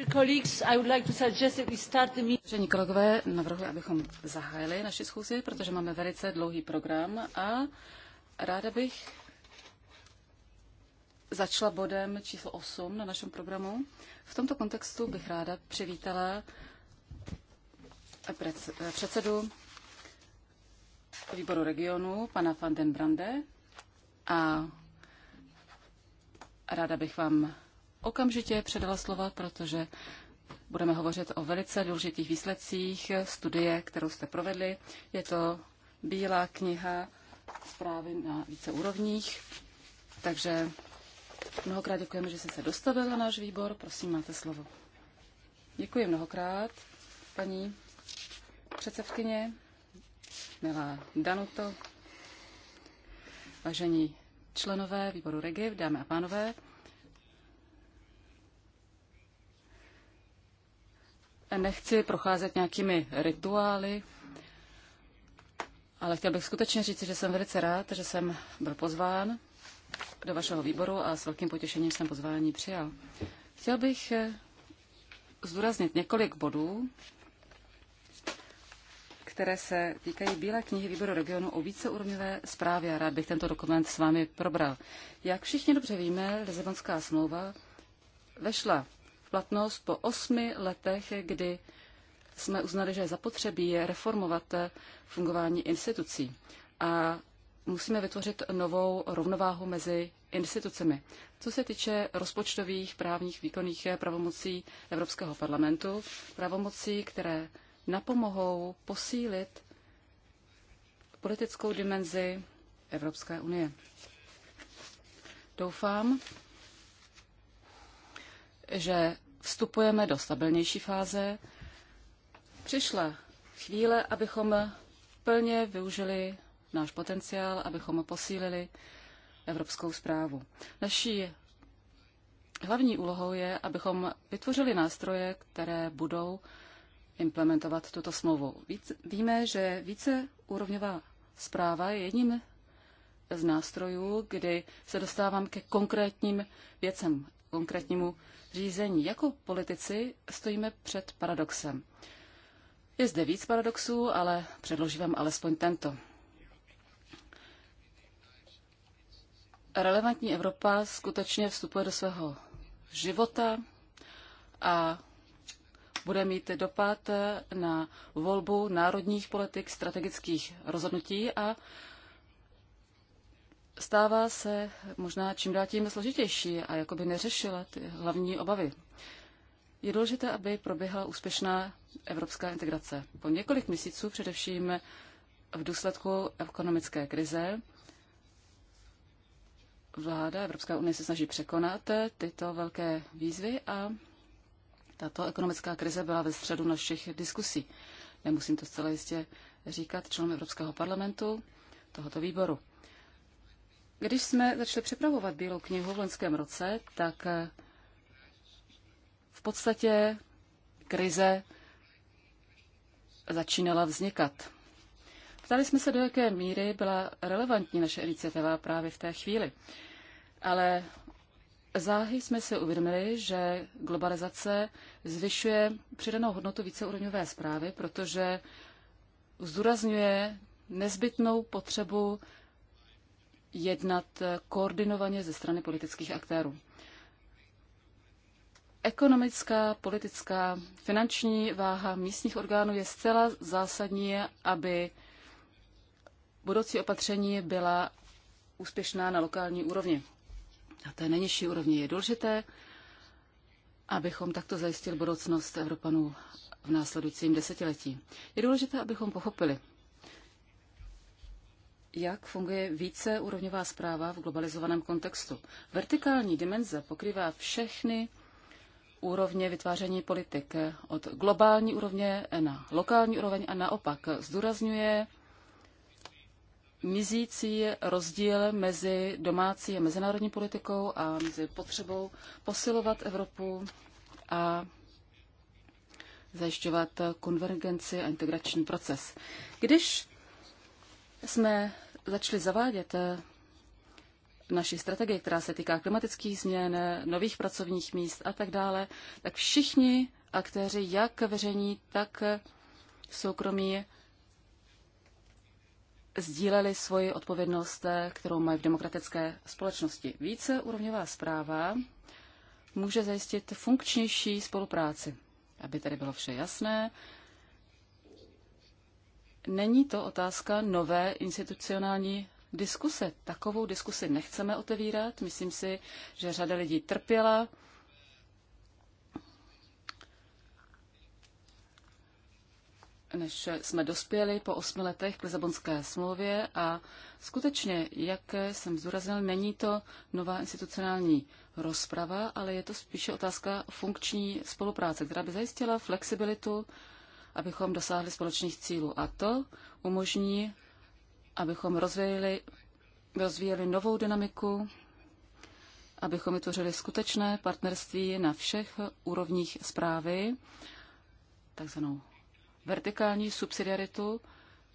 Vážení kolegové, navrhuji, abychom zahájili naši schůzi, protože máme velice dlouhý program a ráda bych začala bodem číslo 8 na našem programu. V tomto kontextu bych ráda přivítala předsedu výboru regionu, pana van den Brande, a ráda bych vám okamžitě předala slova, protože budeme hovořit o velice důležitých výsledcích studie, kterou jste provedli. Je to bílá kniha zprávy na více úrovních, takže mnohokrát děkujeme, že jste se dostavil na náš výbor. Prosím, máte slovo. Děkuji mnohokrát, paní předsedkyně, milá Danuto, vážení členové výboru Regi, dámy a pánové. nechci procházet nějakými rituály, ale chtěl bych skutečně říct, že jsem velice rád, že jsem byl pozván do vašeho výboru a s velkým potěšením jsem pozvání přijal. Chtěl bych eh, zdůraznit několik bodů, které se týkají Bílé knihy výboru regionu o víceúrovňové zprávě a rád bych tento dokument s vámi probral. Jak všichni dobře víme, Lizabonská smlouva vešla platnost po osmi letech, kdy jsme uznali, že je zapotřebí reformovat fungování institucí. A musíme vytvořit novou rovnováhu mezi institucemi. Co se týče rozpočtových, právních, výkonných pravomocí Evropského parlamentu, pravomocí, které napomohou posílit politickou dimenzi Evropské unie. Doufám, že vstupujeme do stabilnější fáze. Přišla chvíle, abychom plně využili náš potenciál, abychom posílili evropskou zprávu. Naší hlavní úlohou je, abychom vytvořili nástroje, které budou implementovat tuto smlouvu. víme, že více úrovňová zpráva je jedním z nástrojů, kdy se dostávám ke konkrétním věcem konkrétnímu řízení. Jako politici stojíme před paradoxem. Je zde víc paradoxů, ale předložím vám alespoň tento. Relevantní Evropa skutečně vstupuje do svého života a bude mít dopad na volbu národních politik, strategických rozhodnutí a stává se možná čím dál tím složitější a jakoby neřešila ty hlavní obavy. Je důležité, aby proběhla úspěšná evropská integrace. Po několik měsíců, především v důsledku ekonomické krize, vláda Evropská unie se snaží překonat tyto velké výzvy a tato ekonomická krize byla ve středu našich diskusí. Nemusím to zcela jistě říkat členům Evropského parlamentu, tohoto výboru. Když jsme začali připravovat Bílou knihu v loňském roce, tak eh, v podstatě krize začínala vznikat. Ptali jsme se, do jaké míry byla relevantní naše iniciativa právě v té chvíli. Ale záhy jsme si uvědomili, že globalizace zvyšuje přidanou hodnotu víceúrovňové zprávy, protože zdůrazňuje nezbytnou potřebu jednat eh, koordinovaně ze strany politických aktérů. Ekonomická, politická, finanční váha místních orgánů je zcela zásadní, aby budoucí opatření byla úspěšná na lokální úrovni. Na té nejnižší úrovni je důležité, abychom takto zajistili budoucnost Evropanů v následujícím desetiletí. Je důležité, abychom pochopili, jak funguje víceúrovňová zpráva v globalizovaném kontextu. Vertikální dimenze pokrývá všechny úrovně vytváření politik, od globální úrovně na lokální úroveň a naopak zdůrazňuje mizící rozdíl mezi domácí a mezinárodní politikou a mezi potřebou posilovat Evropu a zajišťovat konvergenci a integrační proces. Když jsme začali zavádět eh, naší strategie, která se týká klimatických změn, nových pracovních míst a tak dále, tak všichni aktéři, jak veřejní, tak soukromí, sdíleli svoji odpovědnost, eh, kterou mají v demokratické společnosti. Více úrovňová zpráva může zajistit funkčnější spolupráci. Aby tedy bylo vše jasné, Není to otázka nové institucionální diskuse. Takovou diskusi nechceme otevírat. Myslím si, že řada lidí trpěla. než jsme dospěli po osmi letech k Lisabonské smlouvě a skutečně, jak jsem zdůraznil, není to nová institucionální rozprava, ale je to spíše otázka funkční spolupráce, která by zajistila flexibilitu abychom dosáhli společných cílů. A to umožní, abychom rozvíjeli, rozvíjeli novou dynamiku, abychom vytvořili skutečné partnerství na všech úrovních zprávy, takzvanou vertikální subsidiaritu,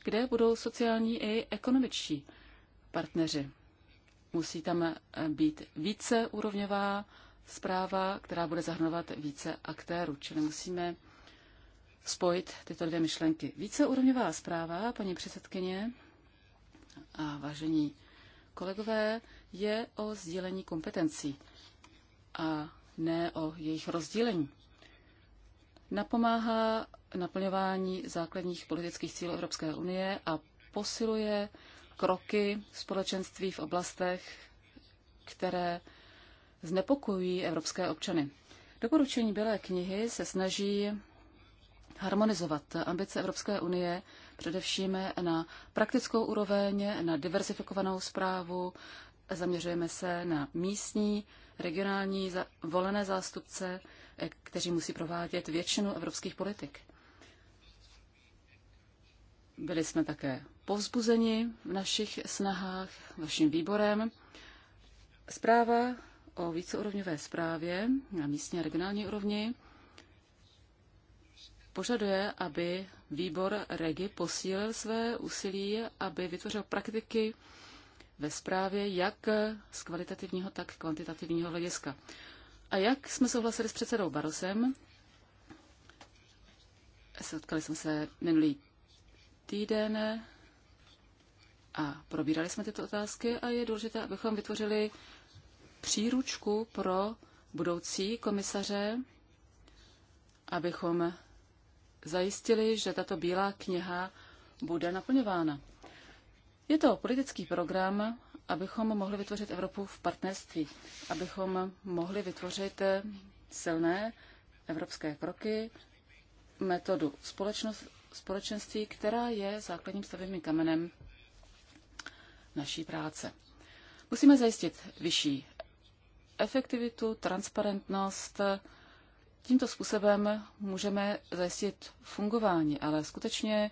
kde budou sociální i ekonomičtí partneři. Musí tam být více úrovňová zpráva, která bude zahrnovat více aktérů, čili musíme spojit tyto dvě myšlenky. Víceúrovňová zpráva, paní předsedkyně a vážení kolegové, je o sdílení kompetencí a ne o jejich rozdílení. Napomáhá naplňování základních politických cílů Evropské unie a posiluje kroky společenství v oblastech, které znepokojují evropské občany. Doporučení Bělé knihy se snaží harmonizovat ambice Evropské unie především na praktickou úroveň, na diversifikovanou zprávu. Zaměřujeme se na místní, regionální volené zástupce, eh, kteří musí provádět většinu evropských politik. Byli jsme také povzbuzeni v našich snahách vaším výborem. Zpráva o víceúrovňové zprávě na místní a regionální úrovni požaduje, aby výbor REGI posílil své úsilí, aby vytvořil praktiky ve správě jak z kvalitativního, tak kvantitativního hlediska. A jak jsme souhlasili s předsedou Barosem, setkali jsme se minulý týden a probírali jsme tyto otázky a je důležité, abychom vytvořili příručku pro budoucí komisaře, abychom zajistili, že tato bílá kniha bude naplňována. Je to politický program, abychom mohli vytvořit Evropu v partnerství, abychom mohli vytvořit silné evropské kroky, metodu společenství, která je základním stavebním kamenem naší práce. Musíme zajistit vyšší efektivitu, transparentnost, Tímto způsobem můžeme zajistit fungování, ale skutečně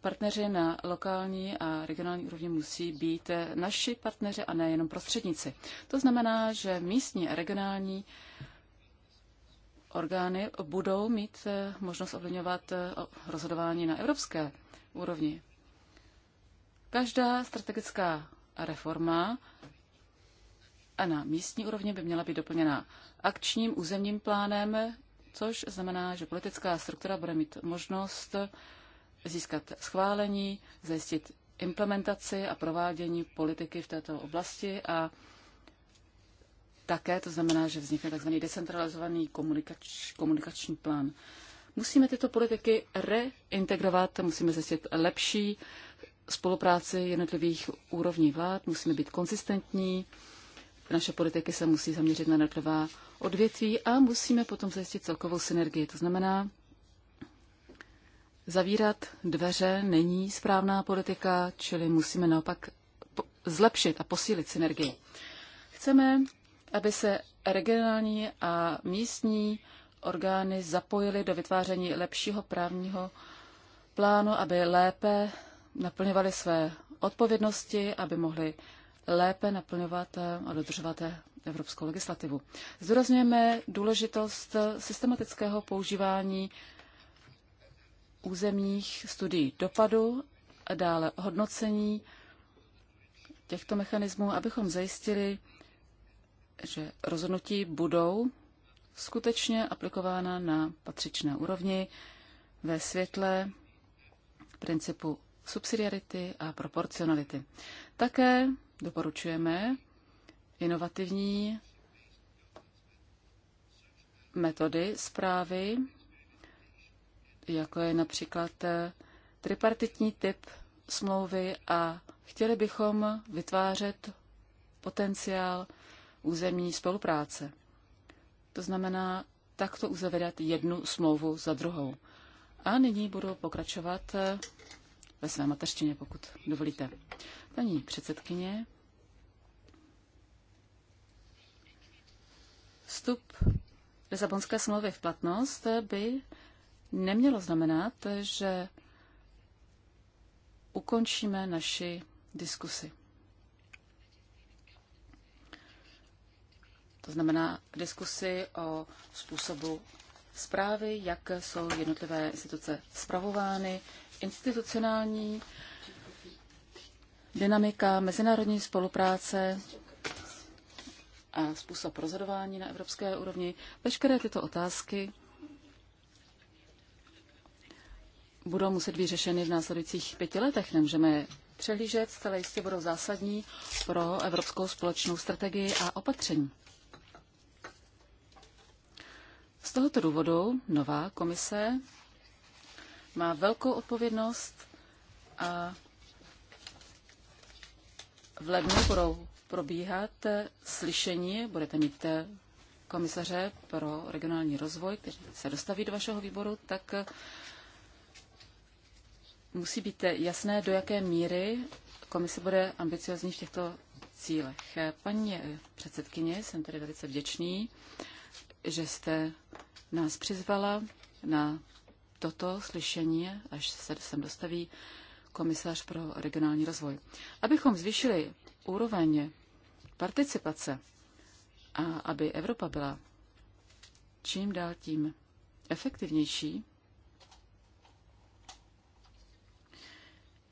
partneři na lokální a regionální úrovni musí být naši partneři a nejenom prostředníci. To znamená, že místní a regionální orgány budou mít možnost ovlivňovat eh, rozhodování na evropské úrovni. Každá strategická reforma a na místní úrovni by měla být doplněna akčním územním plánem, což znamená, že politická struktura bude mít možnost získat schválení, zajistit implementaci a provádění politiky v této oblasti a také to znamená, že vznikne tzv. decentralizovaný komunikač, komunikační plán. Musíme tyto politiky reintegrovat, musíme zjistit lepší spolupráci jednotlivých úrovní vlád, musíme být konsistentní, naše politiky se musí zaměřit na jednotlivá odvětví a musíme potom zajistit celkovou synergii. To znamená, zavírat dveře není správná politika, čili musíme naopak zlepšit a posílit synergii. Chceme, aby se regionální a místní orgány zapojily do vytváření lepšího právního plánu, aby lépe naplňovali své odpovědnosti, aby mohli lépe naplňovat eh, a dodržovat eh, evropskou legislativu. Zdůrazňujeme důležitost eh, systematického používání územních studií dopadu a dále hodnocení těchto mechanismů, abychom zajistili, že rozhodnutí budou skutečně aplikována na patřičné úrovni ve světle principu subsidiarity a proporcionality. Také Doporučujeme inovativní metody zprávy, jako je například eh, tripartitní typ smlouvy a chtěli bychom vytvářet potenciál územní spolupráce. To znamená takto uzavírat jednu smlouvu za druhou. A nyní budu pokračovat eh, ve své mateřštině, pokud dovolíte. Paní předsedkyně, Vstup Lisabonské smlouvy v platnost by nemělo znamenat, že ukončíme naši diskusi. To znamená diskusi o způsobu zprávy, jak jsou jednotlivé instituce zpravovány, institucionální dynamika mezinárodní spolupráce, a způsob rozhodování na evropské úrovni. Veškeré tyto otázky budou muset být řešeny v následujících pěti letech. Nemůžeme přehlížet, zcela jistě budou zásadní pro evropskou společnou strategii a opatření. Z tohoto důvodu nová komise má velkou odpovědnost a v lednu budou probíhat e, slyšení, budete mít e, komisaře pro regionální rozvoj, kteří se dostaví do vašeho výboru, tak e, musí být jasné, do jaké míry komise bude ambiciozní v těchto cílech. Paní předsedkyně, jsem tedy velice vděčný, že jste nás přizvala na toto slyšení, až se sem dostaví komisař pro regionální rozvoj. Abychom zvýšili úroveň participace a aby Evropa byla čím dál tím efektivnější,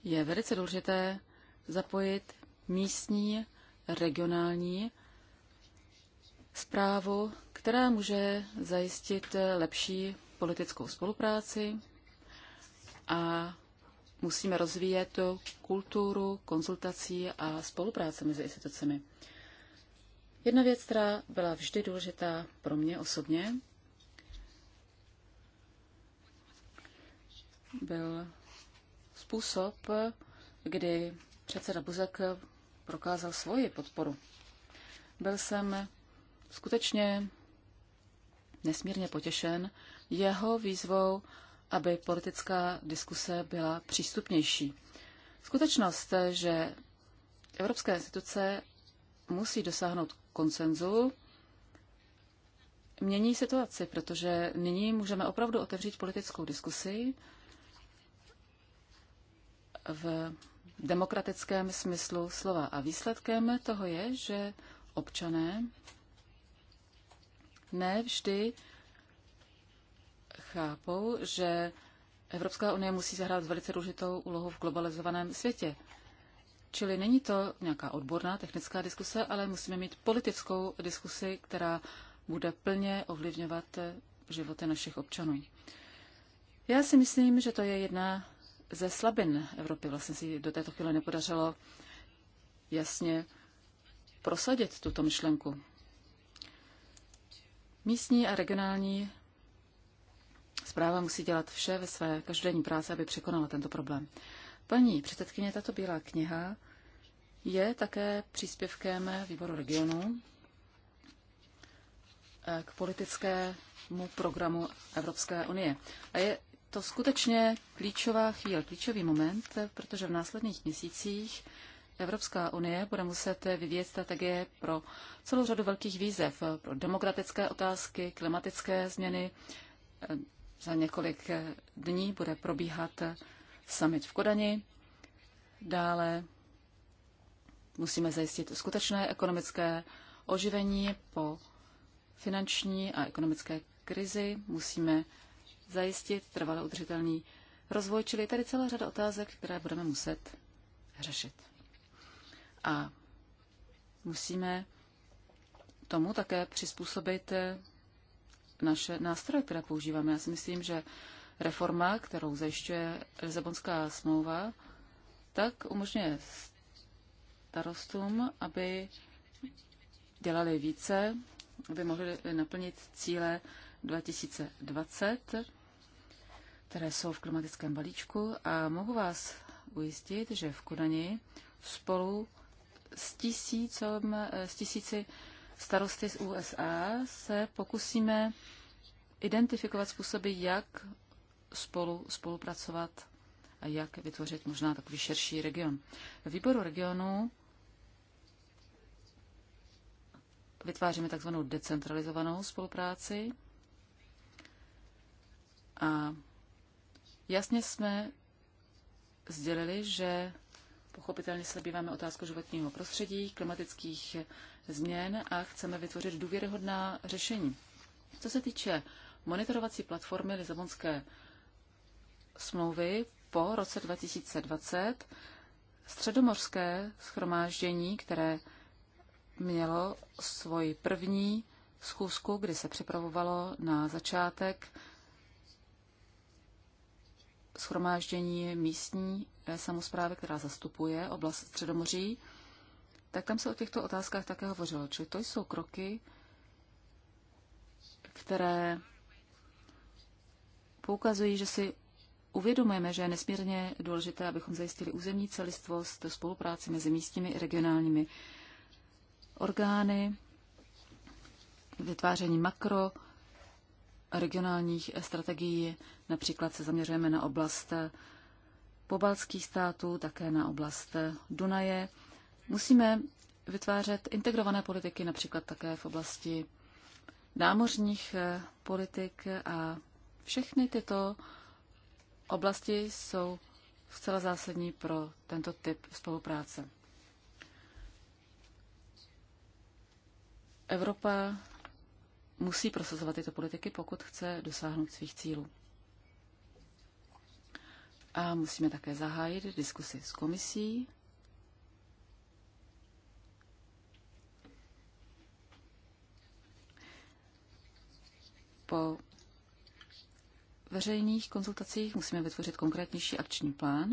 je velice důležité zapojit místní, regionální zprávu, která může zajistit lepší politickou spolupráci a musíme rozvíjet kulturu konzultací a spolupráce mezi institucemi. Jedna věc, která byla vždy důležitá pro mě osobně, byl způsob, kdy předseda Buzek prokázal svoji podporu. Byl jsem skutečně nesmírně potěšen jeho výzvou, aby politická diskuse byla přístupnější. Skutečnost, že evropské instituce musí dosáhnout konsenzu mění situaci, protože nyní můžeme opravdu otevřít politickou diskusi v demokratickém smyslu slova. A výsledkem toho je, že občané ne vždy chápou, že Evropská unie musí zahrát velice důležitou úlohu v globalizovaném světě. Čili není to nějaká odborná technická diskuse, ale musíme mít politickou diskusi, která bude plně ovlivňovat životy našich občanů. Já si myslím, že to je jedna ze slabin Evropy. Vlastně si do této chvíle nepodařilo jasně prosadit tuto myšlenku. Místní a regionální zpráva musí dělat vše ve své každodenní práci, aby překonala tento problém. Paní předsedkyně, tato bílá kniha je také příspěvkem výboru regionu eh, k politickému programu Evropské unie. A je to skutečně klíčová chvíle, klíčový moment, eh, protože v následných měsících Evropská unie bude muset vyvíjet strategie pro celou řadu velkých výzev, eh, pro demokratické otázky, klimatické změny. Za několik dní bude probíhat summit v Kodani. Dále musíme zajistit skutečné ekonomické oživení po finanční a ekonomické krizi. Musíme zajistit trvale udržitelný rozvoj, čili tady celá řada otázek, které budeme muset řešit. A musíme tomu také přizpůsobit naše nástroje, které používáme. Já si myslím, že reforma, kterou zajišťuje Lisabonská smlouva, tak umožňuje starostům, aby dělali více, aby mohli naplnit cíle 2020, které jsou v klimatickém balíčku a mohu vás ujistit, že v Kodani spolu s, tisícom, s tisíci starosty z USA se pokusíme identifikovat způsoby, jak spolu spolupracovat a jak vytvořit možná takový širší region. Ve výboru regionu vytváříme takzvanou decentralizovanou spolupráci a jasně jsme sdělili, že pochopitelně se býváme otázkou životního prostředí, klimatických změn a chceme vytvořit důvěryhodná řešení. Co se týče monitorovací platformy Lizabonské smlouvy po roce 2020 středomorské schromáždění, které mělo svoji první schůzku, kdy se připravovalo na začátek schromáždění místní eh, samozprávy, která zastupuje oblast Středomoří, tak tam se o těchto otázkách také hovořilo. Čili to jsou kroky, které poukazují, že si uvědomujeme, že je nesmírně důležité, abychom zajistili územní celistvost, spolupráci mezi místními i regionálními orgány, vytváření makro regionálních strategií. Například se zaměřujeme na oblast pobaltských států, také na oblast Dunaje. Musíme vytvářet integrované politiky, například také v oblasti námořních politik a všechny tyto oblasti jsou zcela zásadní pro tento typ spolupráce. Evropa musí prosazovat tyto politiky, pokud chce dosáhnout svých cílů. A musíme také zahájit diskusy s komisí. Po veřejných konzultacích musíme vytvořit konkrétnější akční plán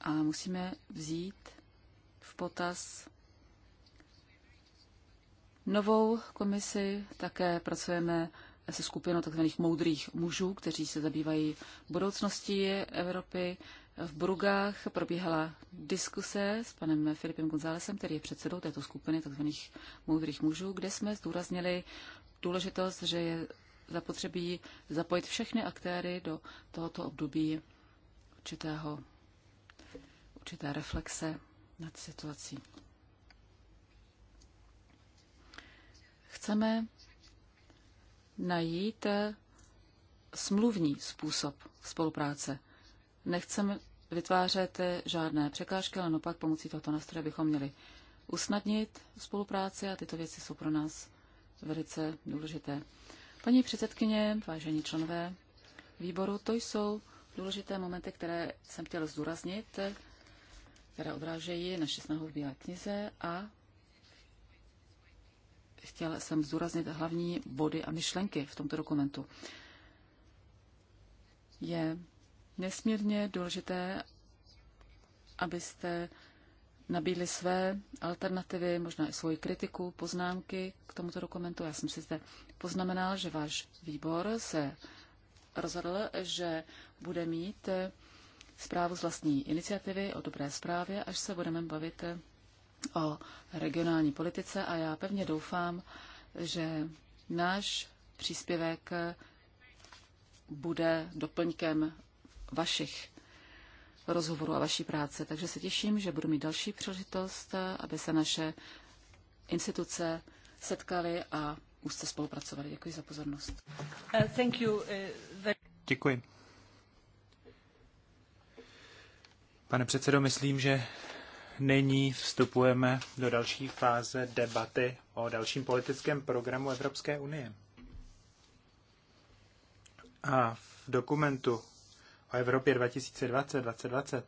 a musíme vzít v potaz novou komisi. Také pracujeme se skupinou tzv. moudrých mužů, kteří se zabývají budoucností Evropy. V Brugách probíhala diskuse s panem Filipem Gonzálesem, který je předsedou této skupiny tzv. moudrých mužů, kde jsme zdůraznili důležitost, že je zapotřebí zapojit všechny aktéry do tohoto období určitého, určité reflexe nad situací. Chceme najít smluvní způsob spolupráce. Nechceme vytvářet žádné překážky, ale naopak pomocí tohoto nástroje bychom měli usnadnit spolupráci a tyto věci jsou pro nás velice důležité. Paní předsedkyně, vážení členové výboru, to jsou důležité momenty, které jsem chtěl zdůraznit, které odrážejí naši snahu v Bílé knize a chtěl jsem zdůraznit hlavní body a myšlenky v tomto dokumentu. Je nesmírně důležité, abyste nabídli své alternativy, možná i svoji kritiku, poznámky k tomuto dokumentu. Já jsem si zde poznamenal, že váš výbor se rozhodl, že bude mít zprávu z vlastní iniciativy o dobré zprávě, až se budeme bavit o regionální politice a já pevně doufám, že náš příspěvek bude doplňkem vašich rozhovorů a vaší práce. Takže se těším, že budu mít další příležitost, aby se naše instituce setkaly a úzce spolupracovali. Děkuji za pozornost. Uh, uh, Děkuji. Pane předsedo, myslím, že nyní vstupujeme do další fáze debaty o dalším politickém programu Evropské unie. A v dokumentu o Evropě 2020, 2020,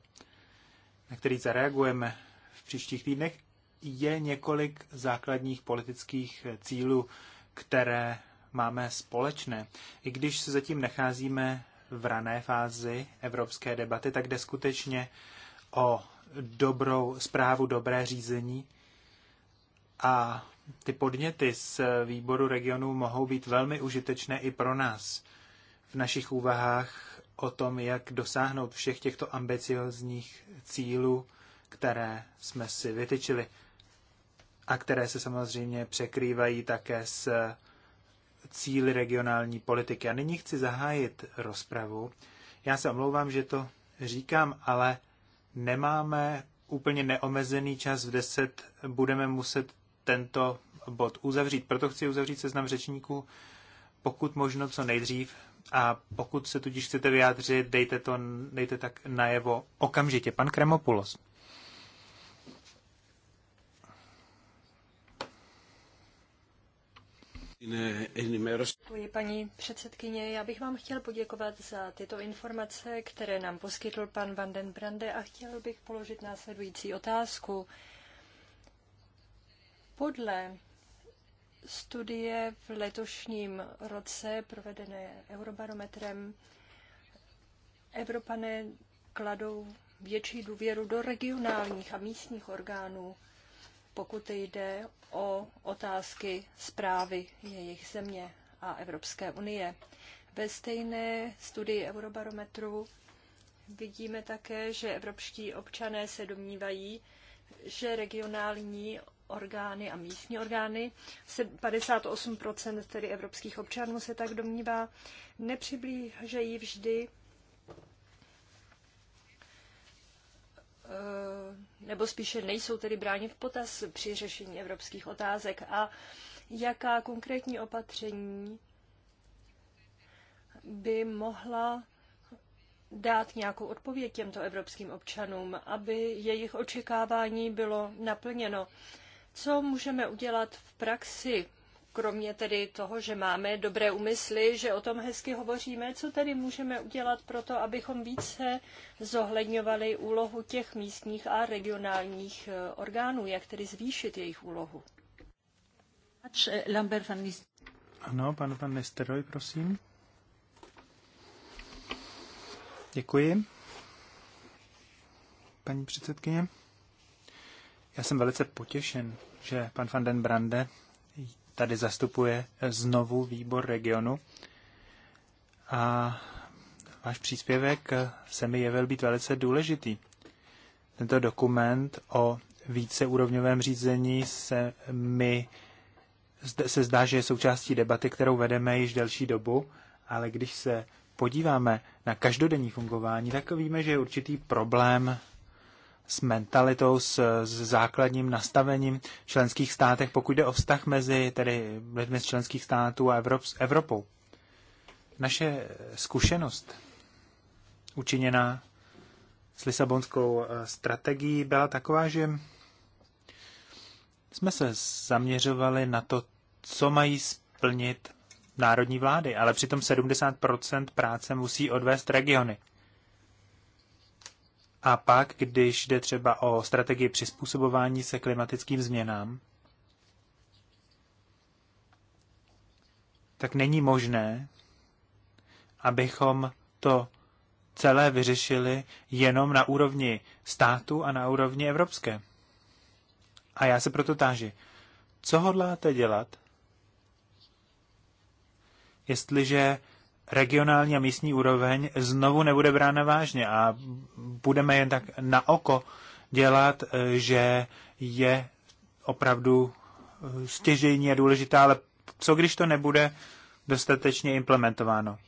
na který zareagujeme v příštích týdnech, je několik základních politických cílů, které máme společné. I když se zatím nacházíme v rané fázi evropské debaty, tak jde skutečně o dobrou zprávu, dobré řízení a ty podněty z výboru regionů mohou být velmi užitečné i pro nás v našich úvahách o tom, jak dosáhnout všech těchto ambiciozních cílů, které jsme si vytyčili a které se samozřejmě překrývají také s cíly regionální politiky. A nyní chci zahájit rozpravu. Já se omlouvám, že to říkám, ale nemáme úplně neomezený čas v 10. Budeme muset tento bod uzavřít. Proto chci uzavřít seznam řečníků pokud možno co nejdřív, a pokud se tudíž chcete vyjádřit, dejte to dejte tak najevo okamžitě. Pan Kremopulos. Děkuji, paní předsedkyně. Já bych vám chtěl poděkovat za tyto informace, které nám poskytl pan Van den Brande a chtěl bych položit následující otázku. Podle studie v letošním roce provedené Eurobarometrem Evropané kladou větší důvěru do regionálních a místních orgánů, pokud jde o otázky zprávy jejich země a Evropské unie. Ve stejné studii Eurobarometru vidíme také, že evropští občané se domnívají, že regionální orgány a místní orgány. 58% tedy evropských občanů se tak domnívá. Nepřiblížejí vždy eh, nebo spíše nejsou tedy bráni v potaz při řešení evropských otázek a jaká konkrétní opatření by mohla dát nějakou odpověď těmto evropským občanům, aby jejich očekávání bylo naplněno. Co můžeme udělat v praxi? Kromě tedy toho, že máme dobré úmysly, že o tom hezky hovoříme, co tedy můžeme udělat pro to, abychom více zohledňovali úlohu těch místních a regionálních eh, orgánů, jak tedy zvýšit jejich úlohu? Ano, pan van Nisteroj, prosím. Děkuji. Paní předsedkyně. Já jsem velice potěšen, že pan van den Brande tady zastupuje znovu výbor regionu a váš příspěvek se mi jevil být velice důležitý. Tento dokument o víceúrovňovém řízení se mi se zdá, že je součástí debaty, kterou vedeme již delší dobu, ale když se podíváme na každodenní fungování, tak víme, že je určitý problém s mentalitou, s, s základním nastavením v členských státech, pokud jde o vztah mezi tedy lidmi z členských států a Evrop, s Evropou. Naše zkušenost učiněná s Lisabonskou eh, strategií byla taková, že jsme se zaměřovali na to, co mají splnit národní vlády, ale přitom 70% práce musí odvést regiony. A pak, když jde třeba o strategii přizpůsobování se klimatickým změnám, tak není možné, abychom to celé vyřešili jenom na úrovni státu a na úrovni evropské. A já se proto táži, co hodláte dělat, jestliže regionální a místní úroveň znovu nebude brána vážně a budeme jen tak na oko dělat, eh, že je opravdu eh, stěžejní a důležitá, ale co když to nebude dostatečně implementováno?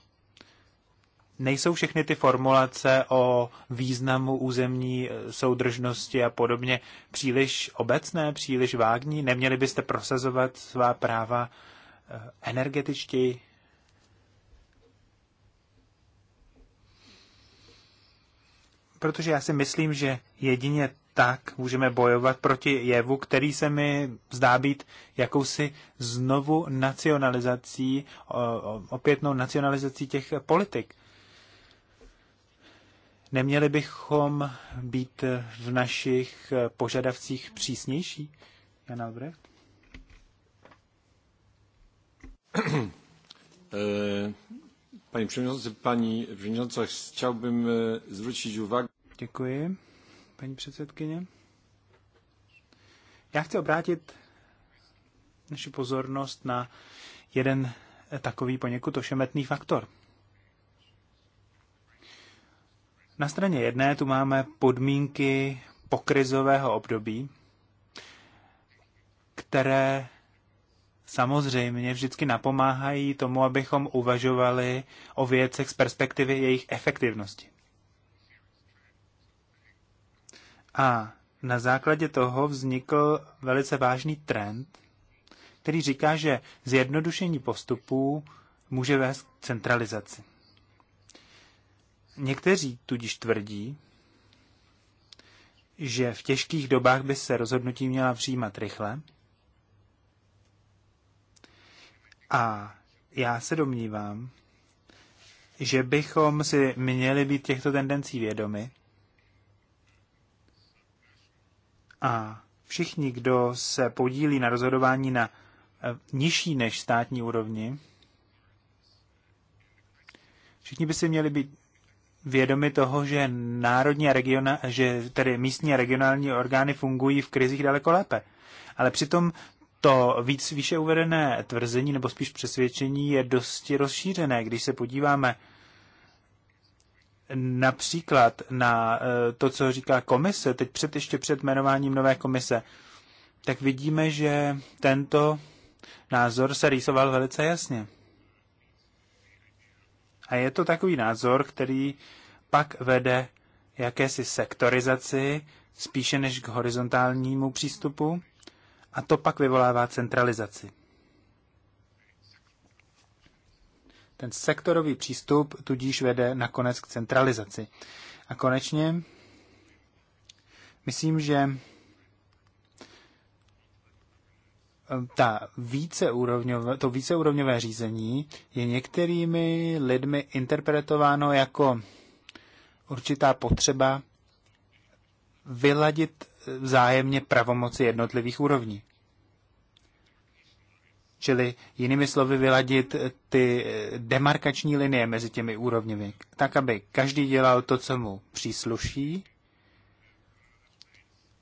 Nejsou všechny ty formulace o významu územní eh, soudržnosti a podobně příliš obecné, příliš vágní? Neměli byste prosazovat svá práva energetičtěji? protože já si myslím, že jedině tak můžeme bojovat proti jevu, který se mi zdá být jakousi znovu nacionalizací, opětnou nacionalizací těch politik. Neměli bychom být v našich požadavcích přísnější? Jan Albrecht? Eh, Panie Przewodniczący, Pani Przewodnicząca, chciałbym eh, zwrócić uwagę. Děkuji, paní předsedkyně. Já chci obrátit naši pozornost na jeden takový poněkud ošemetný faktor. Na straně jedné tu máme podmínky pokrizového období, které samozřejmě vždycky napomáhají tomu, abychom uvažovali o věcech z perspektivy jejich efektivnosti. A na základě toho vznikl velice vážný trend, který říká, že zjednodušení postupů může vést k centralizaci. Někteří tudíž tvrdí, že v těžkých dobách by se rozhodnutí měla přijímat rychle. A já se domnívám, že bychom si měli být těchto tendencí vědomi A všichni, kdo se podílí na rozhodování na eh, nižší než státní úrovni, všichni by si měli být vědomi toho, že národní a regiona, že tedy místní a regionální orgány fungují v krizích daleko lépe. Ale přitom to víc výše uvedené tvrzení, nebo spíš přesvědčení, je dosti rozšířené. Když se podíváme například na eh, to, co říká komise, teď před, ještě před jmenováním nové komise, tak vidíme, že tento názor se rýsoval velice jasně. A je to takový názor, který pak vede jakési sektorizaci spíše než k horizontálnímu přístupu a to pak vyvolává centralizaci. Ten sektorový přístup tudíž vede nakonec k centralizaci. A konečně, myslím, že eh, ta víceúrovňové, to víceúrovňové řízení je některými lidmi interpretováno jako určitá potřeba vyladit eh, vzájemně pravomoci jednotlivých úrovní. Čili jinými slovy vyladit ty eh, demarkační linie mezi těmi úrovněmi, tak aby každý dělal to, co mu přísluší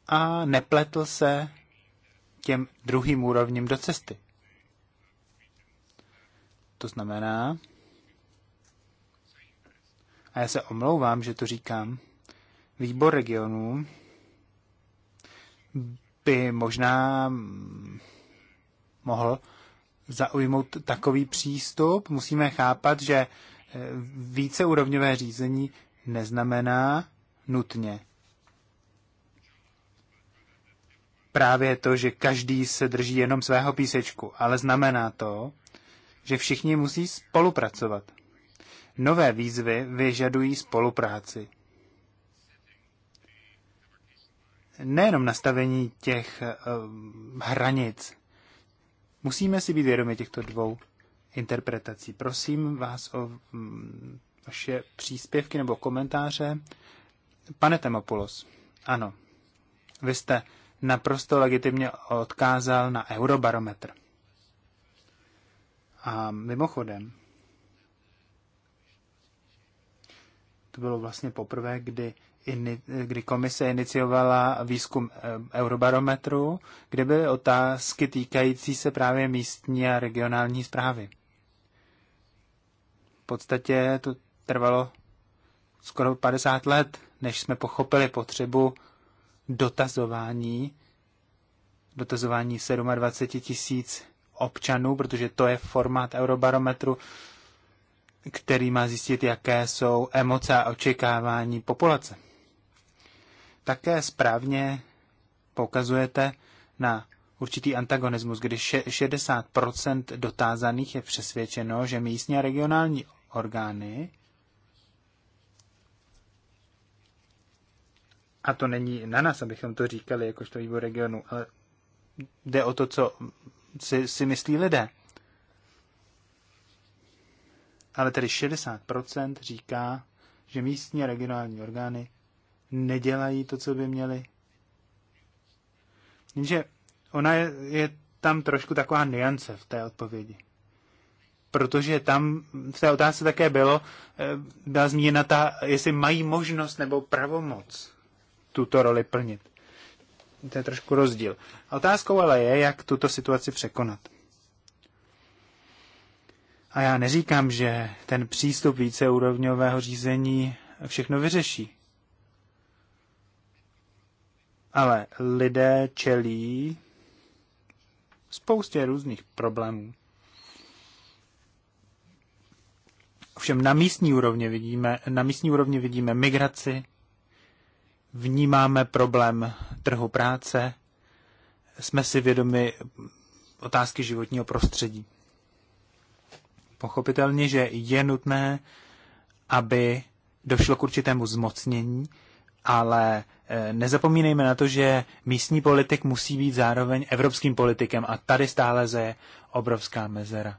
a nepletl se těm druhým úrovním do cesty. To znamená, a já se omlouvám, že to říkám, výbor regionů by možná mohl zaujmout takový přístup. Musíme chápat, že eh, víceúrovňové řízení neznamená nutně právě to, že každý se drží jenom svého písečku, ale znamená to, že všichni musí spolupracovat. Nové výzvy vyžadují spolupráci. Nejenom nastavení těch eh, hranic, Musíme si být vědomi těchto dvou interpretací. Prosím vás o mm, vaše příspěvky nebo komentáře. Pane Temopulos, ano, vy jste naprosto legitimně odkázal na eurobarometr. A mimochodem, to bylo vlastně poprvé, kdy kdy komise iniciovala výzkum eh, Eurobarometru, kde byly otázky týkající se právě místní a regionální zprávy. V podstatě to trvalo skoro 50 let, než jsme pochopili potřebu dotazování, dotazování 27 tisíc občanů, protože to je formát Eurobarometru, který má zjistit, jaké jsou emoce a očekávání populace. Také správně poukazujete na určitý antagonismus, kdy 60 dotázaných je přesvědčeno, že místní a regionální orgány a to není na nás, abychom to říkali jakožto výbor regionu, ale jde o to, co si, si myslí lidé. Ale tedy 60% říká, že místní a regionální orgány nedělají to, co by měli. Jenže ona je, je tam trošku taková niance v té odpovědi. Protože tam v té otázce také bylo, eh, byla zmíněna ta, jestli mají možnost nebo pravomoc tuto roli plnit. To je trošku rozdíl. Otázkou ale je, jak tuto situaci překonat. A já neříkám, že ten přístup víceúrovňového řízení všechno vyřeší ale lidé čelí spoustě různých problémů. Ovšem na místní úrovni vidíme, na místní úrovni vidíme migraci, vnímáme problém trhu práce, jsme si vědomi otázky životního prostředí. Pochopitelně, že je nutné, aby došlo k určitému zmocnění, ale Eh, nezapomínejme na to, že místní politik musí být zároveň evropským politikem a tady stále je obrovská mezera.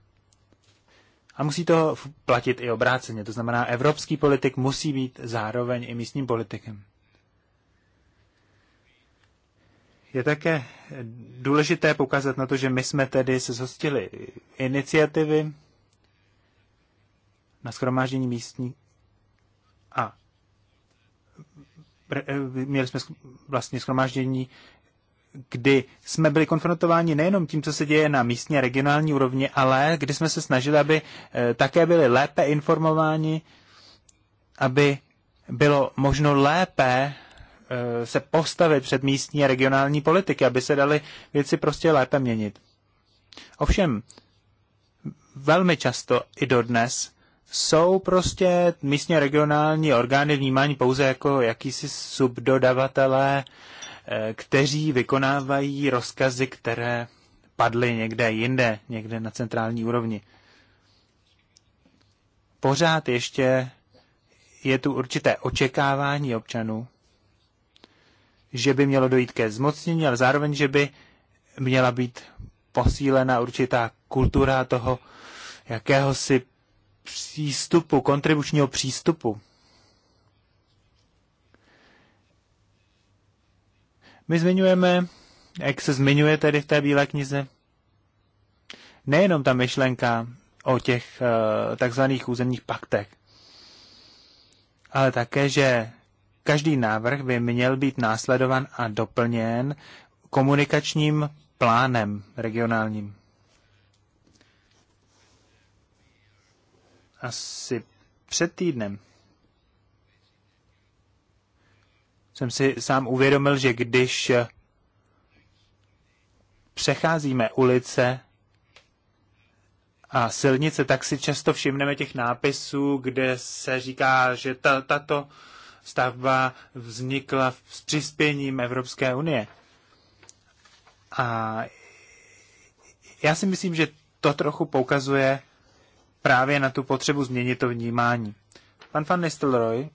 A musí to platit i obráceně, to znamená, evropský politik musí být zároveň i místním politikem. Je také důležité poukázat na to, že my jsme tedy se zhostili iniciativy na schromáždění místní a Eh, měli jsme vlastně schromáždění, kdy jsme byli konfrontováni nejenom tím, co se děje na místní a regionální úrovni, ale kdy jsme se snažili, aby eh, také byli lépe informováni, aby bylo možno lépe eh, se postavit před místní a regionální politiky, aby se daly věci prostě lépe měnit. Ovšem, velmi často i dodnes jsou prostě místně regionální orgány vnímání pouze jako jakýsi subdodavatelé, eh, kteří vykonávají rozkazy, které padly někde jinde, někde na centrální úrovni. Pořád ještě je tu určité očekávání občanů, že by mělo dojít ke zmocnění, ale zároveň, že by měla být posílena určitá kultura toho jakéhosi přístupu, kontribučního přístupu. My zmiňujeme, jak se zmiňuje tedy v té Bílé knize, nejenom ta myšlenka o těch eh, takzvaných územních paktech, ale také, že každý návrh by měl být následovan a doplněn komunikačním plánem regionálním. asi před týdnem jsem si sám uvědomil, že když přecházíme ulice a silnice, tak si často všimneme těch nápisů, kde se říká, že ta, tato stavba vznikla s přispěním Evropské unie. A já si myslím, že to trochu poukazuje právě na tu potřebu změnit to vnímání. Pan van Nistelrooy.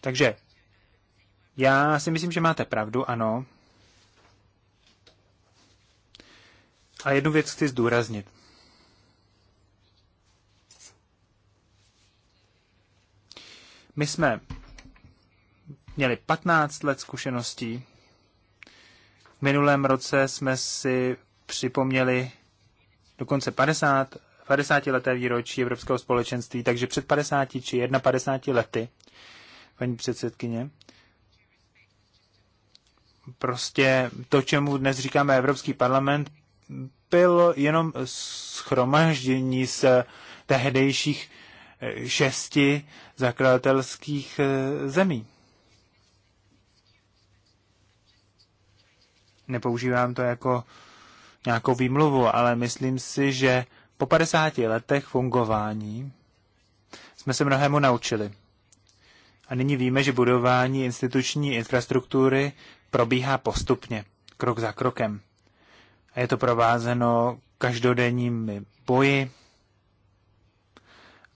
Takže já si myslím, že máte pravdu, ano. A jednu věc chci zdůraznit. My jsme měli 15 let zkušeností v minulém roce jsme si připomněli dokonce 50, 50 leté výročí Evropského společenství, takže před 50 či 51 lety, paní předsedkyně, prostě to, čemu dnes říkáme Evropský parlament, byl jenom schromaždění z tehdejších eh, šesti zakladatelských eh, zemí. nepoužívám to jako nějakou výmluvu, ale myslím si, že po 50 letech fungování jsme se mnohému naučili. A nyní víme, že budování instituční infrastruktury probíhá postupně, krok za krokem. A je to provázeno každodenními boji.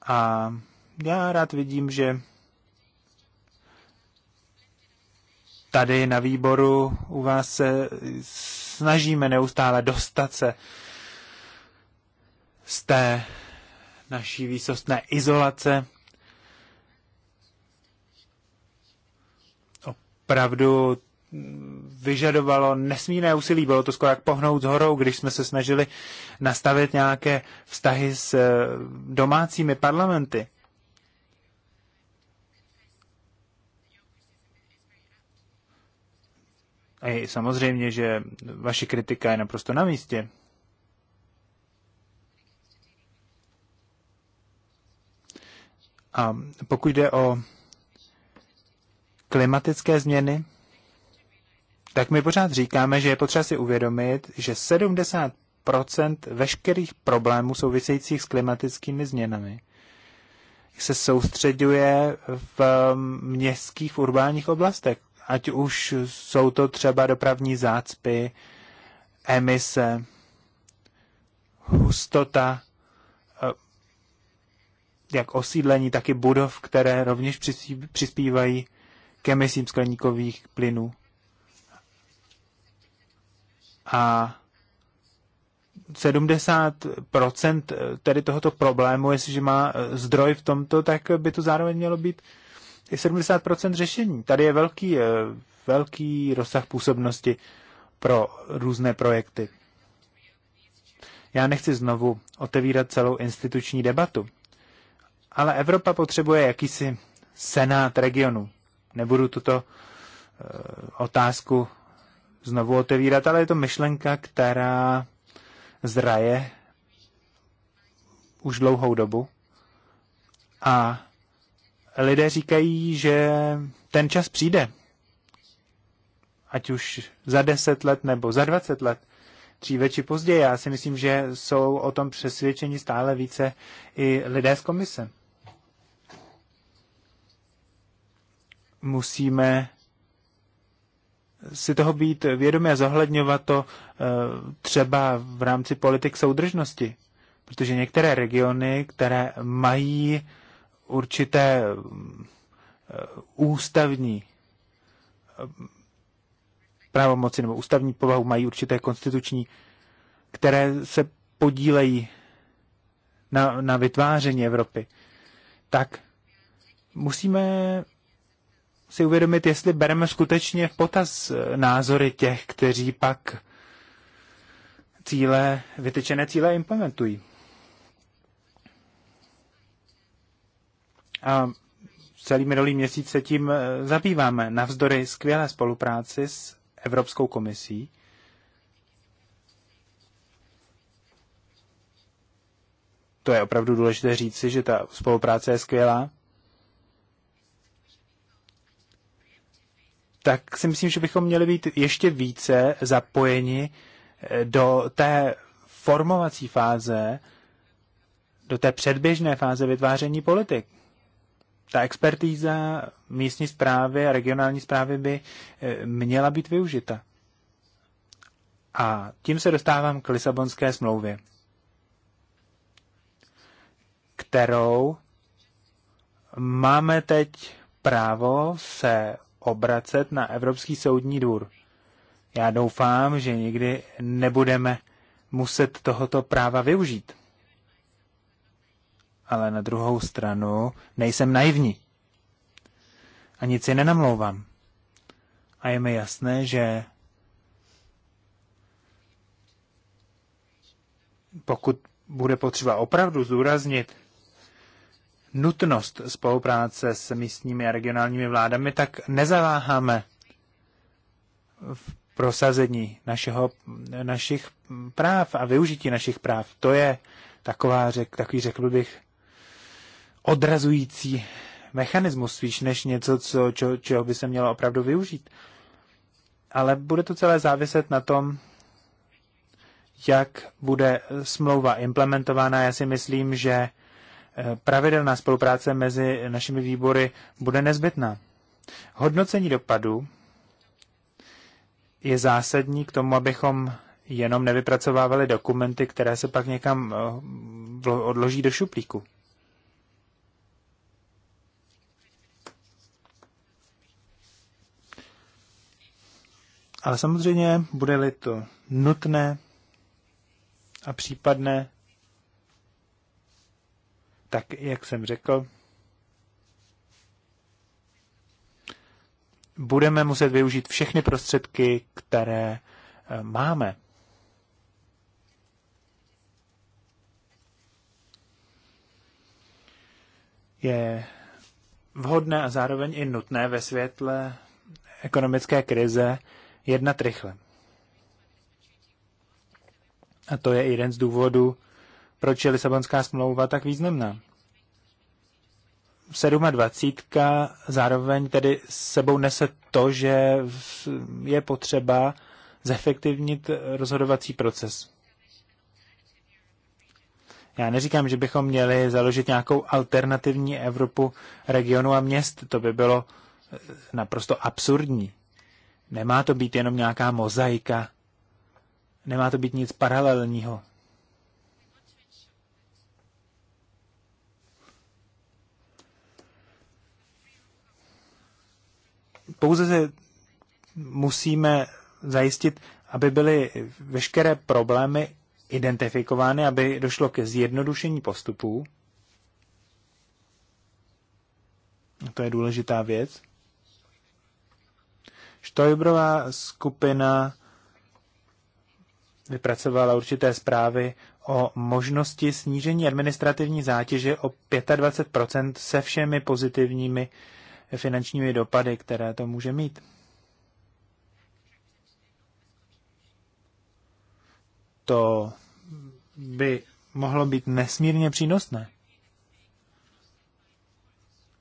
A já rád vidím, že tady na výboru u vás se snažíme neustále dostat se z té naší výsostné izolace. Opravdu vyžadovalo nesmírné úsilí, bylo to skoro jak pohnout z horou, když jsme se snažili nastavit nějaké vztahy s eh, domácími parlamenty. A je samozřejmě, že vaše kritika je naprosto na místě. A pokud jde o klimatické změny, tak my pořád říkáme, že je potřeba si uvědomit, že 70 veškerých problémů souvisejících s klimatickými změnami se soustředuje v městských v urbánních oblastech ať už jsou to třeba dopravní zácpy, emise, hustota, eh, jak osídlení, tak i budov, které rovněž přispívají k emisím skleníkových plynů. A 70% eh, tedy tohoto problému, jestliže má eh, zdroj v tomto, tak by to zároveň mělo být je 70% řešení. Tady je velký, eh, velký rozsah působnosti pro různé projekty. Já nechci znovu otevírat celou instituční debatu, ale Evropa potřebuje jakýsi senát regionu. Nebudu tuto eh, otázku znovu otevírat, ale je to myšlenka, která zraje už dlouhou dobu a lidé říkají, že ten čas přijde. Ať už za deset let nebo za dvacet let. Dříve či později. Já si myslím, že jsou o tom přesvědčeni stále více i lidé z komise. Musíme si toho být vědomi a zohledňovat to eh, třeba v rámci politik soudržnosti. Protože některé regiony, které mají určité eh, ústavní eh, pravomoci nebo ústavní povahu, mají určité konstituční, které se podílejí na, na vytváření Evropy, tak musíme si uvědomit, jestli bereme skutečně v potaz eh, názory těch, kteří pak cíle, vytyčené cíle implementují. A celý minulý měsíc se tím e, zabýváme, navzdory skvělé spolupráci s Evropskou komisí. To je opravdu důležité říci, že ta spolupráce je skvělá. Tak si myslím, že bychom měli být ještě více zapojeni e, do té formovací fáze, do té předběžné fáze vytváření politik ta expertíza místní zprávy a regionální zprávy by eh, měla být využita. A tím se dostávám k Lisabonské smlouvě, kterou máme teď právo se obracet na Evropský soudní dvůr. Já doufám, že nikdy nebudeme muset tohoto práva využít ale na druhou stranu nejsem naivní. A nic si nenamlouvám. A je mi jasné, že pokud bude potřeba opravdu zúraznit nutnost spolupráce s místními a regionálními vládami, tak nezaváháme v prosazení našeho, našich práv a využití našich práv. To je taková, řek, takový, řekl bych, odrazující mechanismus, spíš než něco, co, čo, čeho by se mělo opravdu využít. Ale bude to celé záviset na tom, jak bude smlouva implementována. Já si myslím, že eh, pravidelná spolupráce mezi našimi výbory bude nezbytná. Hodnocení dopadu je zásadní k tomu, abychom jenom nevypracovávali dokumenty, které se pak někam eh, odloží do šuplíku. Ale samozřejmě bude-li to nutné a případné, tak jak jsem řekl, budeme muset využít všechny prostředky, které eh, máme. Je vhodné a zároveň i nutné ve světle ekonomické krize jednat rychle. A to je jeden z důvodů, proč je Lisabonská smlouva tak významná. 27. zároveň tedy sebou nese to, že je potřeba zefektivnit rozhodovací proces. Já neříkám, že bychom měli založit nějakou alternativní Evropu regionu a měst. To by bylo naprosto absurdní. Nemá to být jenom nějaká mozaika. Nemá to být nic paralelního. Pouze se musíme zajistit, aby byly veškeré problémy identifikovány, aby došlo ke zjednodušení postupů. To je důležitá věc. Štojbrová skupina vypracovala určité zprávy o možnosti snížení administrativní zátěže o 25 se všemi pozitivními finančními dopady, které to může mít. To by mohlo být nesmírně přínosné.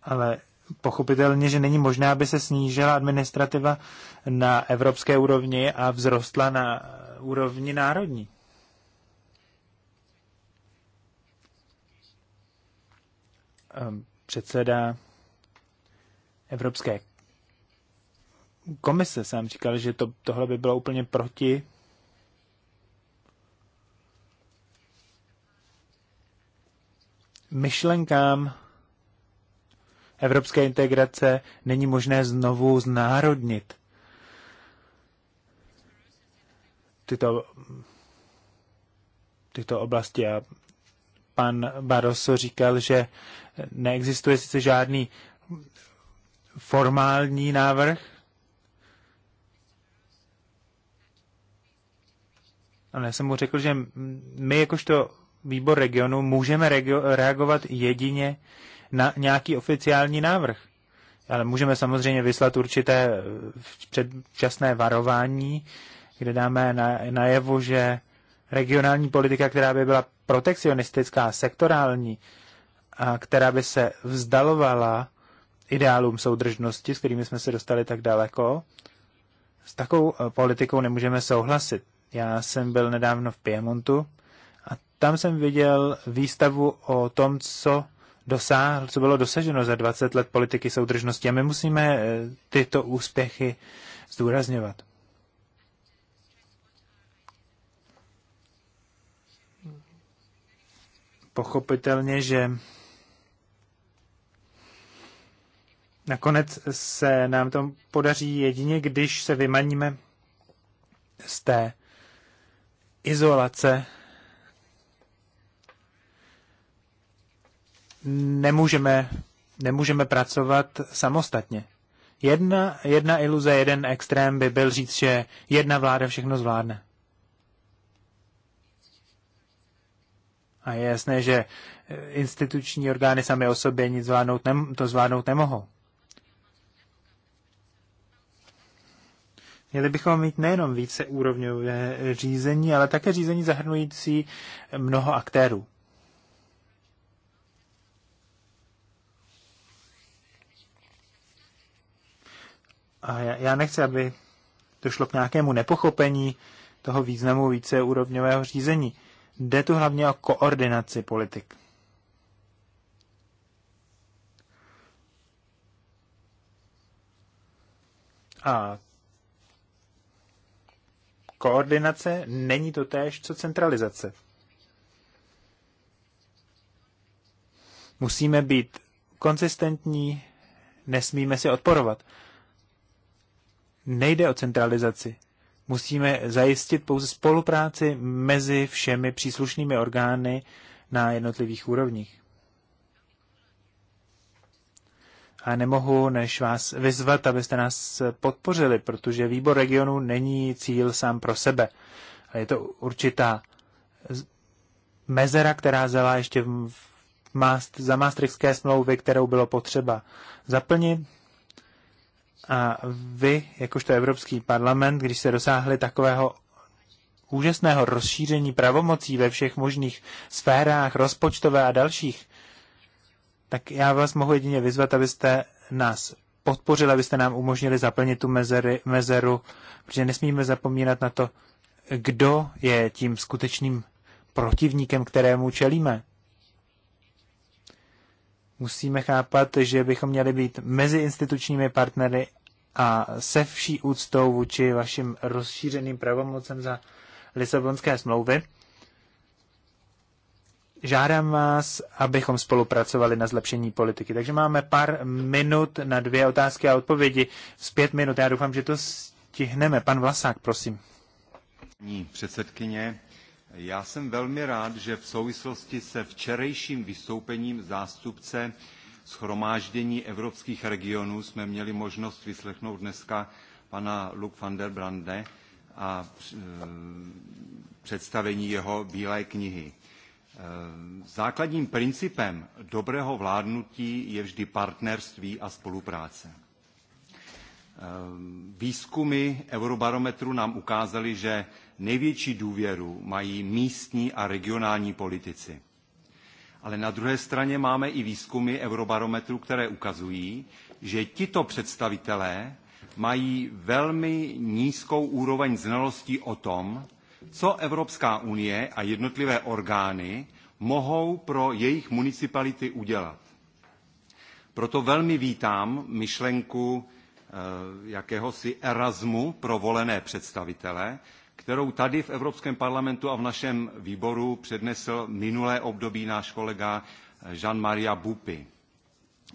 Ale pochopitelně, že není možné, aby se snížila administrativa na evropské úrovni a vzrostla na úrovni národní. Ehm, předseda Evropské komise sám říkal, že to, tohle by bylo úplně proti myšlenkám evropské integrace není možné znovu znárodnit. Tyto, tyto oblasti a pan Barroso říkal, že neexistuje sice žádný formální návrh, ale já jsem mu řekl, že my jakožto výbor regionu můžeme regio- reagovat jedině na nějaký oficiální návrh. Ale můžeme samozřejmě vyslat určité eh, předčasné varování, kde dáme na, najevu, že regionální politika, která by byla protekcionistická, sektorální, a která by se vzdalovala ideálům soudržnosti, s kterými jsme se dostali tak daleko, s takovou eh, politikou nemůžeme souhlasit. Já jsem byl nedávno v Piemontu a tam jsem viděl výstavu o tom, co dosáhl, co bylo dosaženo za 20 let politiky soudržnosti. A my musíme eh, tyto úspěchy zdůrazňovat. Pochopitelně, že nakonec se nám to podaří jedině, když se vymaníme z té izolace nemůžeme, nemůžeme pracovat samostatně. Jedna, jedna iluze, jeden extrém by byl říct, že jedna vláda všechno zvládne. A je jasné, že instituční orgány sami o sobě nic zvládnout nem, to zvládnout nemohou. Měli bychom mít nejenom více úrovňové řízení, ale také řízení zahrnující mnoho aktérů. A já, já nechci, aby došlo k nějakému nepochopení toho významu víceúrovňového řízení. Jde tu hlavně o koordinaci politik. A koordinace není to též, co centralizace. Musíme být konzistentní, nesmíme si odporovat nejde o centralizaci. Musíme zajistit pouze spolupráci mezi všemi příslušnými orgány na jednotlivých úrovních. A nemohu než vás vyzvat, abyste nás podpořili, protože výbor regionu není cíl sám pro sebe. A je to určitá mezera, která zela ještě v, v, za Maastrichtské smlouvy, kterou bylo potřeba zaplnit a vy, jakožto Evropský parlament, když se dosáhli takového úžasného rozšíření pravomocí ve všech možných sférách, rozpočtové a dalších, tak já vás mohu jedině vyzvat, abyste nás podpořili, abyste nám umožnili zaplnit tu mezery, mezeru, protože nesmíme zapomínat na to, kdo je tím skutečným protivníkem, kterému čelíme musíme chápat, že bychom měli být mezi institučními partnery a se vší úctou vůči vašim rozšířeným pravomocem za Lisabonské smlouvy. Žádám vás, abychom spolupracovali na zlepšení politiky. Takže máme pár minut na dvě otázky a odpovědi. Z pět minut. Já doufám, že to stihneme. Pan Vlasák, prosím. předsedkyně, já jsem velmi rád, že v souvislosti se včerejším vystoupením zástupce schromáždění evropských regionů jsme měli možnost vyslechnout dneska pana Luc van der Brande a e, představení jeho Bílé knihy. E, základním principem dobrého vládnutí je vždy partnerství a spolupráce. E, výzkumy Eurobarometru nám ukázaly, že největší důvěru mají místní a regionální politici. Ale na druhé straně máme i výzkumy Eurobarometru, které ukazují, že tito představitelé mají velmi nízkou úroveň znalostí o tom, co Evropská unie a jednotlivé orgány mohou pro jejich municipality udělat. Proto velmi vítám myšlenku eh, jakéhosi Erasmu pro volené představitele, kterou tady v Evropském parlamentu a v našem výboru přednesl minulé období náš kolega Jean-Maria Bupy.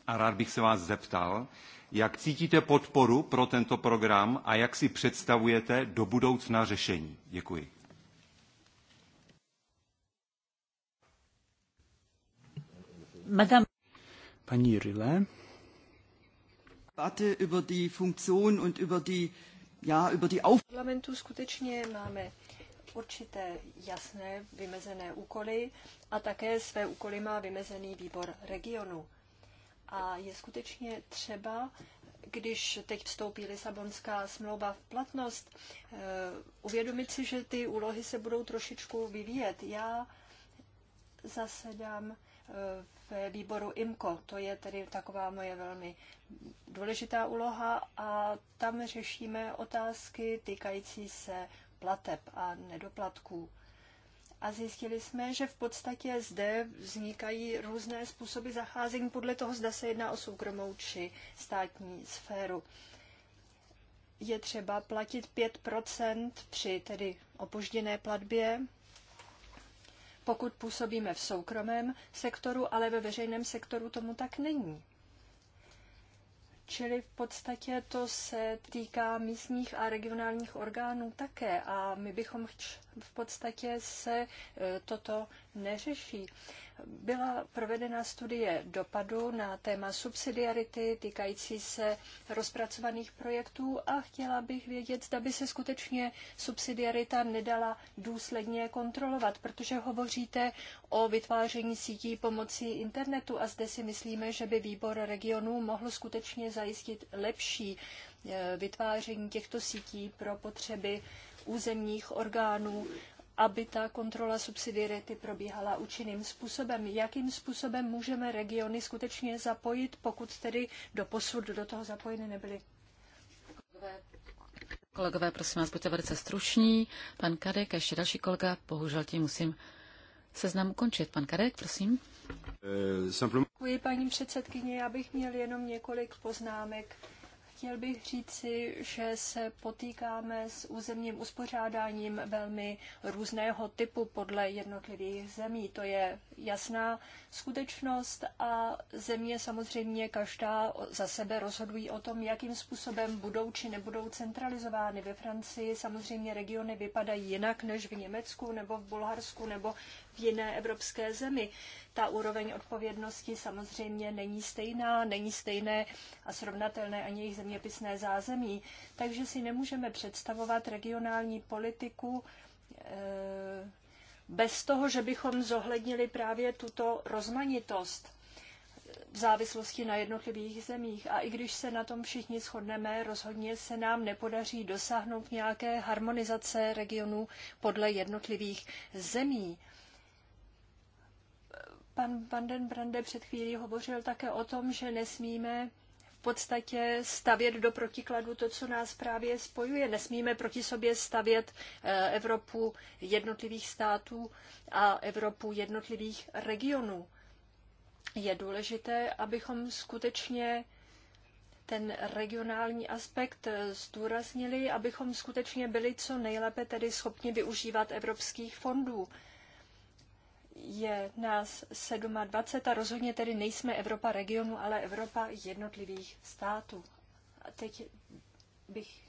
A rád bych se vás zeptal, jak cítíte podporu pro tento program a jak si představujete do budoucna řešení? Děkuji. Madame. Paní Rille. Debate über die Funktion und über die já über die Auf... parlamentu skutečně máme určité jasné vymezené úkoly a také své úkoly má vymezený výbor regionu. A je skutečně třeba, když teď vstoupí Lisabonská smlouva v platnost, eh, uvědomit si, že ty úlohy se budou trošičku vyvíjet. Já zasedám ve výboru IMCO. To je tedy taková moje velmi důležitá úloha a tam řešíme otázky týkající se plateb a nedoplatků. A zjistili jsme, že v podstatě zde vznikají různé způsoby zacházení podle toho, zda se jedná o soukromou či státní sféru. Je třeba platit 5 při tedy opožděné platbě pokud působíme v soukromém sektoru, ale ve veřejném sektoru tomu tak není. Čili v podstatě to se týká místních a regionálních orgánů také a my bychom v podstatě se e, toto neřeší byla provedena studie dopadu na téma subsidiarity týkající se rozpracovaných projektů a chtěla bych vědět, zda by se skutečně subsidiarita nedala důsledně kontrolovat, protože hovoříte o vytváření sítí pomocí internetu a zde si myslíme, že by výbor regionů mohl skutečně zajistit lepší eh, vytváření těchto sítí pro potřeby územních orgánů aby ta kontrola subsidiarity probíhala účinným způsobem. Jakým způsobem můžeme regiony skutečně zapojit, pokud tedy do posud do toho zapojeny nebyly? Kolegové, prosím vás, buďte velice struční. Pan Kadek a ještě další kolega, bohužel tím musím seznam ukončit. Pan Kadek, prosím. Eh, Děkuji, paní předsedkyně. Já bych měl jenom několik poznámek Chtěl bych říci, že se potýkáme s územním uspořádáním velmi různého typu podle jednotlivých zemí. To je jasná skutečnost a země samozřejmě každá za sebe rozhodují o tom, jakým způsobem budou či nebudou centralizovány. Ve Francii samozřejmě regiony vypadají jinak než v Německu nebo v Bulharsku nebo v jiné evropské zemi. Ta úroveň odpovědnosti samozřejmě není stejná, není stejné a srovnatelné ani jejich zeměpisné zázemí. Takže si nemůžeme představovat regionální politiku e, bez toho, že bychom zohlednili právě tuto rozmanitost v závislosti na jednotlivých zemích. A i když se na tom všichni shodneme, rozhodně se nám nepodaří dosáhnout nějaké harmonizace regionů podle jednotlivých zemí. Pan Vanden Brande před chvílí hovořil také o tom, že nesmíme v podstatě stavět do protikladu to, co nás právě spojuje. Nesmíme proti sobě stavět eh, Evropu jednotlivých států a Evropu jednotlivých regionů. Je důležité, abychom skutečně ten regionální aspekt eh, zdůraznili, abychom skutečně byli co nejlépe tedy schopni využívat evropských fondů je nás 27 a rozhodně tedy nejsme Evropa regionu, ale Evropa jednotlivých států. A teď bych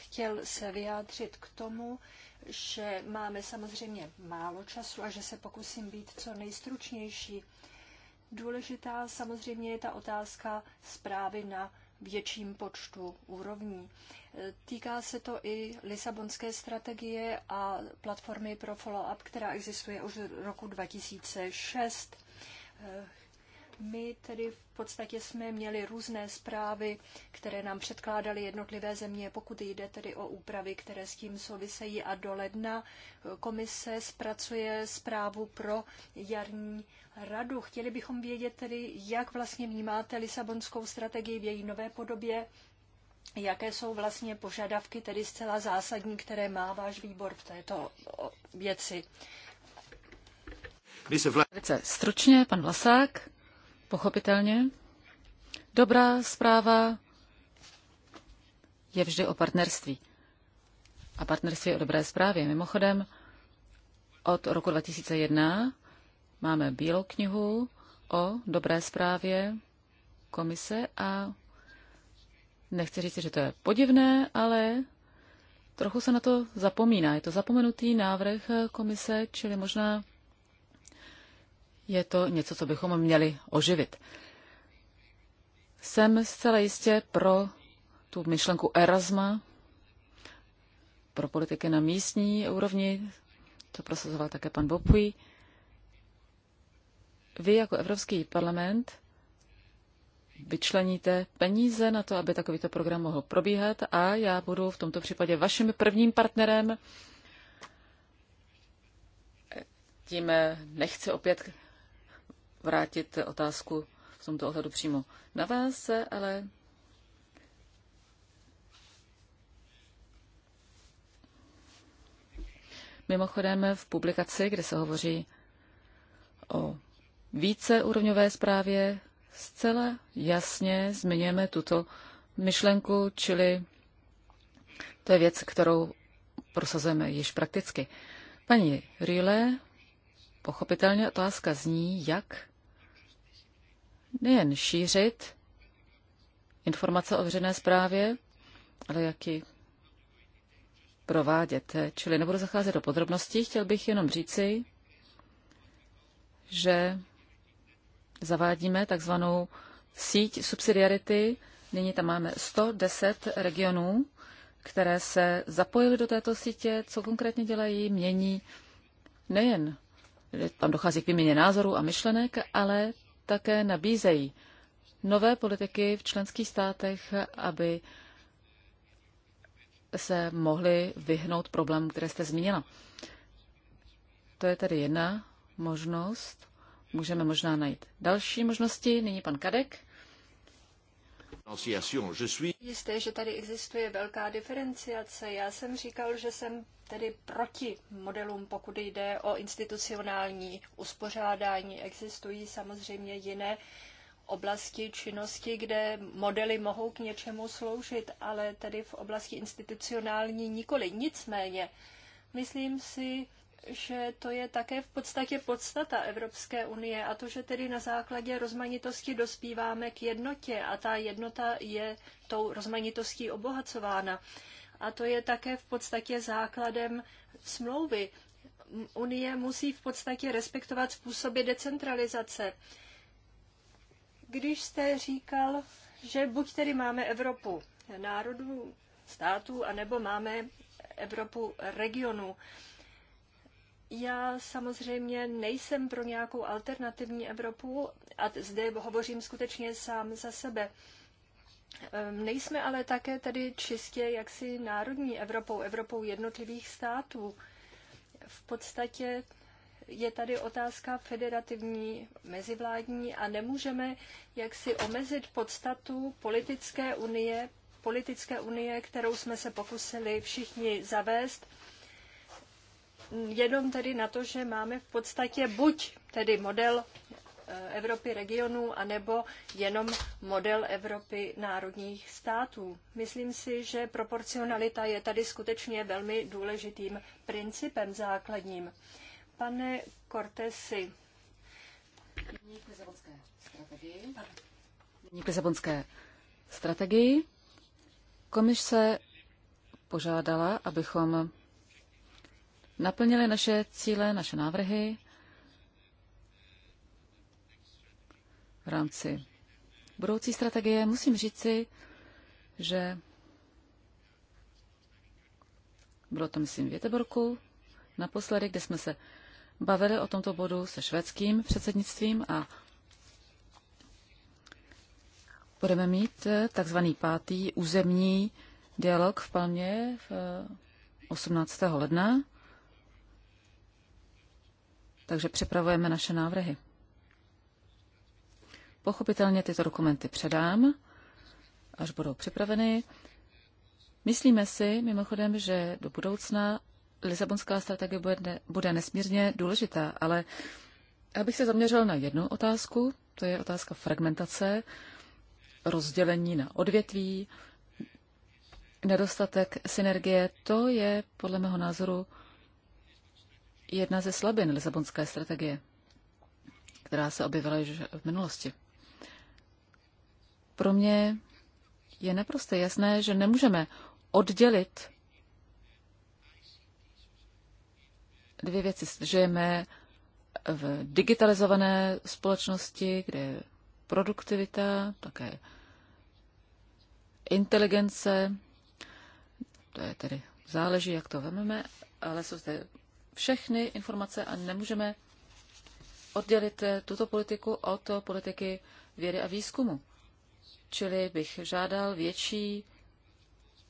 chtěl se vyjádřit k tomu, že máme samozřejmě málo času a že se pokusím být co nejstručnější. Důležitá samozřejmě je ta otázka zprávy na větším počtu úrovní. E, týká se to i Lisabonské strategie a platformy pro follow-up, která existuje už roku 2006 my tedy v podstatě jsme měli různé zprávy, které nám předkládaly jednotlivé země, pokud jde tedy o úpravy, které s tím souvisejí. A do ledna komise zpracuje zprávu pro jarní radu. Chtěli bychom vědět tedy, jak vlastně vnímáte Lisabonskou strategii v její nové podobě, jaké jsou vlastně požadavky tedy zcela zásadní, které má váš výbor v této věci. Velice stručně, pan Vlasák. Pochopitelně. Dobrá zpráva je vždy o partnerství. A partnerství o dobré zprávě. Mimochodem, od roku 2001 máme bílou knihu o dobré zprávě komise a nechci říct, že to je podivné, ale trochu se na to zapomíná. Je to zapomenutý návrh komise, čili možná je to něco, co bychom měli oživit. Jsem zcela jistě pro tu myšlenku Erasma, pro politiky na místní úrovni, to prosazoval také pan Bopuji. Vy jako Evropský parlament vyčleníte peníze na to, aby takovýto program mohl probíhat a já budu v tomto případě vaším prvním partnerem. Tím nechci opět vrátit otázku v tomto ohledu přímo na vás, ale mimochodem v publikaci, kde se hovoří o více úrovňové zprávě, zcela jasně zmiňujeme tuto myšlenku, čili to je věc, kterou prosazujeme již prakticky. Paní Rýle, pochopitelně otázka zní, jak nejen šířit informace o veřejné zprávě, ale jak ji provádět. Čili nebudu zacházet do podrobností, chtěl bych jenom říci, že zavádíme takzvanou síť subsidiarity. Nyní tam máme 110 regionů, které se zapojily do této sítě, co konkrétně dělají, mění nejen, tam dochází k výměně názorů a myšlenek, ale také nabízejí nové politiky v členských státech, aby se mohli vyhnout problémům, které jste zmínila. To je tedy jedna možnost. Můžeme možná najít další možnosti. Nyní pan Kadek. Jisté, že tady existuje velká diferenciace. Já jsem říkal, že jsem tedy proti modelům, pokud jde o institucionální uspořádání. Existují samozřejmě jiné oblasti činnosti, kde modely mohou k něčemu sloužit, ale tedy v oblasti institucionální nikoli. Nicméně, myslím si, že to je také v podstatě podstata Evropské unie a to, že tedy na základě rozmanitosti dospíváme k jednotě a ta jednota je tou rozmanitostí obohacována a to je také v podstatě základem smlouvy. Unie musí v podstatě respektovat způsoby decentralizace. Když jste říkal, že buď tedy máme Evropu národů, států, anebo máme Evropu regionů. Já samozřejmě nejsem pro nějakou alternativní Evropu a zde hovořím skutečně sám za sebe. Ehm, nejsme ale také tedy čistě jaksi národní Evropou, Evropou jednotlivých států. V podstatě je tady otázka federativní, mezivládní a nemůžeme jaksi omezit podstatu politické unie, politické unie, kterou jsme se pokusili všichni zavést, jenom tedy na to, že máme v podstatě buď tedy model Eh, Evropy regionů anebo jenom model Evropy národních států. Myslím si, že proporcionalita je tady skutečně velmi důležitým principem základním. Pane Cortesi, nyní k Lisabonské strategii. Komise požádala, abychom naplnili naše cíle, naše návrhy v rámci budoucí strategie. Musím říci, že bylo to, myslím, v Jeteborku naposledy, kde jsme se bavili o tomto bodu se švédským předsednictvím a budeme mít eh, takzvaný pátý územní dialog v Palmě v 18. Eh, ledna. Takže připravujeme naše návrhy. Pochopitelně tyto dokumenty předám, až budou připraveny. Myslíme si mimochodem, že do budoucna Lisabonská strategie bude, bude nesmírně důležitá, ale abych se zaměřil na jednu otázku, to je otázka fragmentace, rozdělení na odvětví, nedostatek synergie, to je podle mého názoru jedna ze slabin Lisabonské strategie, která se objevila již v minulosti. Pro mě je naprosto jasné, že nemůžeme oddělit dvě věci. Žijeme v digitalizované společnosti, kde je produktivita, také inteligence, to je tedy záleží, jak to vememe, ale jsou zde všechny informace a nemůžeme oddělit tuto politiku od politiky vědy a výzkumu. Čili bych žádal větší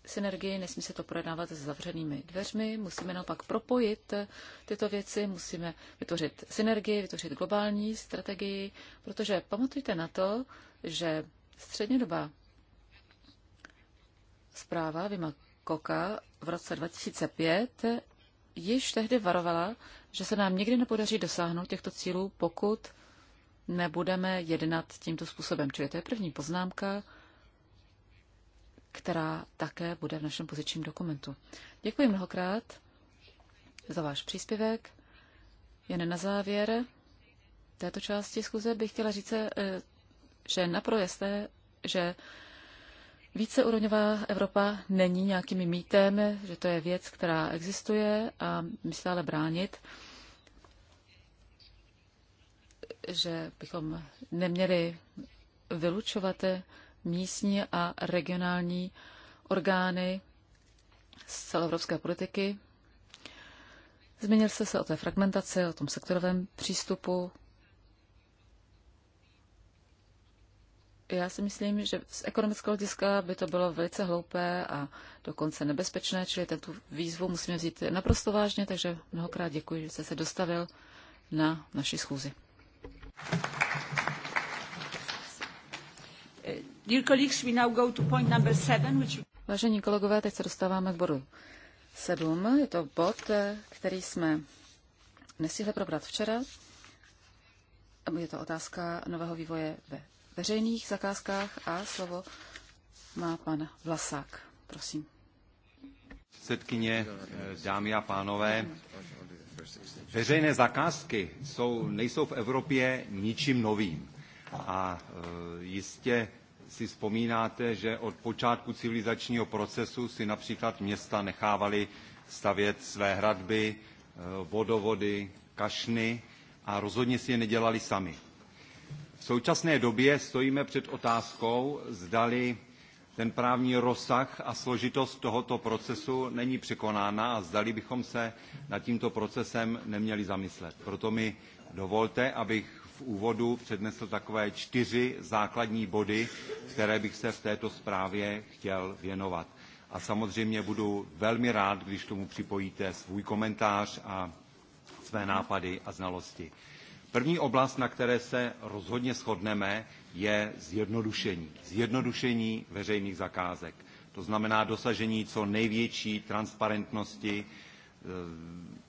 synergii, nesmí se to projednávat s zavřenými dveřmi, musíme naopak propojit tyto věci, musíme vytvořit synergii, vytvořit globální strategii, protože pamatujte na to, že střednědobá zpráva Vima Koka v roce 2005 již tehdy varovala, že se nám nikdy nepodaří dosáhnout těchto cílů, pokud nebudeme jednat tímto způsobem. Čili to je první poznámka, která také bude v našem pozičním dokumentu. Děkuji mnohokrát za váš příspěvek. Jen na závěr této části zkuze bych chtěla říct, eh, že napro jasné, že víceúrovňová Evropa není nějakým mýtem, že to je věc, která existuje a my se ale bránit že bychom neměli vylučovat místní a regionální orgány z celoevropské politiky. Zmínil jste se o té fragmentaci, o tom sektorovém přístupu. Já si myslím, že z ekonomického hlediska by to bylo velice hloupé a dokonce nebezpečné, čili tu výzvu musíme vzít naprosto vážně, takže mnohokrát děkuji, že jste se dostavil na naši schůzi. Vážení kolegové, teď se dostáváme k bodu 7. Je to bod, eh, který jsme nestihli probrat včera. Je to otázka nového vývoje ve veřejných zakázkách a slovo má pan Vlasák. Prosím. Předsedkyně, eh, dámy a pánové, Veřejné zakázky jsou, nejsou v Evropě ničím novým. A e, jistě si vzpomínáte, že od počátku civilizačního procesu si například města nechávali stavět své hradby, e, vodovody, kašny a rozhodně si je nedělali sami. V současné době stojíme před otázkou, zdali ten právní rozsah a složitost tohoto procesu není překonána a zdali bychom se nad tímto procesem neměli zamyslet. Proto mi dovolte, abych v úvodu přednesl takové čtyři základní body, které bych se v této zprávě chtěl věnovat. A samozřejmě budu velmi rád, když tomu připojíte svůj komentář a své nápady a znalosti. První oblast, na které se rozhodně shodneme, je zjednodušení. Zjednodušení veřejných zakázek. To znamená dosažení co největší transparentnosti, eh,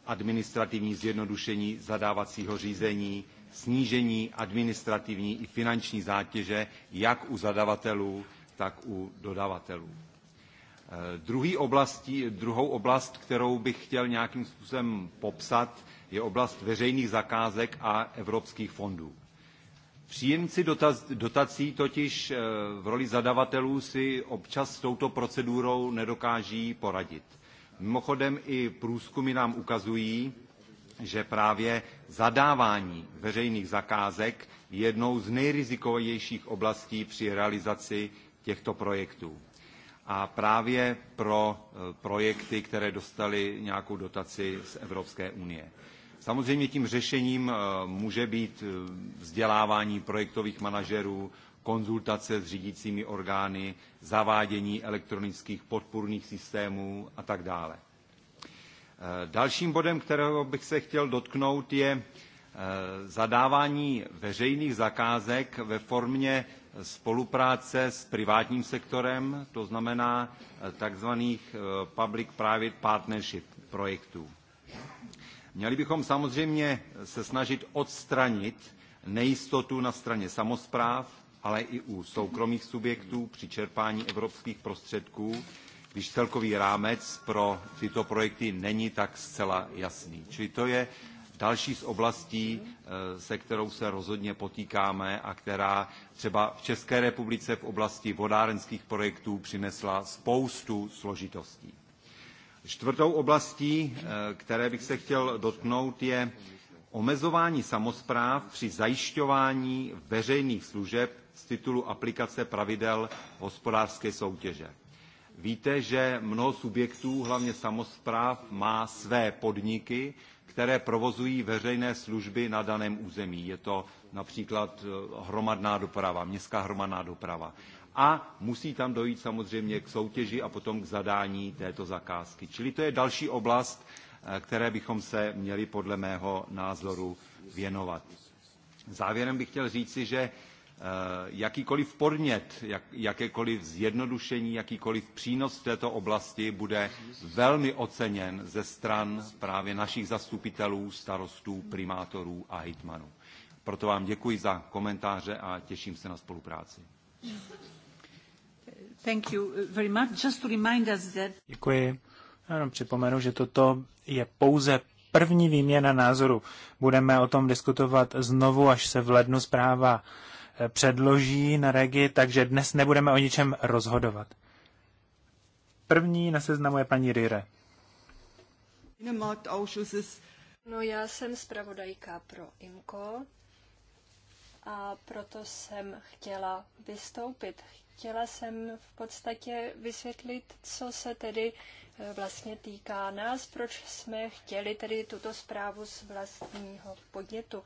administrativní zjednodušení zadávacího řízení, snížení administrativní i finanční zátěže jak u zadavatelů, tak u dodavatelů. Eh, druhý oblastí, druhou oblast, kterou bych chtěl nějakým způsobem popsat, je oblast veřejných zakázek a evropských fondů. Příjemci dotací totiž eh, v roli zadavatelů si občas s touto procedurou nedokáží poradit. Mimochodem i průzkumy nám ukazují, že právě zadávání veřejných zakázek je jednou z nejrizikovějších oblastí při realizaci těchto projektů a právě pro eh, projekty, které dostaly nějakou dotaci z Evropské unie. Samozřejmě tím řešením eh, může být eh, vzdělávání projektových manažerů, konzultace s řídícími orgány, zavádění elektronických podpůrných systémů a tak dále. Dalším bodem, kterého bych se chtěl dotknout, je zadávání veřejných zakázek ve formě spolupráce s privátním sektorem, to znamená eh, takzvaných eh, public-private partnership projektů. Měli bychom samozřejmě se snažit odstranit nejistotu na straně samospráv, ale i u soukromých subjektů při čerpání evropských prostředků, když celkový rámec pro tyto projekty není tak zcela jasný. Čili to je další z oblastí, mhm. eh, se kterou se rozhodně potýkáme a která třeba v České republice v oblasti vodárenských projektů přinesla spoustu složitostí. Čtvrtou oblastí, eh, které bych se chtěl dotknout, je omezování samospráv při zajišťování veřejných služeb z titulu aplikace pravidel hospodářské soutěže. Víte, že mnoho subjektů, hlavně samospráv, má své podniky, které provozují veřejné služby na daném území. Je to například eh, hromadná doprava, městská hromadná doprava. A musí tam dojít samozřejmě k soutěži a potom k zadání této zakázky. Čili to je další oblast, eh, které bychom se měli podle mého názoru věnovat. Závěrem bych chtěl říci, že Eh, jakýkoliv podnět, jak, jakékoliv zjednodušení, jakýkoliv přínos v této oblasti bude velmi oceněn ze stran právě našich zastupitelů, starostů, primátorů a hejtmanů. Proto vám děkuji za komentáře a těším se na spolupráci. Thank you very much. Just to remind us that... Děkuji. Já jenom připomenu, že toto je pouze první výměna názoru. Budeme o tom diskutovat znovu, až se v lednu zpráva předloží na regi, takže dnes nebudeme o ničem rozhodovat. První na seznamu je paní Rire. No já jsem zpravodajka pro IMCO a proto jsem chtěla vystoupit. Chtěla jsem v podstatě vysvětlit, co se tedy vlastně týká nás, proč jsme chtěli tedy tuto zprávu z vlastního podnětu.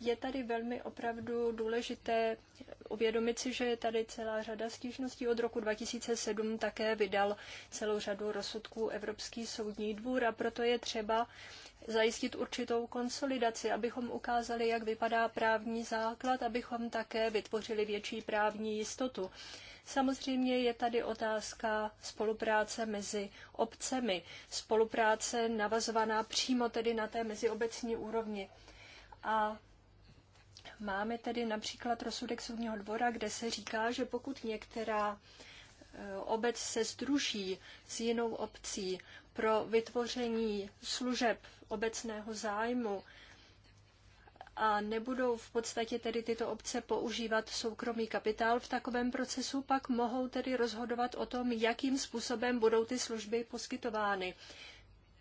Je tady velmi opravdu důležité uvědomit si, že je tady celá řada stížností. Od roku 2007 také vydal celou řadu rozsudků Evropský soudní dvůr a proto je třeba zajistit určitou konsolidaci, abychom ukázali, jak vypadá právní základ, abychom také vytvořili větší právní jistotu. Samozřejmě je tady otázka spolupráce mezi obcemi, spolupráce navazovaná přímo tedy na té meziobecní úrovni. A máme tedy například rozsudek soudního dvora, kde se říká, že pokud některá e, obec se združí s jinou obcí pro vytvoření služeb obecného zájmu, a nebudou v podstatě tedy tyto obce používat soukromý kapitál v takovém procesu, pak mohou tedy rozhodovat o tom, jakým způsobem budou ty služby poskytovány.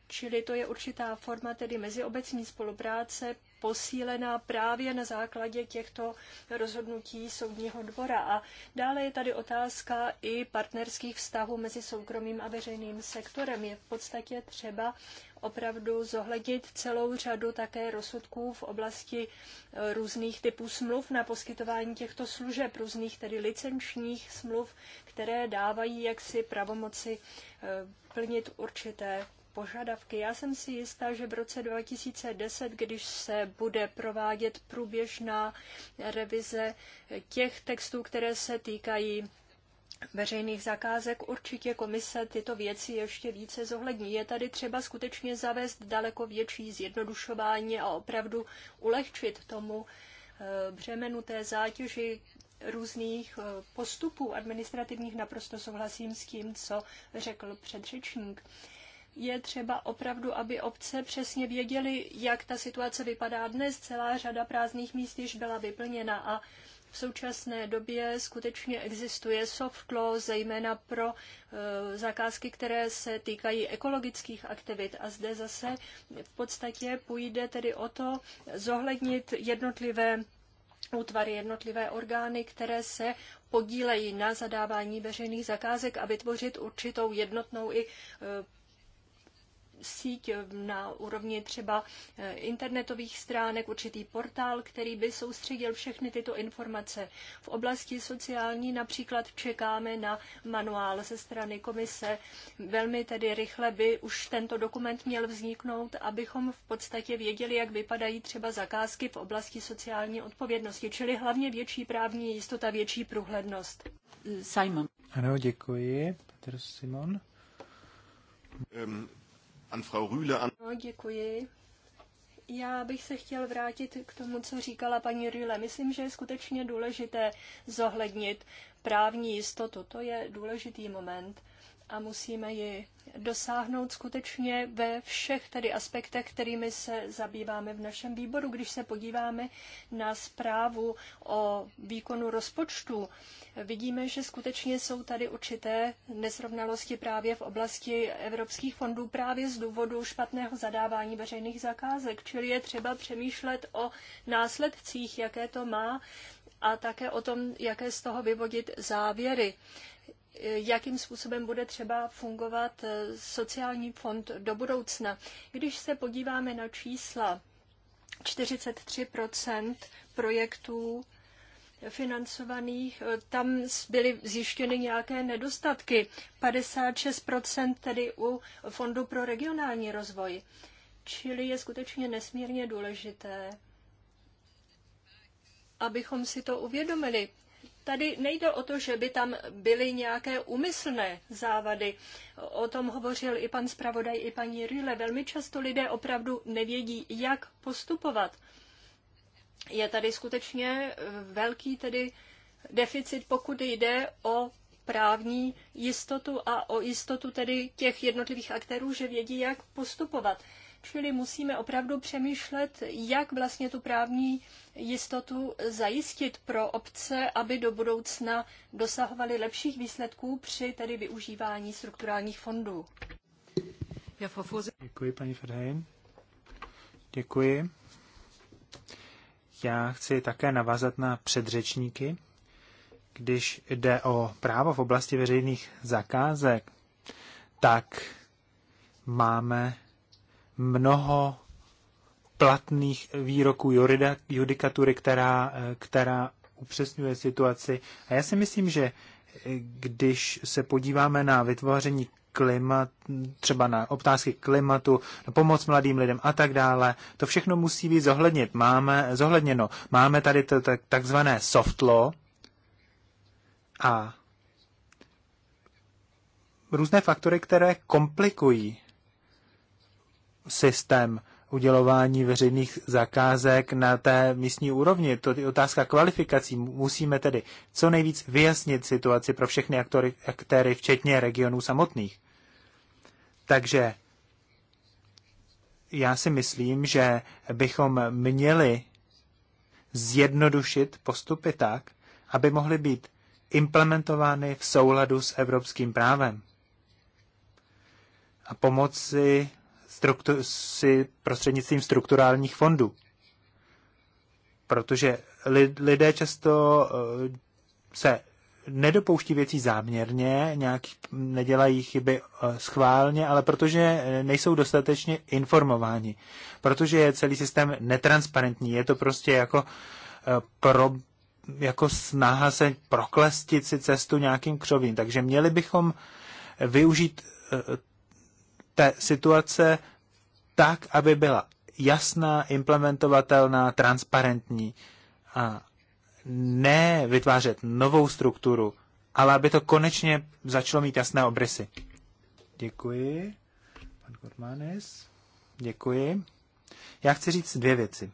Čili to je určitá forma tedy meziobecní spolupráce, posílená právě na základě těchto rozhodnutí soudního dvora. A dále je tady otázka i partnerských vztahů mezi soukromým a veřejným sektorem. Je v podstatě třeba opravdu zohlednit celou řadu také rozsudků v oblasti e, různých typů smluv na poskytování těchto služeb, různých tedy licenčních smluv, které dávají jaksi pravomoci e, plnit určité požadavky. Já jsem si jistá, že v roce 2010, když se bude provádět průběžná revize těch textů, které se týkají veřejných zakázek, určitě komise tyto věci ještě více zohlední. Je tady třeba skutečně zavést daleko větší zjednodušování a opravdu ulehčit tomu eh, břemenu té zátěži různých eh, postupů administrativních. Naprosto souhlasím s tím, co řekl předřečník je třeba opravdu, aby obce přesně věděly, jak ta situace vypadá dnes. Celá řada prázdných míst již byla vyplněna a v současné době skutečně existuje soft law, zejména pro eh, zakázky, které se týkají ekologických aktivit. A zde zase v podstatě půjde tedy o to zohlednit jednotlivé útvary, jednotlivé orgány, které se podílejí na zadávání veřejných zakázek a vytvořit určitou jednotnou i eh, síť eh, na úrovni třeba eh, internetových stránek, určitý portál, který by soustředil všechny tyto informace. V oblasti sociální například čekáme na manuál ze strany komise. Velmi tedy rychle by už tento dokument měl vzniknout, abychom v podstatě věděli, jak vypadají třeba zakázky v oblasti sociální odpovědnosti, čili hlavně větší právní jistota, větší průhlednost. Simon. Ano, děkuji. Petr Simon an Frau Rühle an. No, děkuji. Já bych se chtěl vrátit k tomu, co říkala paní Rühle. Myslím, že je skutečně důležité zohlednit právní jistotu. To je důležitý moment a musíme ji dosáhnout skutečně ve všech tedy aspektech, kterými se zabýváme v našem výboru. Když se podíváme na zprávu o výkonu rozpočtu, vidíme, že skutečně jsou tady určité nesrovnalosti právě v oblasti evropských fondů právě z důvodu špatného zadávání veřejných zakázek. Čili je třeba přemýšlet o následcích, jaké to má a také o tom, jaké z toho vyvodit závěry jakým způsobem bude třeba fungovat eh, sociální fond do budoucna. Když se podíváme na čísla, 43 projektů financovaných, eh, tam byly zjištěny nějaké nedostatky, 56 tedy u Fondu pro regionální rozvoj. Čili je skutečně nesmírně důležité, abychom si to uvědomili Tady nejde o to, že by tam byly nějaké úmyslné závady. O tom hovořil i pan zpravodaj, i paní Ryle. Velmi často lidé opravdu nevědí, jak postupovat. Je tady skutečně eh, velký tedy deficit, pokud jde o právní jistotu a o jistotu tedy těch jednotlivých aktérů, že vědí, jak postupovat. Čili musíme opravdu přemýšlet, jak vlastně tu právní jistotu zajistit pro obce, aby do budoucna dosahovaly lepších výsledků při tedy využívání strukturálních fondů. Děkuji, paní Ferhejm. Děkuji. Já chci také navázat na předřečníky. Když jde o právo v oblasti veřejných zakázek, tak máme mnoho platných výroků judikatury, která, eh, která upřesňuje situaci. A já si myslím, že eh, když se podíváme na vytvoření klimat, třeba na otázky klimatu, na pomoc mladým lidem a tak dále. To všechno musí být zohlednit. Máme, zohledněno. Máme tady to takzvané soft law a různé faktory, které komplikují systém udělování veřejných zakázek na té místní úrovni. To je otázka kvalifikací. Musíme tedy co nejvíc vyjasnit situaci pro všechny aktory, aktéry, včetně regionů samotných. Takže já si myslím, že bychom měli zjednodušit postupy tak, aby mohly být implementovány v souladu s evropským právem a pomoci struktu- si prostřednictvím strukturálních fondů. Protože lidé často eh, se nedopouští věcí záměrně, nějak nedělají chyby eh, schválně, ale protože eh, nejsou dostatečně informováni. Protože je celý systém netransparentní. Je to prostě jako, pro, jako snaha se proklestit si cestu nějakým křovím. Takže měli bychom využít té situace tak, aby byla jasná, implementovatelná, transparentní a ne vytvářet novou strukturu, ale aby to konečně začalo mít jasné obrysy. Děkuji. Pan Kormanis. Děkuji. Já chci říct dvě věci.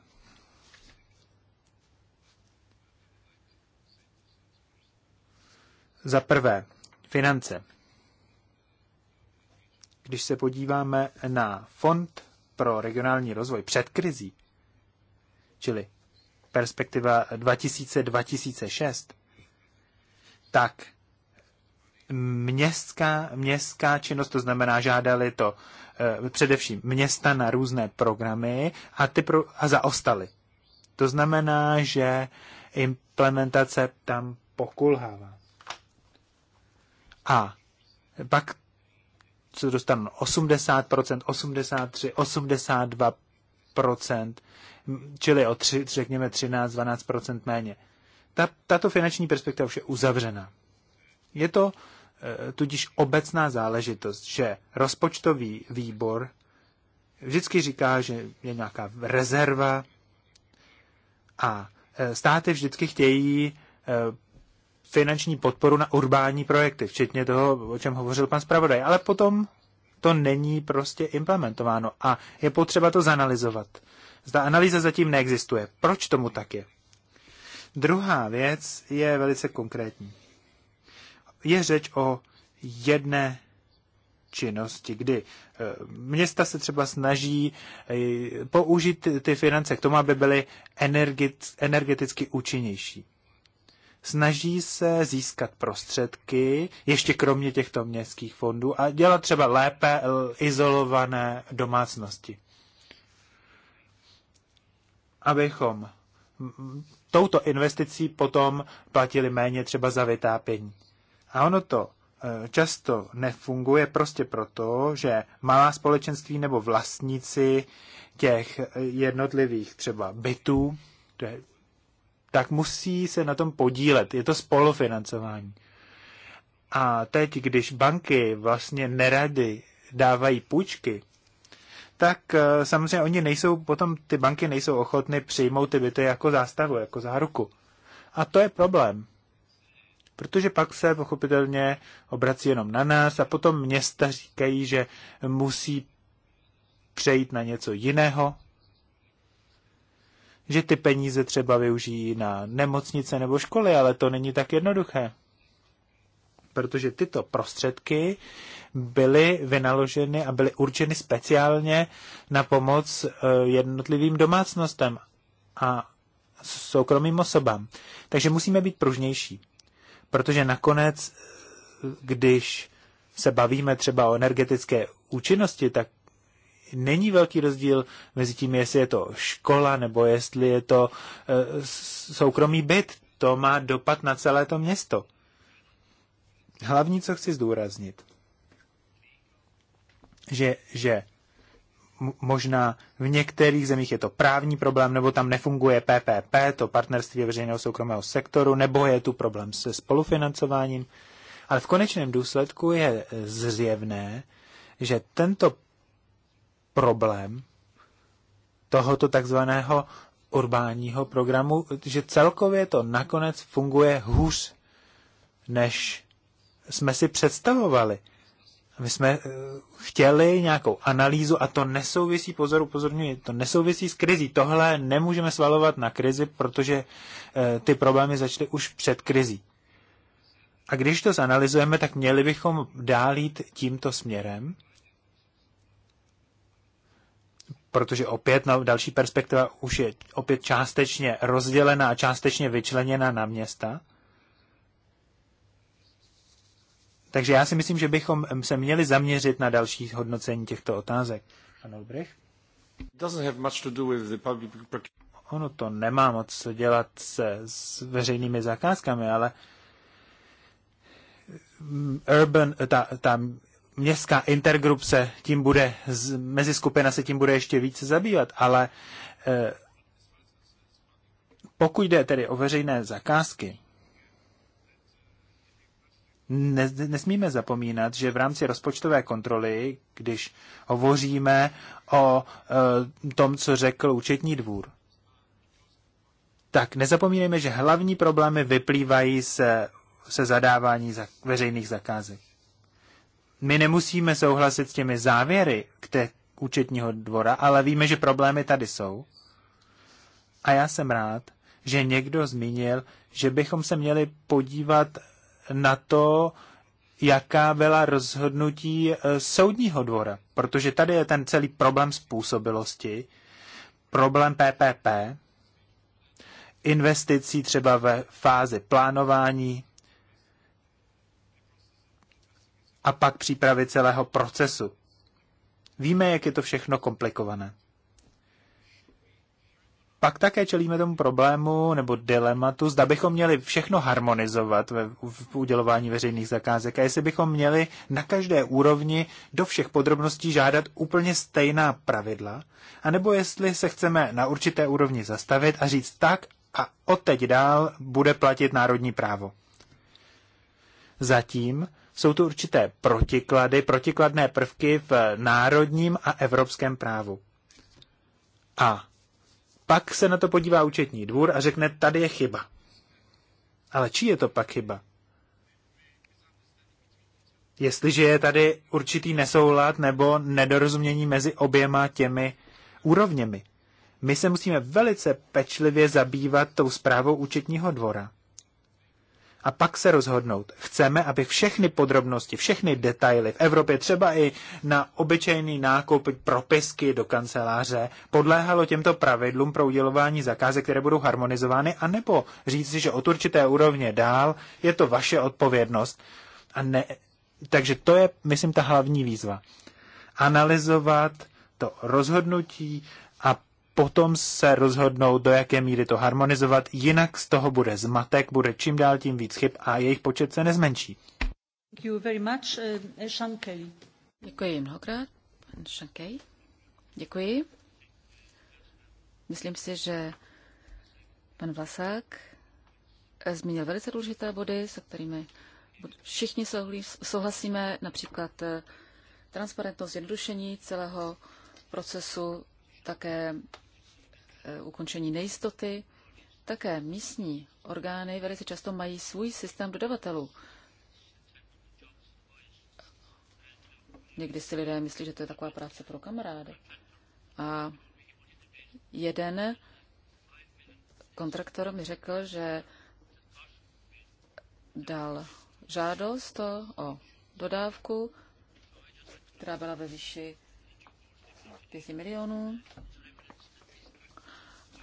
Za prvé, finance. Když se podíváme na Fond pro regionální rozvoj před krizí, čili perspektiva 2000-2006, tak městská, městská činnost, to znamená, žádali to eh, především města na různé programy a, ty pro, a zaostali. To znamená, že implementace tam pokulhává. A pak se dostanou 80%, 83%, 82%, čili o tři, řekněme 13-12% méně. Ta, tato finanční perspektiva už je uzavřena. Je to e, tudíž obecná záležitost, že rozpočtový výbor vždycky říká, že je nějaká rezerva a eh, státy vždycky chtějí eh, finanční podporu na urbální projekty, včetně toho, o čem hovořil pan zpravodaj. Ale potom to není prostě implementováno a je potřeba to zanalizovat. Zda analýza zatím neexistuje. Proč tomu tak je? Druhá věc je velice konkrétní. Je řeč o jedné činnosti, kdy e, města se třeba snaží e, použít ty finance k tomu, aby byly energeticky účinnější snaží se získat prostředky, ještě kromě těchto městských fondů, a dělat třeba lépe eh, izolované domácnosti. Abychom touto investicí potom platili méně třeba za vytápění. A ono to eh, často nefunguje prostě proto, že malá společenství nebo vlastníci těch eh, jednotlivých třeba bytů, to je tak musí se na tom podílet. Je to spolufinancování. A teď, když banky vlastně nerady dávají půjčky, tak eh, samozřejmě oni nejsou, potom ty banky nejsou ochotny přijmout ty byty jako zástavu, jako záruku. A to je problém. Protože pak se pochopitelně obrací jenom na nás a potom města říkají, že musí přejít na něco jiného, že ty peníze třeba využijí na nemocnice nebo školy, ale to není tak jednoduché. Protože tyto prostředky byly vynaloženy a byly určeny speciálně na pomoc eh, jednotlivým domácnostem a soukromým osobám. Takže musíme být pružnější, protože nakonec, eh, když se bavíme třeba o energetické účinnosti, tak není velký rozdíl mezi tím, jestli je to škola nebo jestli je to eh, soukromý byt. To má dopad na celé to město. Hlavní, co chci zdůraznit, že, že možná v některých zemích je to právní problém, nebo tam nefunguje PPP, to partnerství veřejného soukromého sektoru, nebo je tu problém se spolufinancováním. Ale v konečném důsledku je eh, zjevné, že tento problém tohoto takzvaného urbánního programu, že celkově to nakonec funguje hůř, než jsme si představovali. My jsme eh, chtěli nějakou analýzu a to nesouvisí, pozor, upozorňuji, to nesouvisí s krizí. Tohle nemůžeme svalovat na krizi, protože eh, ty problémy začaly už před krizí. A když to zanalizujeme, tak měli bychom dál jít tímto směrem protože opět na další perspektiva už je opět částečně rozdělena a částečně vyčleněna na města. Takže já si myslím, že bychom se měli zaměřit na další hodnocení těchto otázek. Pan Ono to nemá moc co dělat se, s veřejnými zakázkami, ale mm, urban, ta, ta městská intergrup se tím bude, meziskupina se tím bude ještě více zabývat, ale eh, pokud jde tedy o veřejné zakázky, nesmíme zapomínat, že v rámci rozpočtové kontroly, když hovoříme o eh, tom, co řekl účetní dvůr, tak nezapomínejme, že hlavní problémy vyplývají se, se zadávání za, veřejných zakázek. My nemusíme souhlasit s těmi závěry k té účetního dvora, ale víme, že problémy tady jsou. A já jsem rád, že někdo zmínil, že bychom se měli podívat na to, jaká byla rozhodnutí e, soudního dvora, protože tady je ten celý problém způsobilosti, problém PPP, investicí třeba ve fázi plánování, a pak přípravy celého procesu. Víme, jak je to všechno komplikované. Pak také čelíme tomu problému nebo dilematu, zda bychom měli všechno harmonizovat ve, v udělování veřejných zakázek a jestli bychom měli na každé úrovni do všech podrobností žádat úplně stejná pravidla, anebo jestli se chceme na určité úrovni zastavit a říct tak a odteď dál bude platit národní právo. Zatím jsou tu určité protiklady, protikladné prvky v národním a evropském právu. A pak se na to podívá účetní dvůr a řekne, tady je chyba. Ale čí je to pak chyba? Jestliže je tady určitý nesoulad nebo nedorozumění mezi oběma těmi úrovněmi. My se musíme velice pečlivě zabývat tou zprávou účetního dvora a pak se rozhodnout. Chceme, aby všechny podrobnosti, všechny detaily v Evropě, třeba i na obyčejný nákup propisky do kanceláře, podléhalo těmto pravidlům pro udělování zakázek, které budou harmonizovány, anebo říct si, že od určité úrovně dál je to vaše odpovědnost. A ne, takže to je, myslím, ta hlavní výzva. Analyzovat to rozhodnutí, potom se rozhodnou, do jaké míry to harmonizovat, jinak z toho bude zmatek, bude čím dál tím víc chyb a jejich počet se nezmenší. Eh, eh, Děkuji mnohokrát, pan Šankej. Děkuji. Myslím si, že pan Vlasák eh, zmínil velice důležité body, se kterými všichni souhlasíme, například transparentnost, zjednodušení celého procesu, také Eh, ukončení nejistoty. Také místní orgány velice často mají svůj systém dodavatelů. Někdy si lidé myslí, že to je taková práce pro kamarády. A jeden kontraktor mi řekl, že dal žádost o dodávku, která byla ve výši 5 milionů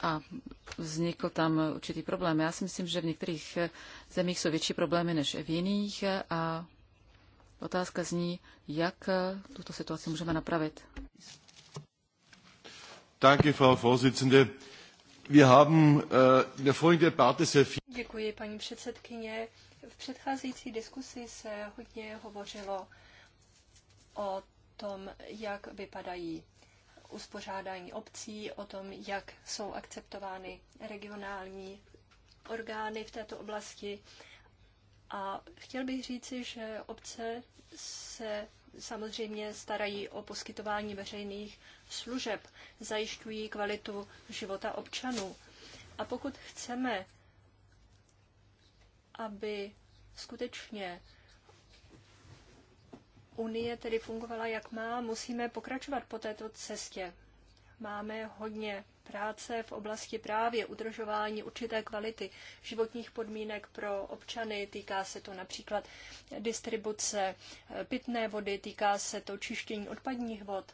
a vznikl tam určitý problém. Já si myslím, že v některých zemích jsou větší problémy než v jiných a otázka zní, jak tuto situaci můžeme napravit. Danke, Frau Vorsitzende. Wir haben äh, in der vorigen Debatte sehr viel... Děkuji, paní předsedkyně. V předcházející diskusi se hodně hovořilo o tom, jak vypadají uspořádání obcí, o tom, jak jsou akceptovány regionální orgány v této oblasti. A chtěl bych říci, že obce se samozřejmě starají o poskytování veřejných služeb, zajišťují kvalitu života občanů. A pokud chceme, aby skutečně Unie tedy fungovala jak má, musíme pokračovat po této cestě. Máme hodně práce v oblasti právě udržování určité kvality životních podmínek pro občany. Týká se to například distribuce eh, pitné vody, týká se to čištění odpadních vod.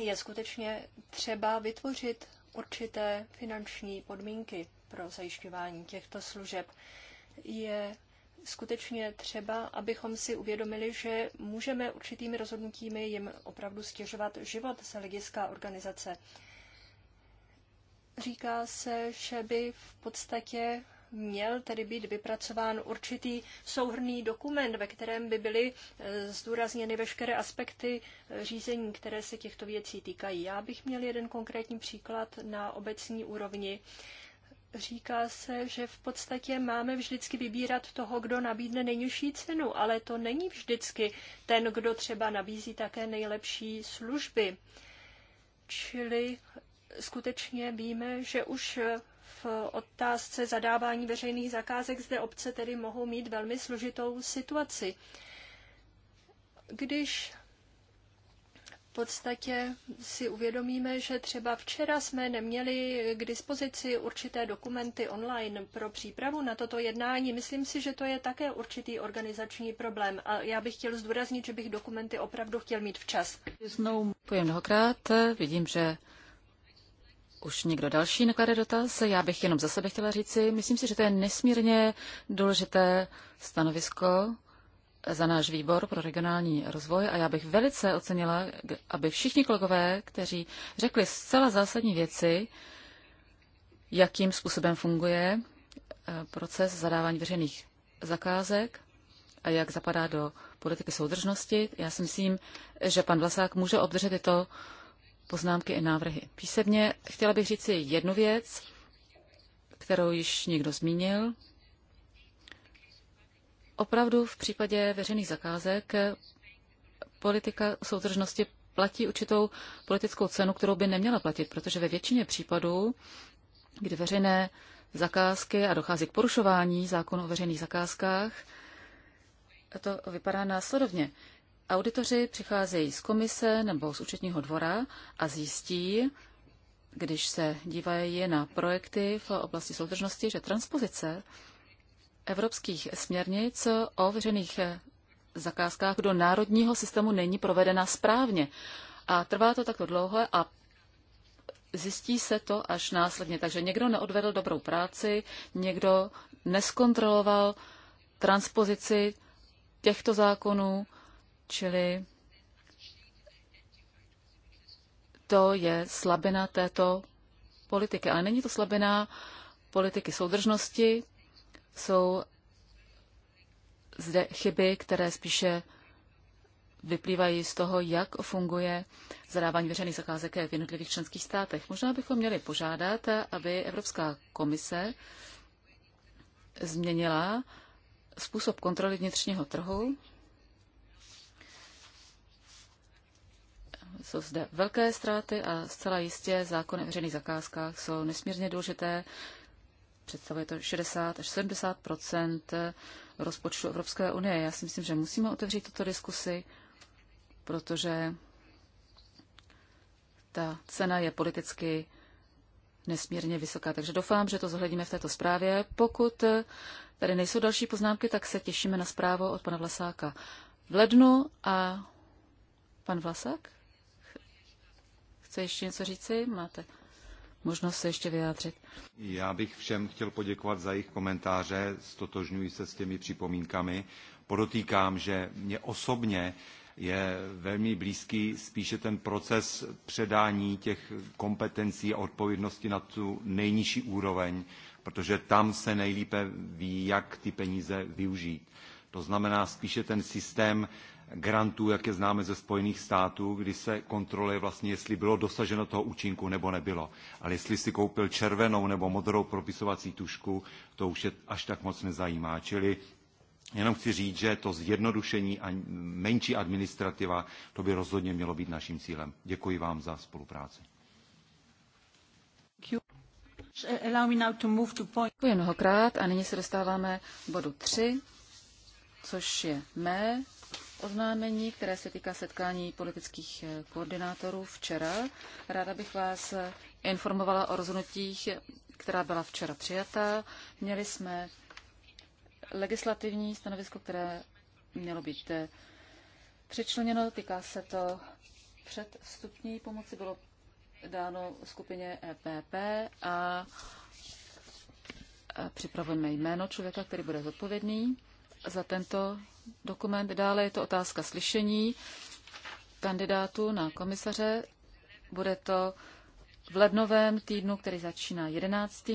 Je skutečně třeba vytvořit určité finanční podmínky pro zajišťování těchto služeb. Je skutečně třeba, abychom si uvědomili, že můžeme určitými rozhodnutími jim opravdu stěžovat život z hlediska organizace. Říká se, že by v podstatě měl tedy být vypracován určitý souhrný dokument, ve kterém by byly e, zdůrazněny veškeré aspekty e, řízení, které se těchto věcí týkají. Já bych měl jeden konkrétní příklad na obecní úrovni říká se, že v podstatě máme vždycky vybírat toho, kdo nabídne nejnižší cenu, ale to není vždycky ten, kdo třeba nabízí také nejlepší služby. Čili skutečně víme, že už v otázce zadávání veřejných zakázek zde obce tedy mohou mít velmi složitou situaci. Když podstatě si uvědomíme, že třeba včera jsme neměli k dispozici určité dokumenty online pro přípravu na toto jednání. Myslím si, že to je také určitý organizační problém a já bych chtěl zdůraznit, že bych dokumenty opravdu chtěl mít včas. Děkuji mnohokrát. Vidím, že už někdo další naklade dotaz? Já bych jenom za sebe chtěla říci, myslím si, že to je nesmírně důležité stanovisko za náš výbor pro regionální rozvoj a já bych velice ocenila, aby všichni kolegové, kteří řekli zcela zásadní věci, jakým způsobem funguje e, proces zadávání veřejných zakázek a jak zapadá do politiky soudržnosti. Já si myslím, že pan Vlasák může obdržet tyto poznámky i návrhy. Písemně chtěla bych říci jednu věc, kterou již někdo zmínil, Opravdu v případě veřejných zakázek politika soudržnosti platí určitou politickou cenu, kterou by neměla platit, protože ve většině případů, kdy veřejné zakázky a dochází k porušování zákonu o veřejných zakázkách, to vypadá následovně. Auditoři přicházejí z komise nebo z účetního dvora a zjistí, když se dívají na projekty v oblasti soudržnosti, že transpozice evropských směrnic o veřejných zakázkách do národního systému není provedena správně. A trvá to takto dlouho a zjistí se to až následně. Takže někdo neodvedl dobrou práci, někdo neskontroloval transpozici těchto zákonů, čili to je slabina této politiky. Ale není to slabina politiky soudržnosti, jsou zde chyby, které spíše vyplývají z toho, jak funguje zadávání veřejných zakázek v jednotlivých členských státech. Možná bychom měli požádat, aby Evropská komise změnila způsob kontroly vnitřního trhu. Jsou zde velké ztráty a zcela jistě zákony o veřejných zakázkách jsou nesmírně důležité Představuje to 60 až 70 rozpočtu Evropské unie. Já si myslím, že musíme otevřít tuto diskusi, protože ta cena je politicky nesmírně vysoká. Takže doufám, že to zohledníme v této zprávě. Pokud tady nejsou další poznámky, tak se těšíme na zprávu od pana Vlasáka v lednu. A pan Vlasák? Chce ještě něco říci? Máte možnost se ještě vyjádřit. Já bych všem chtěl poděkovat za jejich komentáře, stotožňuji se s těmi připomínkami. Podotýkám, že mě osobně je velmi blízký spíše ten proces předání těch kompetencí a odpovědnosti na tu nejnižší úroveň, protože tam se nejlépe ví, jak ty peníze využít. To znamená spíše ten systém grantů, jak je známe ze Spojených států, kdy se kontroluje vlastně, jestli bylo dosaženo toho účinku nebo nebylo. Ale jestli si koupil červenou nebo modrou propisovací tušku, to už je až tak moc nezajímá. Čili Jenom chci říct, že to zjednodušení a menší administrativa, to by rozhodně mělo být naším cílem. Děkuji vám za spolupráci. Děkuji mnohokrát a nyní se dostáváme k bodu 3, což je mé oznámení, které se týká setkání politických eh, koordinátorů včera. Ráda bych vás eh, informovala o rozhodnutích, která byla včera přijata. Měli jsme legislativní stanovisko, které mělo být eh, přečleněno. Týká se to předvstupní pomoci, bylo dáno skupině EPP a připravujeme jméno člověka, který bude zodpovědný za tento dokument. Dále je to otázka slyšení kandidátů na komisaře. Bude to v lednovém týdnu, který začíná 11.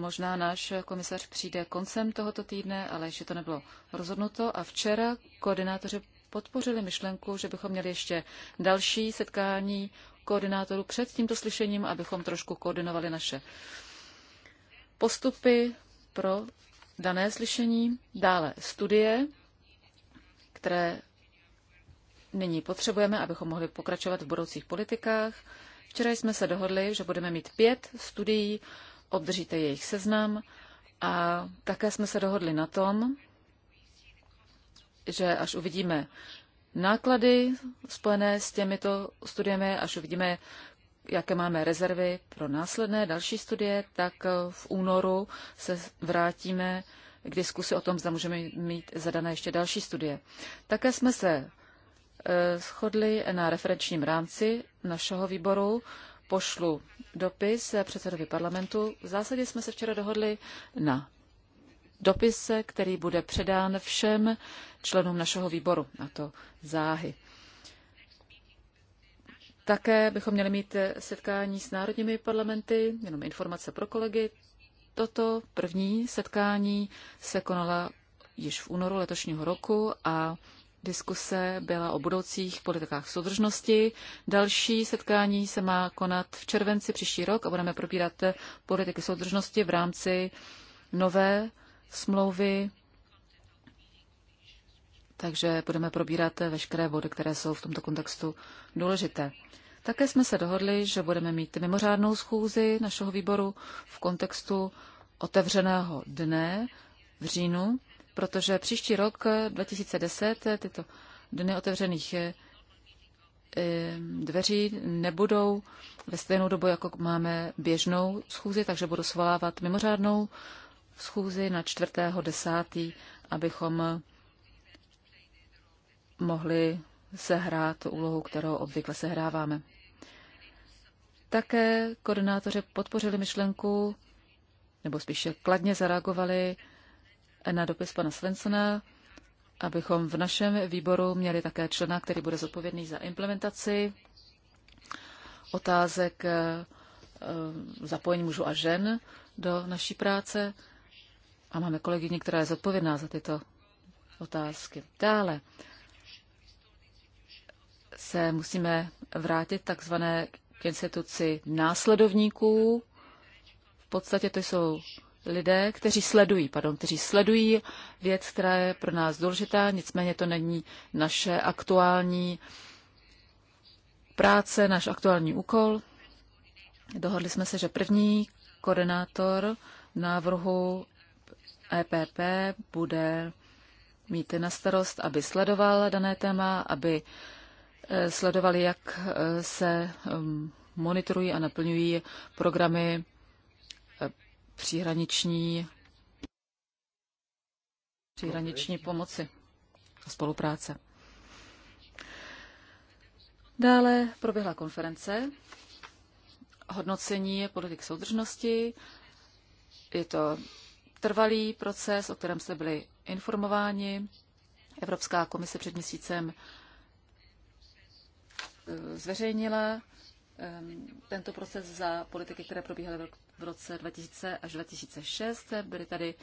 Možná náš komisař přijde koncem tohoto týdne, ale ještě to nebylo rozhodnuto. A včera koordinátoři podpořili myšlenku, že bychom měli ještě další setkání koordinátorů před tímto slyšením, abychom trošku koordinovali naše postupy pro dané slyšení, dále studie, které nyní potřebujeme, abychom mohli pokračovat v budoucích politikách. Včera jsme se dohodli, že budeme mít pět studií, obdržíte jejich seznam a také jsme se dohodli na tom, že až uvidíme náklady spojené s těmito studiemi, až uvidíme, jaké máme rezervy pro následné další studie, tak eh, v únoru se vrátíme k diskusi o tom, zda můžeme mít zadané ještě další studie. Také jsme se eh, shodli na referenčním rámci našeho výboru. Pošlu dopis předsedovi parlamentu. V zásadě jsme se včera dohodli na dopise, který bude předán všem členům našeho výboru, na to záhy. Také bychom měli mít eh, setkání s národními parlamenty, jenom informace pro kolegy. Toto první setkání se konala již v únoru letošního roku a diskuse byla o budoucích politikách soudržnosti. Další setkání se má konat v červenci příští rok a budeme probírat eh, politiky soudržnosti v rámci nové smlouvy. Takže budeme probírat eh, veškeré body, které jsou v tomto kontextu důležité. Také jsme se dohodli, že budeme mít mimořádnou schůzi našeho výboru v kontextu otevřeného dne v říjnu, protože příští rok 2010 tyto dny otevřených eh, dveří nebudou ve stejnou dobu, jako máme běžnou schůzi, takže budu svolávat mimořádnou schůzi na 4.10., abychom mohli sehrát úlohu, kterou obvykle sehráváme. Také koordinátoři podpořili myšlenku, nebo spíše kladně zareagovali na dopis pana Svensona, abychom v našem výboru měli také člena, který bude zodpovědný za implementaci otázek eh, zapojení mužů a žen do naší práce. A máme kolegyni, která je zodpovědná za tyto otázky. Dále, se musíme vrátit takzvané k instituci následovníků. V podstatě to jsou lidé, kteří sledují, pardon, kteří sledují věc, která je pro nás důležitá, nicméně to není naše aktuální práce, náš aktuální úkol. Dohodli jsme se, že první koordinátor návrhu EPP bude mít na starost, aby sledoval dané téma, aby sledovali, jak eh, se monitorují a naplňují programy eh, příhraniční, příhraniční pomoci a spolupráce. Dále proběhla konference hodnocení politik soudržnosti. Je to trvalý proces, o kterém jste byli informováni. Evropská komise před měsícem Eh, zveřejnila eh, tento proces za politiky, které probíhaly v roce 2000 až 2006. Byly tady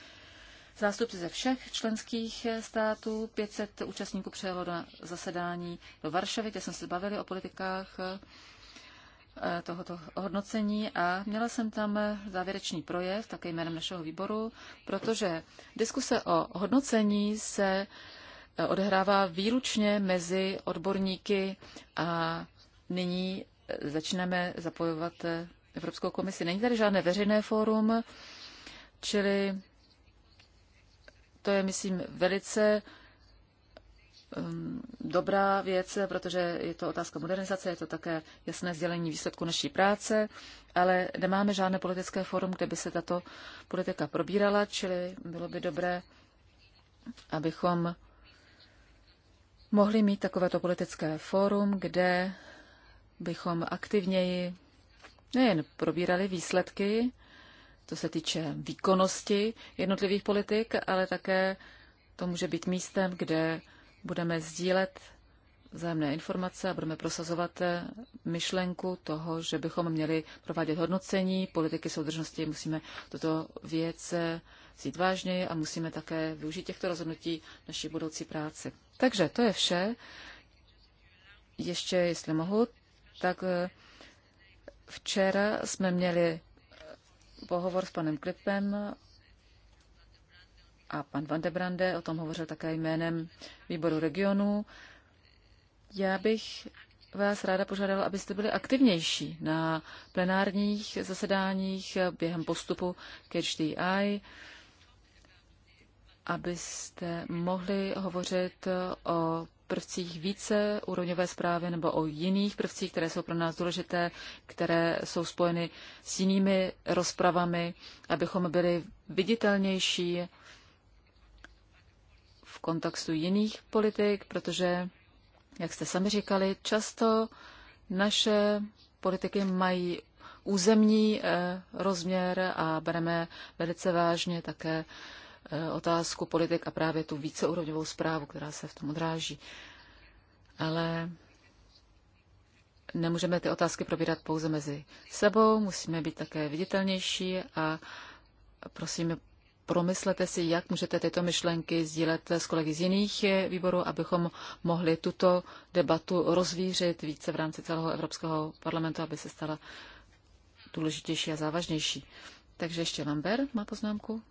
zástupci ze všech členských eh, států. 500 účastníků přijelo na zasedání do Varšavy, kde jsme se bavili o politikách tohoto hodnocení a měla jsem tam závěrečný projev, také jménem našeho výboru, protože diskuse o hodnocení se odehrává výlučně mezi odborníky a nyní začneme zapojovat eh, Evropskou komisi. Není tady žádné veřejné fórum, čili to je, myslím, velice ehm, dobrá věc, protože je to otázka modernizace, je to také jasné sdělení výsledku naší práce, ale nemáme žádné politické fórum, kde by se tato politika probírala, čili bylo by dobré, abychom mohli mít takovéto politické fórum, kde bychom aktivněji nejen probírali výsledky, to se týče výkonnosti jednotlivých politik, ale také to může být místem, kde budeme sdílet vzájemné informace a budeme prosazovat myšlenku toho, že bychom měli provádět hodnocení politiky soudržnosti. Musíme toto věc vzít vážněji a musíme také využít těchto rozhodnutí naší budoucí práci. Takže to je vše. Ještě, jestli mohu, tak eh, včera jsme měli eh, pohovor s panem Klipem a pan Van de Brande o tom hovořil také jménem výboru regionu. Já bych vás ráda požádala, abyste byli aktivnější na plenárních zasedáních eh, během postupu k abyste mohli hovořit o prvcích více úrovňové zprávy nebo o jiných prvcích, které jsou pro nás důležité, které jsou spojeny s jinými rozpravami, abychom byli viditelnější v kontextu jiných politik, protože, jak jste sami říkali, často naše politiky mají územní eh, rozměr a bereme velice vážně také Eh, otázku politik a právě tu víceúrovňovou zprávu, která se v tom odráží. Ale nemůžeme ty otázky probírat pouze mezi sebou, musíme být také viditelnější a prosím, promyslete si, jak můžete tyto myšlenky sdílet s kolegy z jiných výborů, abychom mohli tuto debatu rozvířit více v rámci celého Evropského parlamentu, aby se stala důležitější a závažnější. Takže ještě Lambert má poznámku.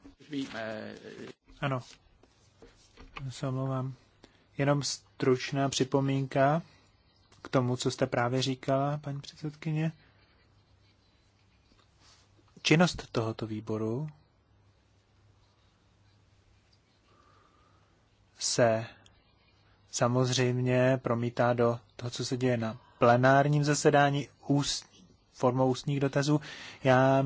Ano. Já Jenom stručná připomínka k tomu, co jste právě říkala, paní předsedkyně. Činnost tohoto výboru se samozřejmě promítá do toho, co se děje na plenárním zasedání úst, formou ústních dotazů. Já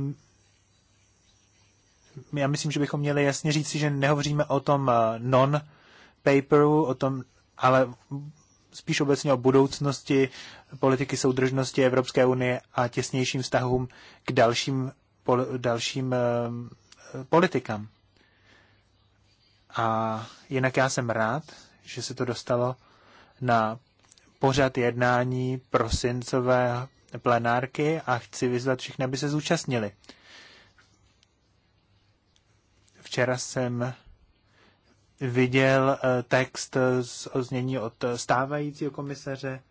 já myslím, že bychom měli jasně říct, že nehovoříme o tom eh, non-paperu, o tom, ale spíš obecně o budoucnosti politiky soudržnosti Evropské unie a těsnějším vztahům k dalším, pol, dalším eh, politikám. A jinak já jsem rád, že se to dostalo na pořad jednání prosincové plenárky a chci vyzvat všechny, aby se zúčastnili. Včera jsem viděl eh, text z oznění od stávajícího komisaře,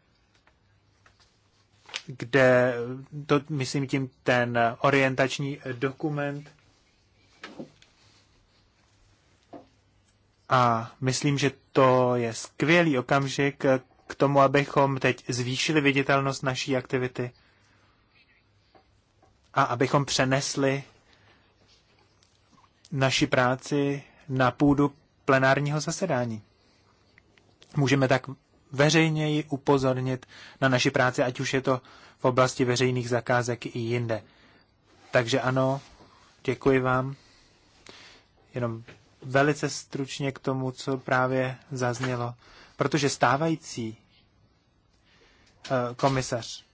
kde, eh, to myslím tím ten orientační dokument, A myslím, že to je skvělý okamžik eh, k tomu, abychom teď zvýšili viditelnost naší aktivity a abychom přenesli naši práci na půdu plenárního zasedání. Můžeme tak veřejněji upozornit na naši práci, ať už je to v oblasti veřejných zakázek i jinde. Takže ano, děkuji vám. Jenom velice stručně k tomu, co právě zaznělo, protože stávající eh, komisař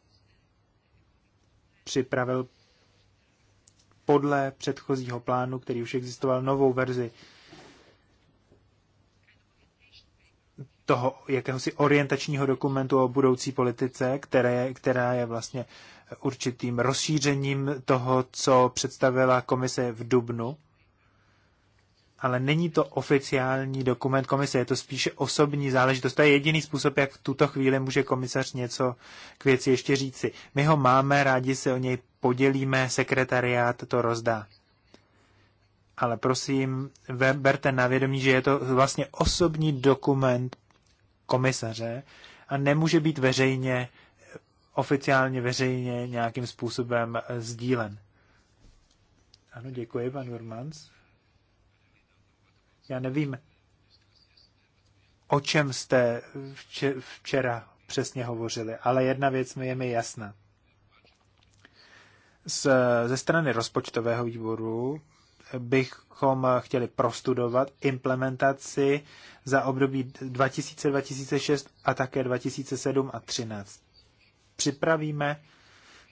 připravil podle předchozího plánu, který už existoval, novou verzi toho jakéhosi orientačního dokumentu o budoucí politice, které, která je vlastně určitým rozšířením toho, co představila komise v Dubnu. Ale není to oficiální dokument komise, je to spíše osobní záležitost. To je jediný způsob, jak v tuto chvíli může komisař něco k věci ještě říci. My ho máme, rádi se o něj podělíme, sekretariát to rozdá. Ale prosím, berte na vědomí, že je to vlastně osobní dokument komisaře a nemůže být veřejně, oficiálně veřejně nějakým způsobem eh, sdílen. Ano, děkuji, pan Urmans. Já nevím, o čem jste včera přesně hovořili, ale jedna věc mi je mi jasná z, ze strany rozpočtového výboru bychom chtěli prostudovat implementaci za období 2000-2006 a také 2007 a 2013. Připravíme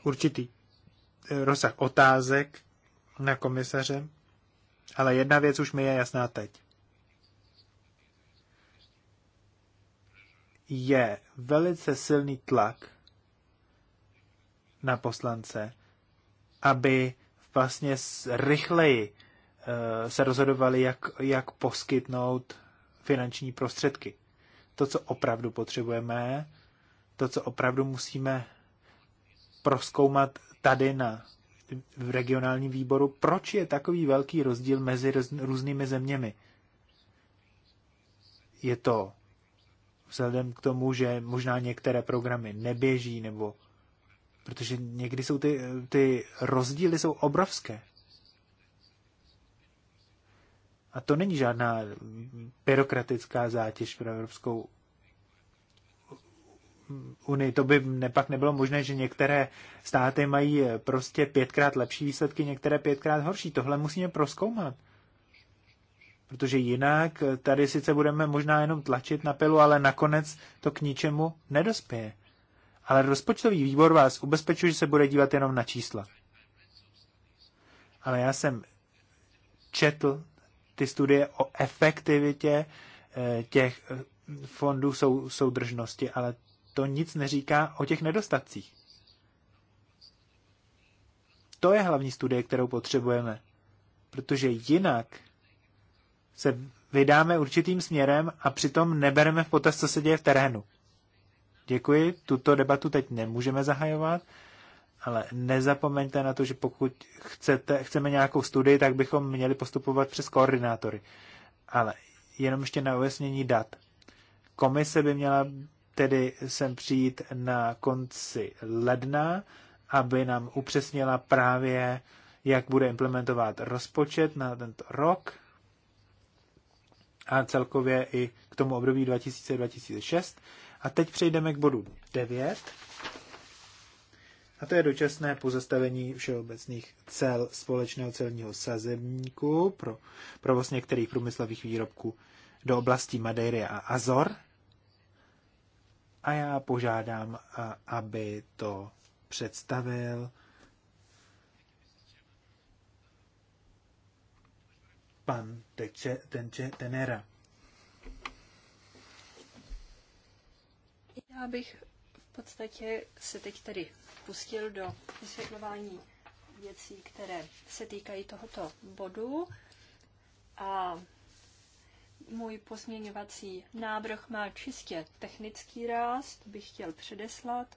určitý eh, rozsah otázek na komisaře, ale jedna věc už mi je jasná teď. Je velice silný tlak na poslance, aby vlastně rychleji eh, se rozhodovali, jak, jak poskytnout finanční prostředky. To, co opravdu potřebujeme, to, co opravdu musíme proskoumat tady na v regionálním výboru, proč je takový velký rozdíl mezi různými zeměmi. Je to vzhledem k tomu, že možná některé programy neběží nebo Protože někdy jsou ty, ty rozdíly jsou obrovské. A to není žádná byrokratická zátěž pro Evropskou unii. To by nepak nebylo možné, že některé státy mají prostě pětkrát lepší výsledky, některé pětkrát horší. Tohle musíme proskoumat. Protože jinak tady sice budeme možná jenom tlačit na pilu, ale nakonec to k ničemu nedospěje ale rozpočtový výbor vás ubezpečuje, že se bude dívat jenom na čísla. Ale já jsem četl ty studie o efektivitě eh, těch eh, fondů sou, soudržnosti, ale to nic neříká o těch nedostatcích. To je hlavní studie, kterou potřebujeme, protože jinak se vydáme určitým směrem a přitom nebereme v potaz, co se děje v terénu. Děkuji, tuto debatu teď nemůžeme zahajovat, ale nezapomeňte na to, že pokud chcete, chceme nějakou studii, tak bychom měli postupovat přes koordinátory. Ale jenom ještě na ujasnění dat. Komise by měla tedy sem přijít na konci ledna, aby nám upřesnila právě, jak bude implementovat rozpočet na tento rok a celkově i k tomu období 2000-2006 a teď přejdeme k bodu 9. A to je dočasné pozastavení všeobecných cel společného celního sazebníku pro provoz některých průmyslových výrobků do oblasti Madeiry a Azor. A já požádám, aby to představil pan Teče, Tenče, Tenera. Já bych v podstatě se teď tady pustil do vysvětlování věcí, které se týkají tohoto bodu. A můj pozměňovací návrh má čistě technický ráz, bych chtěl předeslat.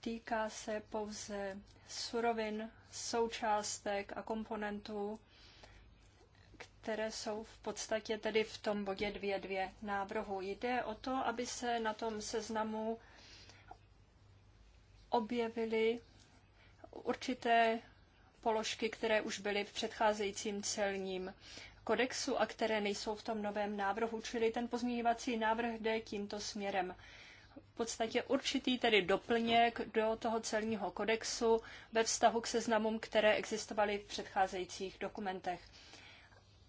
Týká se pouze surovin, součástek a komponentů, které jsou v podstatě tedy v tom bodě 2.2 návrhu. Jde o to, aby se na tom seznamu objevily určité položky, které už byly v předcházejícím celním kodexu a které nejsou v tom novém návrhu, čili ten pozměňovací návrh jde tímto směrem. V podstatě určitý tedy doplněk do toho celního kodexu ve vztahu k seznamům, které existovaly v předcházejících dokumentech.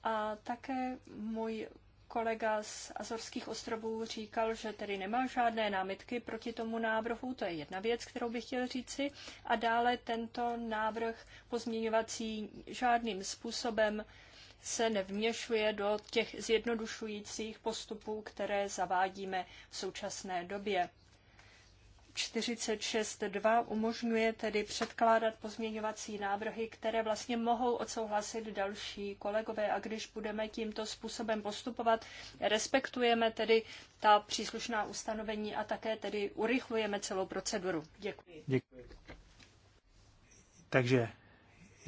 A také můj kolega z Azorských ostrovů říkal, že tedy nemá žádné námitky proti tomu návrhu, to je jedna věc, kterou bych chtěl říci. A dále tento návrh pozměňovací žádným způsobem se nevměšuje do těch zjednodušujících postupů, které zavádíme v současné době. 46.2 umožňuje tedy předkládat pozměňovací návrhy, které vlastně mohou odsouhlasit další kolegové. A když budeme tímto způsobem postupovat, respektujeme tedy ta příslušná ustanovení a také tedy urychlujeme celou proceduru. Děkuji. Děkuji. Takže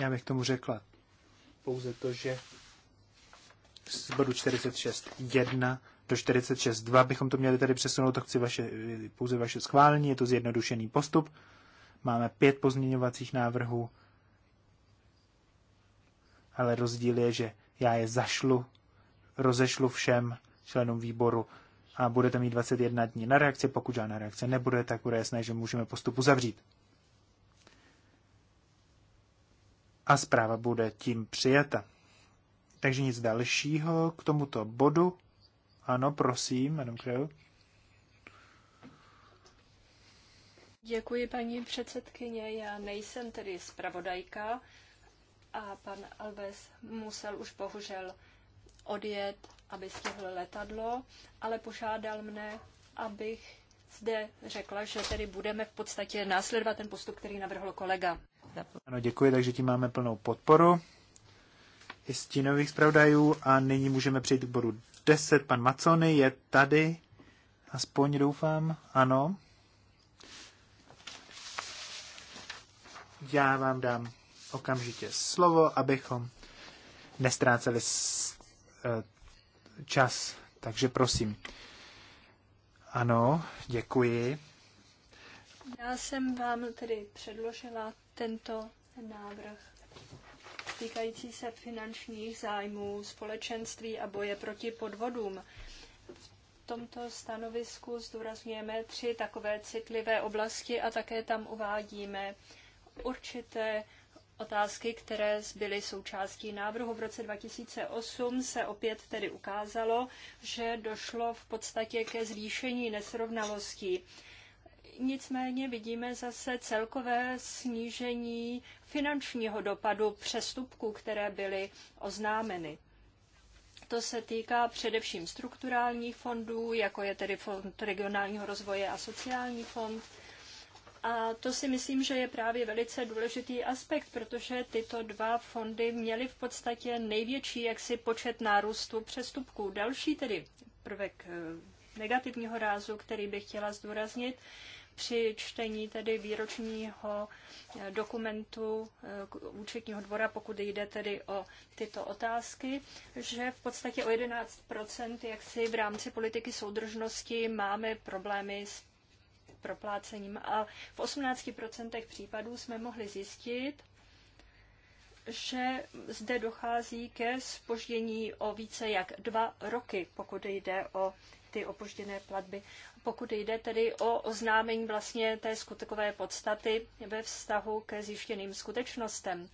já bych tomu řekla pouze to, že z bodu 46.1 do 46.2 bychom to měli tady přesunout, to chci vaše, pouze vaše schválení, je to zjednodušený postup. Máme pět pozměňovacích návrhů, ale rozdíl je, že já je zašlu, rozešlu všem členům výboru a budete mít 21 dní na reakci. Pokud žádná reakce nebude, tak bude jasné, že můžeme postup uzavřít. A zpráva bude tím přijata. Takže nic dalšího k tomuto bodu. Ano, prosím, madam Creu. Děkuji, paní předsedkyně. Já nejsem tedy zpravodajka a pan Alves musel už bohužel odjet, aby stihl letadlo, ale požádal mne, abych zde řekla, že tedy budeme v podstatě následovat ten postup, který navrhl kolega. Ano, děkuji, takže tím máme plnou podporu i stínových zpravodajů a nyní můžeme přejít k bodu 10. Pan Macony je tady, aspoň doufám, ano. Já vám dám okamžitě slovo, abychom nestráceli eh, čas, takže prosím. Ano, děkuji. Já jsem vám tedy předložila tento návrh týkající se finančních zájmů, společenství a boje proti podvodům. V tomto stanovisku zdůrazňujeme tři takové citlivé oblasti a také tam uvádíme určité otázky, které byly součástí návrhu. V roce 2008 se opět tedy ukázalo, že došlo v podstatě ke zvýšení nesrovnalostí Nicméně vidíme zase celkové snížení finančního dopadu přestupků, které byly oznámeny. To se týká především strukturálních fondů, jako je tedy Fond regionálního rozvoje a sociální fond. A to si myslím, že je právě velice důležitý aspekt, protože tyto dva fondy měly v podstatě největší jaksi počet nárůstu přestupků. Další tedy prvek eh, negativního rázu, který bych chtěla zdůraznit, při čtení tedy výročního eh, dokumentu eh, účetního dvora, pokud jde tedy o tyto otázky, že v podstatě o 11 jak si v rámci politiky soudržnosti máme problémy s proplácením. A v 18 případů jsme mohli zjistit, že zde dochází ke spoždění o více jak dva roky, pokud jde o ty opožděné platby pokud jde tedy o oznámení vlastně té skutkové podstaty ve vztahu ke zjištěným skutečnostem.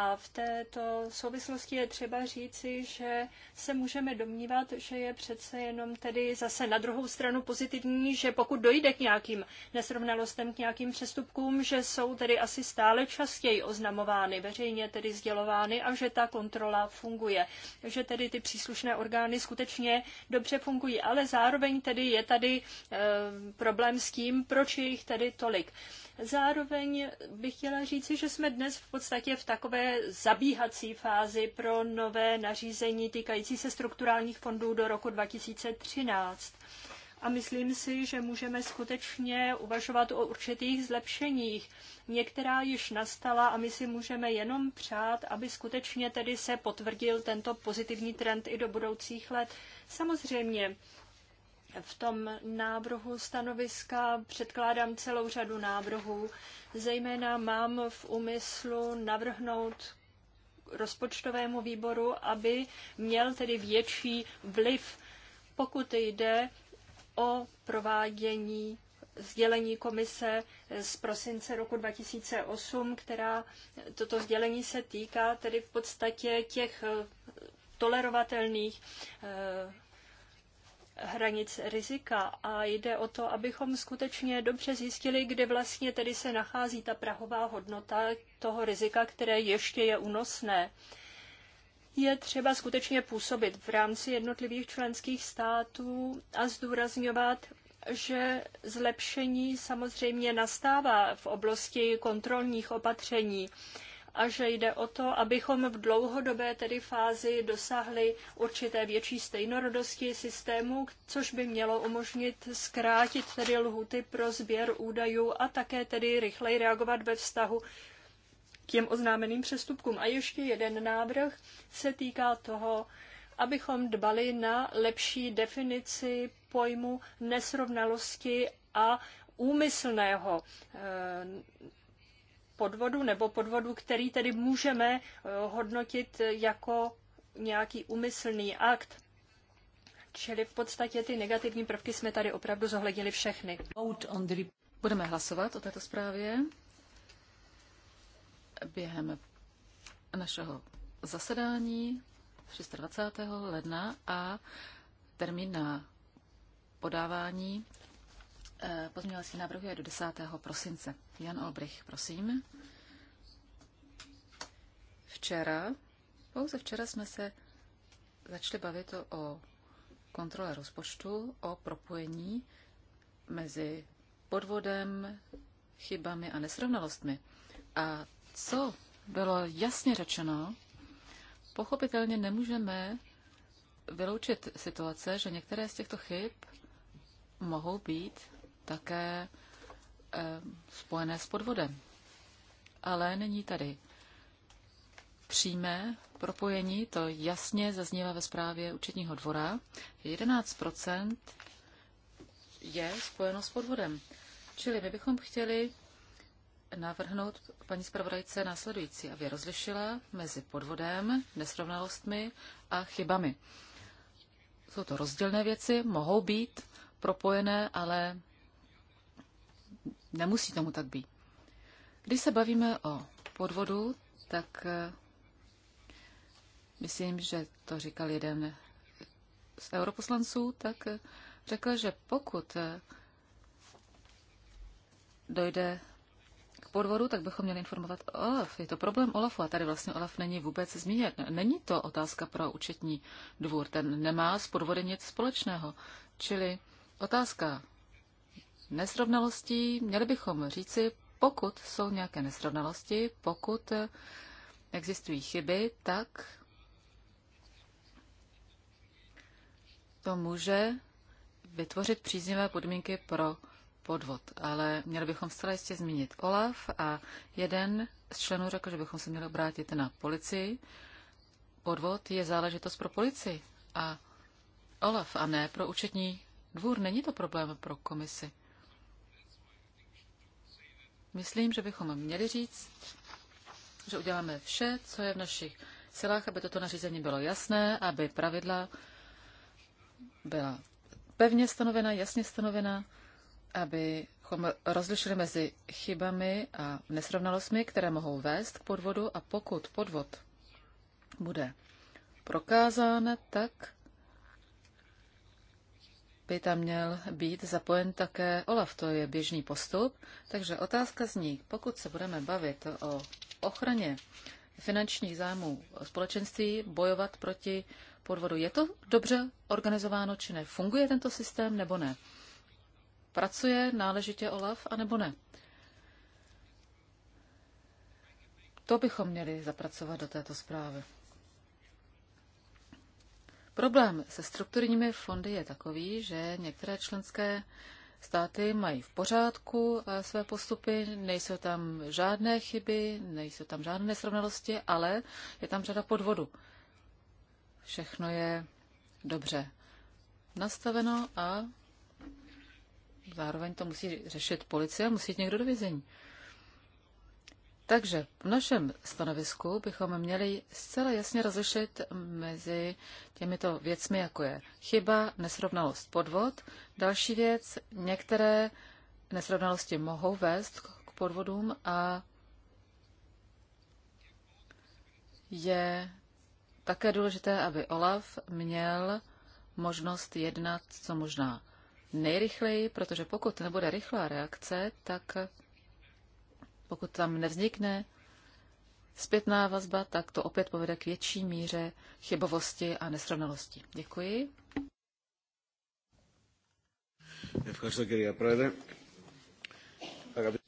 A v této souvislosti je třeba říci, že se můžeme domnívat, že je přece jenom tedy zase na druhou stranu pozitivní, že pokud dojde k nějakým nesrovnalostem, k nějakým přestupkům, že jsou tedy asi stále častěji oznamovány, veřejně tedy sdělovány a že ta kontrola funguje. Že tedy ty příslušné orgány skutečně dobře fungují, ale zároveň tedy je tady e, problém s tím, proč je jich tedy tolik. Zároveň bych chtěla říci, že jsme dnes v podstatě v takové zabíhací fázi pro nové nařízení týkající se strukturálních fondů do roku 2013 a myslím si, že můžeme skutečně uvažovat o určitých zlepšeních. Některá již nastala a my si můžeme jenom přát, aby skutečně tedy se potvrdil tento pozitivní trend i do budoucích let. Samozřejmě v tom návrhu stanoviska předkládám celou řadu návrhů. Zejména mám v úmyslu navrhnout rozpočtovému výboru, aby měl tedy větší vliv, pokud jde o provádění sdělení komise z prosince roku 2008, která toto sdělení se týká tedy v podstatě těch tolerovatelných eh, hranic rizika a jde o to, abychom skutečně dobře zjistili, kde vlastně tedy se nachází ta prahová hodnota toho rizika, které ještě je únosné. Je třeba skutečně působit v rámci jednotlivých členských států a zdůrazňovat, že zlepšení samozřejmě nastává v oblasti kontrolních opatření a že jde o to, abychom v dlouhodobé tedy fázi dosáhli určité větší stejnorodosti systému, což by mělo umožnit zkrátit tedy lhuty pro sběr údajů a také tedy rychleji reagovat ve vztahu k těm oznámeným přestupkům. A ještě jeden návrh se týká toho, abychom dbali na lepší definici pojmu nesrovnalosti a úmyslného eh, podvodu nebo podvodu, který tedy můžeme eh, hodnotit jako nějaký umyslný akt. Čili v podstatě ty negativní prvky jsme tady opravdu zohlednili všechny. Budeme hlasovat o této zprávě během našeho zasedání 26. ledna a termín na podávání Eh, pozměňovací návrh je do 10. prosince. Jan Olbrich, prosím. Včera, pouze včera jsme se začali bavit o kontrole rozpočtu, o propojení mezi podvodem, chybami a nesrovnalostmi. A co bylo jasně řečeno, pochopitelně nemůžeme vyloučit situace, že některé z těchto chyb mohou být také eh, spojené s podvodem. Ale není tady přímé propojení, to jasně zaznívá ve zprávě účetního dvora. 11 je spojeno s podvodem. Čili my bychom chtěli navrhnout paní zpravodajce následující, aby rozlišila mezi podvodem, nesrovnalostmi a chybami. Jsou to rozdílné věci, mohou být propojené, ale Nemusí tomu tak být. Když se bavíme o podvodu, tak eh, myslím, že to říkal jeden z europoslanců, tak eh, řekl, že pokud eh, dojde k podvodu, tak bychom měli informovat OLAF. Je to problém OLAFu a tady vlastně OLAF není vůbec zmíněn. Není to otázka pro účetní dvůr, ten nemá s podvody nic společného. Čili otázka nesrovnalostí. Měli bychom říci, pokud jsou nějaké nesrovnalosti, pokud existují chyby, tak to může vytvořit příznivé podmínky pro podvod. Ale měli bychom zcela jistě zmínit OLAF a jeden z členů řekl, že bychom se měli obrátit na policii. Podvod je záležitost pro policii a OLAF a ne pro účetní dvůr. Není to problém pro komisi. Myslím, že bychom měli říct, že uděláme vše, co je v našich silách, aby toto nařízení bylo jasné, aby pravidla byla pevně stanovena, jasně stanovena, abychom rozlišili mezi chybami a nesrovnalostmi, které mohou vést k podvodu a pokud podvod bude prokázán, tak by tam měl být zapojen také OLAF, to je běžný postup. Takže otázka zní, pokud se budeme bavit o ochraně finančních zájmů společenství, bojovat proti podvodu, je to dobře organizováno či ne? Funguje tento systém nebo ne? Pracuje náležitě OLAF a nebo ne? To bychom měli zapracovat do této zprávy. Problém se strukturními fondy je takový, že některé členské státy mají v pořádku eh, své postupy, nejsou tam žádné chyby, nejsou tam žádné nesrovnalosti, ale je tam řada podvodu. Všechno je dobře nastaveno a zároveň to musí řešit policie a musí jít někdo do vězení. Takže v našem stanovisku bychom měli zcela jasně rozlišit mezi těmito věcmi, jako je chyba, nesrovnalost, podvod. Další věc, některé nesrovnalosti mohou vést k podvodům a je také důležité, aby Olaf měl možnost jednat co možná nejrychleji, protože pokud nebude rychlá reakce, tak pokud tam nevznikne zpětná vazba, tak to opět povede k větší míře chybovosti a nesrovnalosti. Děkuji.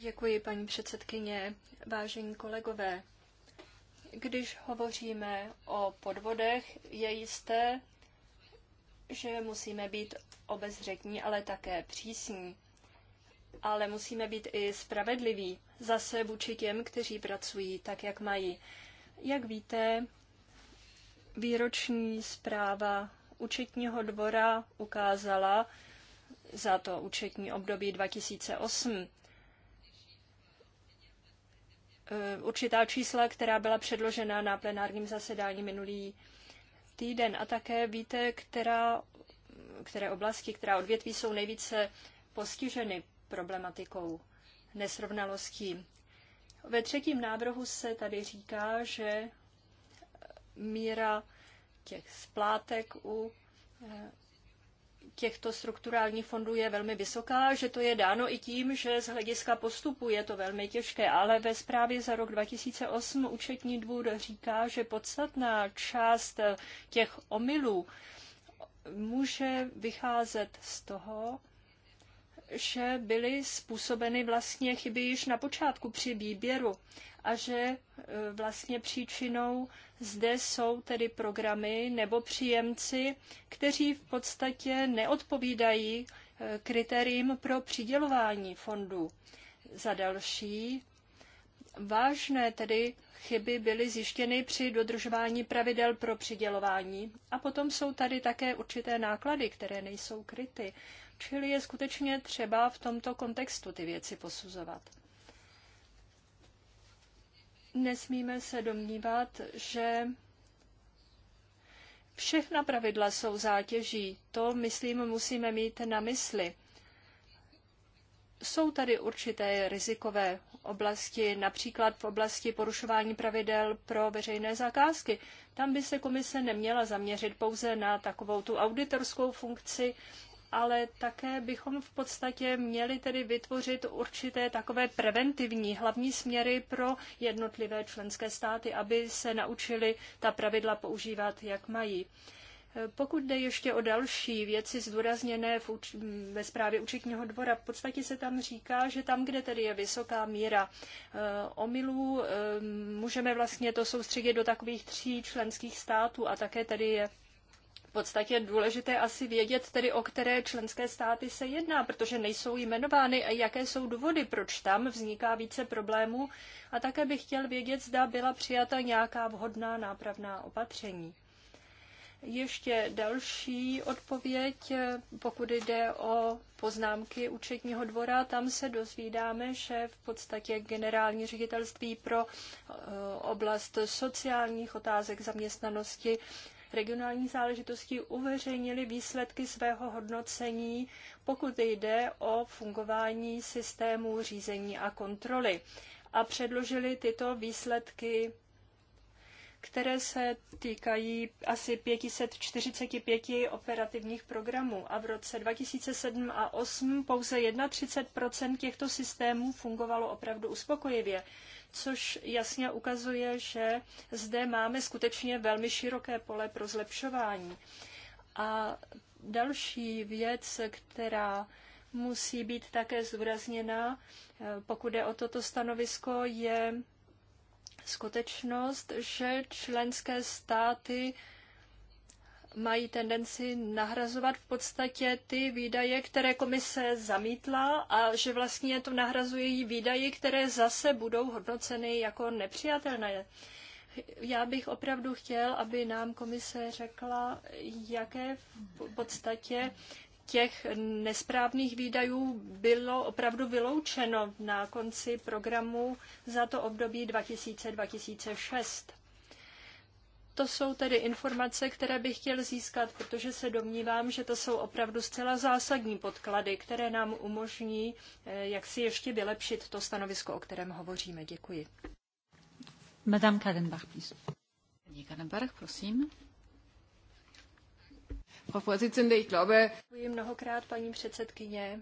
Děkuji, paní předsedkyně. Vážení kolegové, když hovoříme o podvodech, je jisté, že musíme být obezřetní, ale také přísní ale musíme být i spravedliví zase vůči těm, kteří pracují tak, jak mají. Jak víte, výroční zpráva účetního dvora ukázala za to účetní období 2008 eh, určitá čísla, která byla předložena na plenárním zasedání minulý týden. A také víte, která, které oblasti, která odvětví jsou nejvíce postiženy problematikou nesrovnalostí. Ve třetím návrhu se tady říká, že míra těch splátek u eh, těchto strukturálních fondů je velmi vysoká, že to je dáno i tím, že z hlediska postupu je to velmi těžké, ale ve zprávě za rok 2008 účetní dvůr říká, že podstatná část eh, těch omylů může vycházet z toho, že byly způsobeny vlastně chyby již na počátku při výběru a že e, vlastně příčinou zde jsou tedy programy nebo příjemci, kteří v podstatě neodpovídají e, kritériím pro přidělování fondů. Za další, vážné tedy chyby byly zjištěny při dodržování pravidel pro přidělování. A potom jsou tady také určité náklady, které nejsou kryty. Čili je skutečně třeba v tomto kontextu ty věci posuzovat. Nesmíme se domnívat, že všechna pravidla jsou zátěží. To, myslím, musíme mít na mysli. Jsou tady určité rizikové oblasti, například v oblasti porušování pravidel pro veřejné zakázky. Tam by se komise neměla zaměřit pouze na takovou tu auditorskou funkci, ale také bychom v podstatě měli tedy vytvořit určité takové preventivní hlavní směry pro jednotlivé členské státy, aby se naučili ta pravidla používat, jak mají. Pokud jde ještě o další věci zdůrazněné v, ve zprávě účetního dvora, v podstatě se tam říká, že tam, kde tedy je vysoká míra e, omylů, e, můžeme vlastně to soustředit do takových tří členských států a také tedy je v podstatě je důležité asi vědět tedy, o které členské státy se jedná, protože nejsou jmenovány a jaké jsou důvody, proč tam vzniká více problémů. A také bych chtěl vědět, zda byla přijata nějaká vhodná nápravná opatření. Ještě další odpověď, pokud jde o poznámky účetního dvora, tam se dozvídáme, že v podstatě generální ředitelství pro eh, oblast sociálních otázek zaměstnanosti regionální záležitosti uveřejnili výsledky svého hodnocení, pokud jde o fungování systému řízení a kontroly a předložili tyto výsledky které se týkají asi 545 operativních programů. A v roce 2007 a 2008 pouze 31 těchto systémů fungovalo opravdu uspokojivě což jasně ukazuje, že zde máme skutečně velmi široké pole pro zlepšování. A další věc, která musí být také zdůrazněna, eh, pokud je o toto stanovisko, je skutečnost, že členské státy mají tendenci nahrazovat v podstatě ty výdaje, které komise zamítla a že vlastně to nahrazují výdaje, které zase budou hodnoceny jako nepřijatelné. Já bych opravdu chtěl, aby nám komise řekla, jaké v podstatě těch nesprávných výdajů bylo opravdu vyloučeno na konci programu za to období 2000-2006 to jsou tedy informace, které bych chtěl získat, protože se domnívám, že to jsou opravdu zcela zásadní podklady, které nám umožní, eh, jak si ještě vylepšit to stanovisko, o kterém hovoříme. Děkuji. Madame Kadenbach, please. Paní Kadenbach, prosím. Frau Vorsitzende, ich glaube... Děkuji mnohokrát, paní předsedkyně.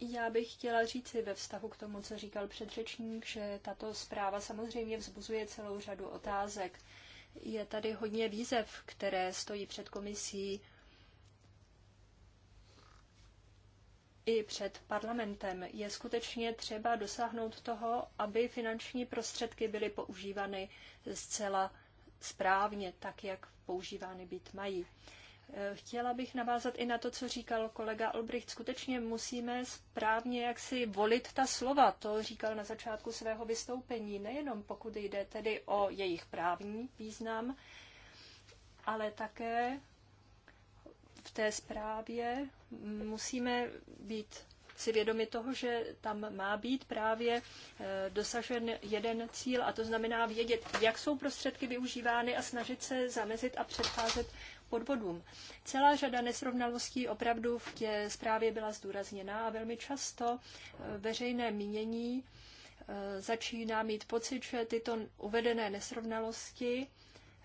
Já bych chtěla říci ve vztahu k tomu, co říkal předřečník, že tato zpráva samozřejmě vzbuzuje celou řadu otázek. Je tady hodně výzev, které stojí před komisí i před parlamentem. Je skutečně třeba dosáhnout toho, aby finanční prostředky byly používány zcela správně, tak jak používány být mají. Chtěla bych navázat i na to, co říkal kolega Olbricht. Skutečně musíme správně jaksi volit ta slova. To říkal na začátku svého vystoupení. Nejenom pokud jde tedy o jejich právní význam, ale také v té zprávě musíme být si vědomi toho, že tam má být právě e, dosažen jeden cíl, a to znamená vědět, jak jsou prostředky využívány a snažit se zamezit a předcházet podvodům. Celá řada nesrovnalostí opravdu v té zprávě byla zdůrazněna a velmi často eh, veřejné mínění eh, začíná mít pocit, že tyto uvedené nesrovnalosti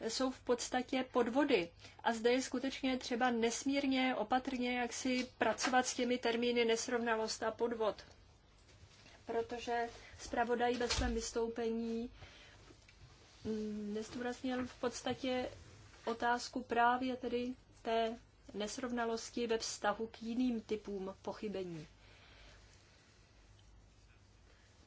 eh, jsou v podstatě podvody. A zde je skutečně třeba nesmírně opatrně jak si pracovat s těmi termíny nesrovnalost a podvod. Protože zpravodaj ve svém vystoupení mm, nestůraznil v podstatě otázku právě tedy té nesrovnalosti ve vztahu k jiným typům pochybení.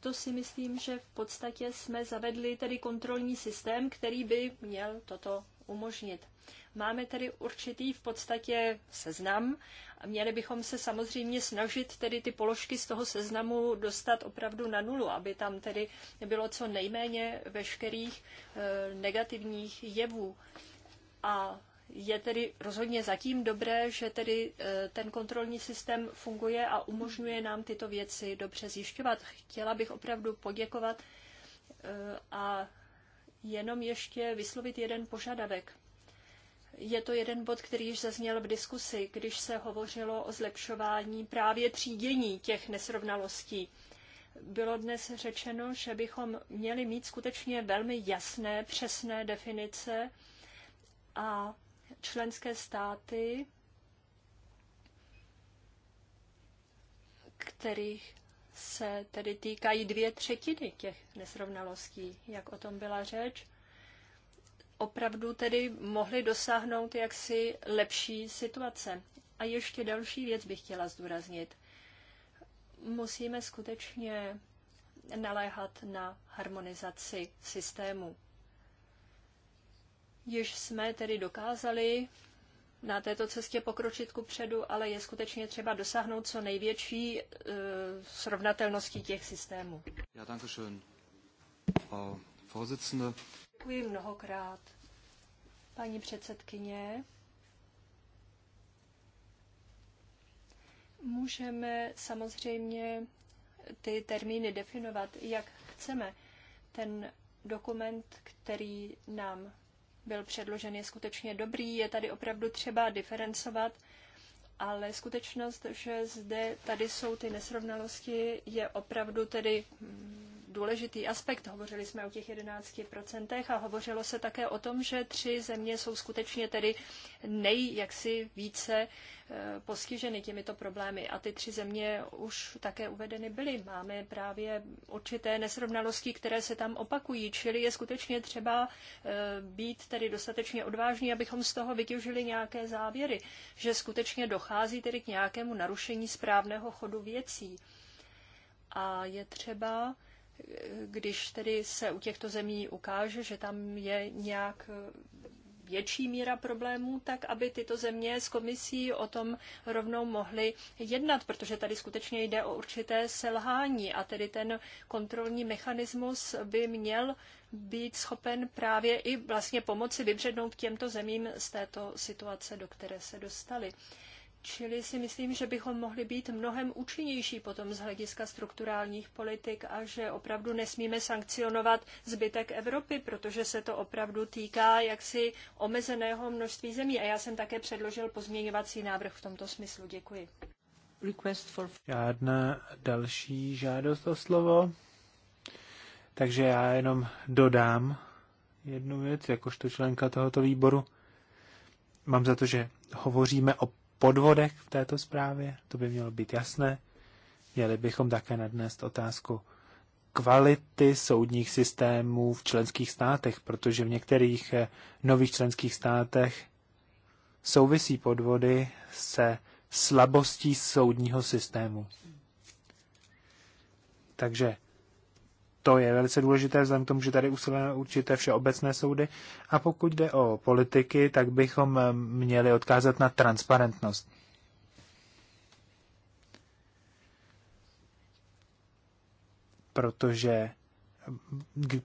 To si myslím, že v podstatě jsme zavedli tedy kontrolní systém, který by měl toto umožnit. Máme tedy určitý v podstatě seznam a měli bychom se samozřejmě snažit tedy ty položky z toho seznamu dostat opravdu na nulu, aby tam tedy bylo co nejméně veškerých e, negativních jevů. E, a je tedy rozhodně zatím dobré, že tedy e, ten kontrolní systém funguje a umožňuje nám tyto věci dobře zjišťovat. Chtěla bych opravdu poděkovat e, a jenom ještě vyslovit jeden požadavek. Je to jeden bod, který již zazněl v diskusi, když se hovořilo o zlepšování právě třídění těch nesrovnalostí. Bylo dnes řečeno, že bychom měli mít skutečně velmi jasné, přesné definice a členské státy, kterých se tedy týkají dvě třetiny těch nesrovnalostí, jak o tom byla řeč, opravdu tedy mohli dosáhnout jaksi lepší situace. A ještě další věc bych chtěla zdůraznit. Musíme skutečně naléhat na harmonizaci systému. Již jsme tedy dokázali na této cestě pokročit ku předu, ale je skutečně třeba dosáhnout co největší e, srovnatelnosti těch systémů. Ja, danke schön. Frau Vorsitzende. Děkuji mnohokrát, paní předsedkyně. Můžeme samozřejmě ty termíny definovat, jak chceme. Ten dokument, který nám byl předložen, je skutečně dobrý, je tady opravdu třeba diferencovat, ale skutečnost, že zde tady jsou ty nesrovnalosti, je opravdu tedy hm, důležitý aspekt. Hovořili jsme o těch 11% a hovořilo se také o tom, že tři země jsou skutečně tedy nej, jaksi více eh, postiženy těmito problémy. A ty tři země už také uvedeny byly. Máme právě určité nesrovnalosti, které se tam opakují, čili je skutečně třeba eh, být tedy dostatečně odvážní, abychom z toho vytěžili nějaké závěry, že skutečně dochází tedy k nějakému narušení správného chodu věcí. A je třeba když tedy se u těchto zemí ukáže, že tam je nějak větší míra problémů, tak aby tyto země s komisí o tom rovnou mohly jednat, protože tady skutečně jde o určité selhání a tedy ten kontrolní mechanismus by měl být schopen právě i vlastně pomoci vybřednout těmto zemím z této situace, do které se dostali. Čili si myslím, že bychom mohli být mnohem účinnější potom z hlediska strukturálních politik a že opravdu nesmíme sankcionovat zbytek Evropy, protože se to opravdu týká jaksi omezeného množství zemí. A já jsem také předložil pozměňovací návrh v tomto smyslu. Děkuji. Žádná další žádost o slovo. Takže já jenom dodám jednu věc, jakožto členka tohoto výboru. Mám za to, že hovoříme o podvodech v této zprávě, to by mělo být jasné. Měli bychom také nadnést otázku kvality soudních systémů v členských státech, protože v některých eh, nových členských státech souvisí podvody se slabostí soudního systému. Takže to je velice důležité, vzhledem k tomu, že tady usilujeme určité všeobecné soudy. A pokud jde o politiky, tak bychom eh, měli odkázat na transparentnost. Protože eh,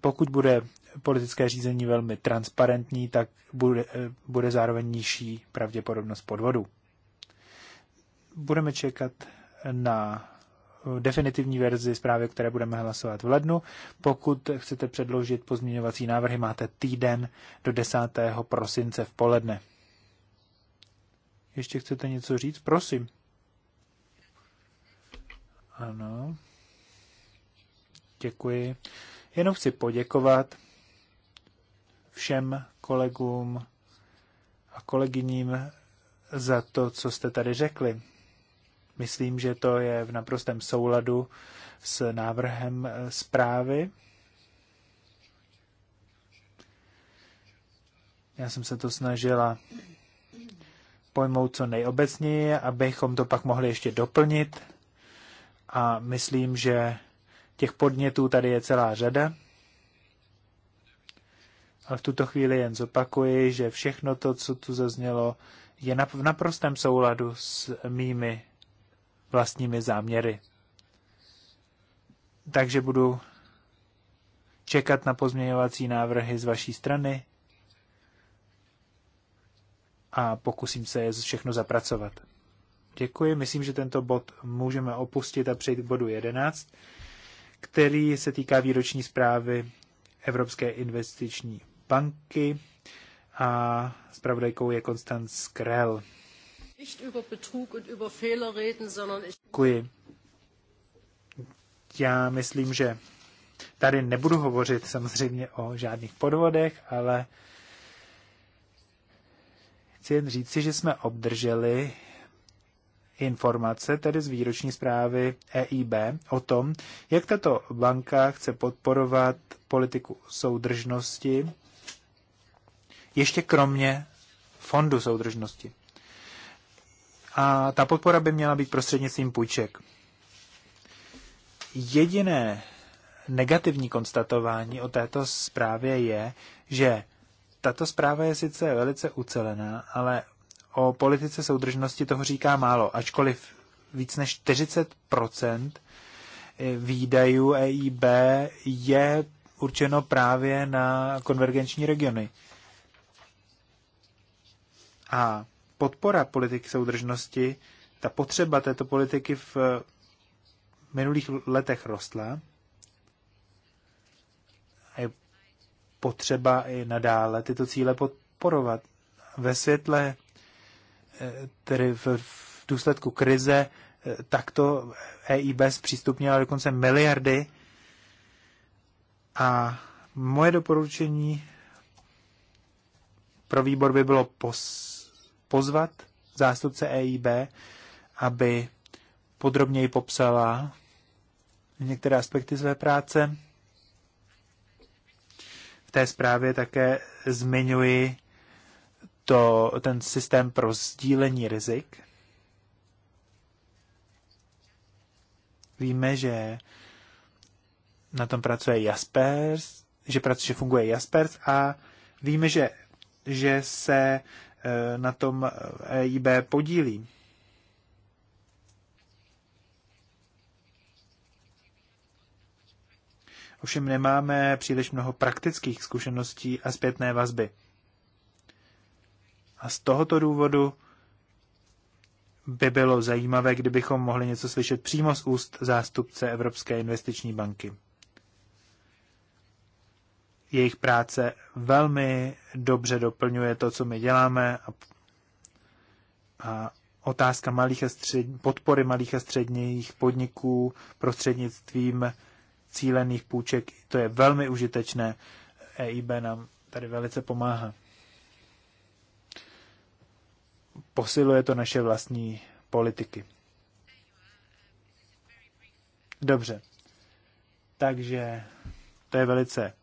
pokud bude politické řízení velmi transparentní, tak bude, eh, bude zároveň nižší pravděpodobnost podvodu. Budeme čekat na definitivní verzi zprávy, o které budeme hlasovat v lednu. Pokud chcete předložit pozměňovací návrhy, máte týden do 10. prosince v poledne. Ještě chcete něco říct? Prosím. Ano. Děkuji. Jenom chci poděkovat všem kolegům a kolegyním za to, co jste tady řekli. Myslím, že to je v naprostém souladu s návrhem eh, zprávy. Já jsem se to snažila pojmout co nejobecněji, abychom to pak mohli ještě doplnit. A myslím, že těch podnětů tady je celá řada. Ale v tuto chvíli jen zopakuji, že všechno to, co tu zaznělo, je v naprostém souladu s mými vlastními záměry. Takže budu čekat na pozměňovací návrhy z vaší strany a pokusím se je všechno zapracovat. Děkuji, myslím, že tento bod můžeme opustit a přejít k bodu 11, který se týká výroční zprávy Evropské investiční banky a zpravodajkou je Konstanc Krell. Děkuji. Já myslím, že tady nebudu hovořit samozřejmě o žádných podvodech, ale chci jen říci, že jsme obdrželi informace, tedy z výroční zprávy EIB, o tom, jak tato banka chce podporovat politiku soudržnosti, ještě kromě fondu soudržnosti. A ta podpora by měla být prostřednictvím půjček. Jediné negativní konstatování o této zprávě je, že tato zpráva je sice velice ucelená, ale o politice soudržnosti toho říká málo, ačkoliv víc než 40 výdajů EIB je určeno právě na konvergenční regiony. A podpora politiky soudržnosti, ta potřeba této politiky v minulých letech rostla a je potřeba i nadále tyto cíle podporovat. Ve světle, eh, tedy v, v důsledku krize, eh, takto EIB zpřístupnila dokonce miliardy a moje doporučení pro výbor by bylo pos pozvat zástupce EIB, aby podrobněji popsala některé aspekty své práce. V té zprávě také zmiňuji to, ten systém pro sdílení rizik. Víme, že na tom pracuje Jaspers, že, pracuje, že funguje Jaspers a víme, že, že se Eh, na tom EIB eh, e podílí. Ovšem nemáme příliš mnoho praktických zkušeností a zpětné vazby. A z tohoto důvodu by bylo zajímavé, kdybychom mohli něco slyšet přímo z úst zástupce Evropské investiční banky jejich práce velmi dobře doplňuje to, co my děláme a, a otázka malých a střed, podpory malých a středních podniků prostřednictvím cílených půjček, to je velmi užitečné. EIB nám tady velice pomáhá. Posiluje to naše vlastní politiky. Dobře. Takže to je velice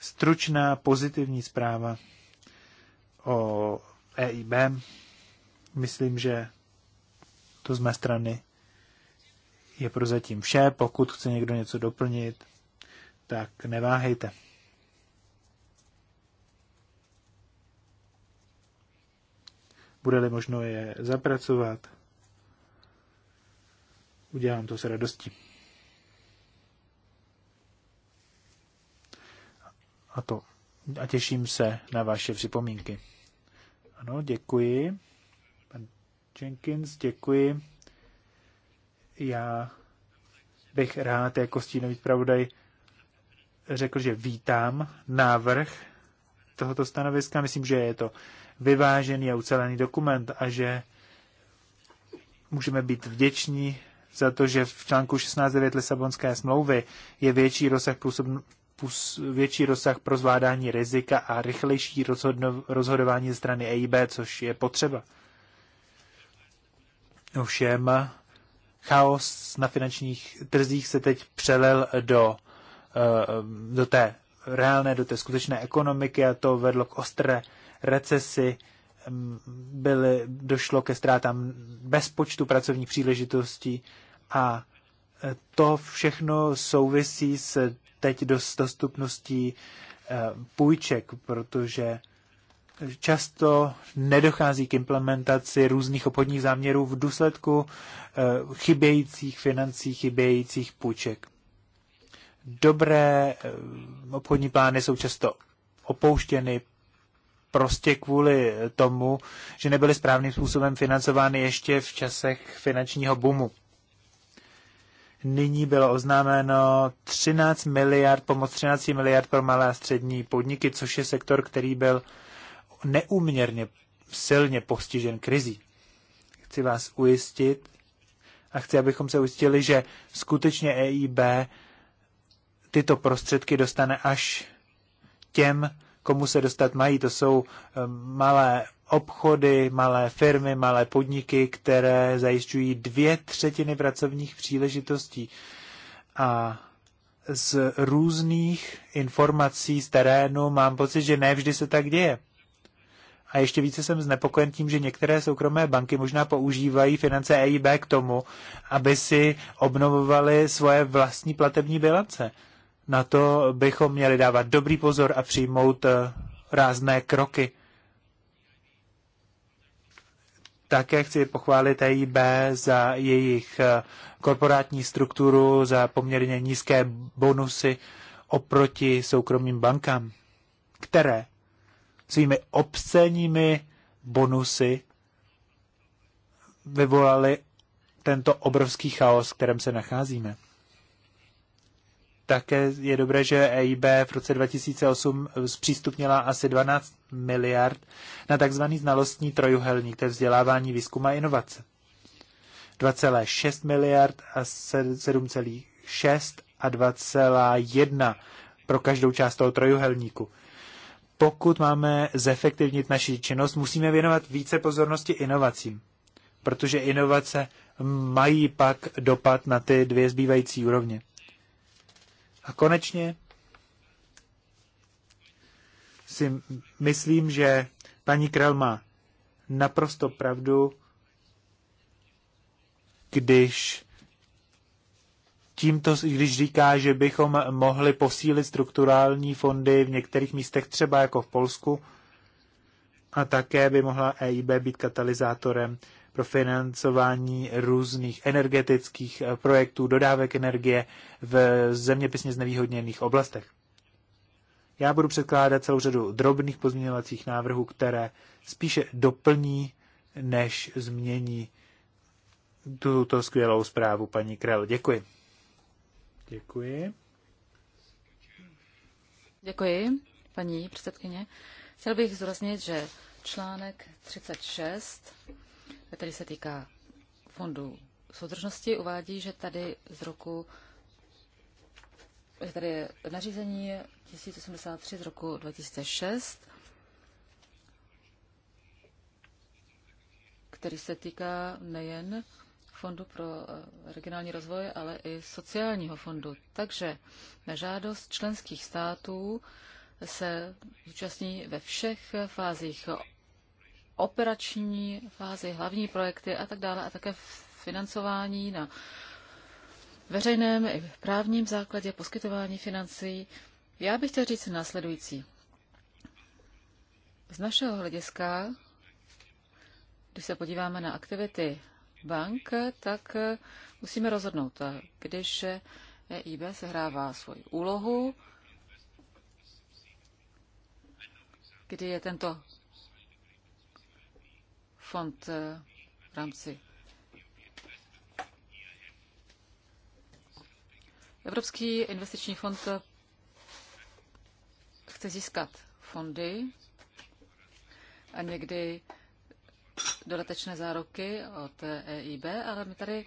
stručná pozitivní zpráva o EIB. Myslím, že to z mé strany je prozatím vše. Pokud chce někdo něco doplnit, tak neváhejte. Bude-li možno je zapracovat, udělám to s radostí. a to. A těším se na vaše připomínky. Ano, děkuji. Pan Jenkins, děkuji. Já bych rád jako stínový zpravodaj řekl, že vítám návrh tohoto stanoviska. Myslím, že je to vyvážený a ucelený dokument a že můžeme být vděční za to, že v článku 16.9 Lisabonské smlouvy je větší rozsah větší rozsah pro zvládání rizika a rychlejší rozhodování ze strany EIB, což je potřeba. Ovšem, chaos na finančních trzích se teď přelel do, eh, do té reálné, do té skutečné ekonomiky a to vedlo k ostré recesi, byly, došlo ke ztrátám bezpočtu pracovních příležitostí a to všechno souvisí s teď dost dostupností eh, půjček, protože často nedochází k implementaci různých obchodních záměrů v důsledku eh, chybějících financí, chybějících půjček. Dobré eh, obchodní plány jsou často opouštěny prostě kvůli tomu, že nebyly správným způsobem financovány ještě v časech finančního boomu nyní bylo oznámeno 13 miliard, pomoc 13 miliard pro malé a střední podniky, což je sektor, který byl neuměrně silně postižen krizí. Chci vás ujistit a chci, abychom se ujistili, že skutečně EIB tyto prostředky dostane až těm, komu se dostat mají. To jsou eh, malé obchody, malé firmy, malé podniky, které zajišťují dvě třetiny pracovních příležitostí. A z různých informací z terénu mám pocit, že ne vždy se tak děje. A ještě více jsem znepokojen tím, že některé soukromé banky možná používají finance EIB k tomu, aby si obnovovaly svoje vlastní platební bilance. Na to bychom měli dávat dobrý pozor a přijmout eh, rázné kroky. Také chci pochválit EIB za jejich eh, korporátní strukturu, za poměrně nízké bonusy oproti soukromým bankám, které svými obscenními bonusy vyvolaly tento obrovský chaos, v kterém se nacházíme. Také je dobré, že EIB v roce 2008 zpřístupnila asi 12 miliard na tzv. znalostní trojuhelník, to je vzdělávání, výzkum a inovace. 2,6 miliard a 7,6 a 2,1 pro každou část toho trojuhelníku. Pokud máme zefektivnit naši činnost, musíme věnovat více pozornosti inovacím, protože inovace mají pak dopad na ty dvě zbývající úrovně. A konečně si myslím, že paní Krell má naprosto pravdu, když tímto, když říká, že bychom mohli posílit strukturální fondy v některých místech, třeba jako v Polsku, a také by mohla EIB být katalyzátorem pro financování různých energetických eh, projektů, dodávek energie v zeměpisně znevýhodněných oblastech. Já budu předkládat celou řadu drobných pozměňovacích návrhů, které spíše doplní, než změní tuto skvělou zprávu paní Krell. Děkuji. Děkuji. Děkuji, paní předsedkyně. Chtěl bych zdůraznit, že článek 36 který se týká fondu soudržnosti, uvádí, že tady z roku že tady je nařízení 1083 z roku 2006, který se týká nejen Fondu pro eh, regionální rozvoj, ale i sociálního fondu. Takže na žádost členských států se zúčastní ve všech fázích operační fázi, hlavní projekty a tak dále a také financování na veřejném i právním základě poskytování financí. Já bych chtěl říct následující. Z našeho hlediska, když se podíváme na aktivity bank, tak eh, musíme rozhodnout, eh, když EIB eh, e sehrává svoji úlohu, kdy je tento fond eh, v rámci Evropský investiční fond eh, chce získat fondy a někdy dodatečné zároky od EIB, eh, e ale my tady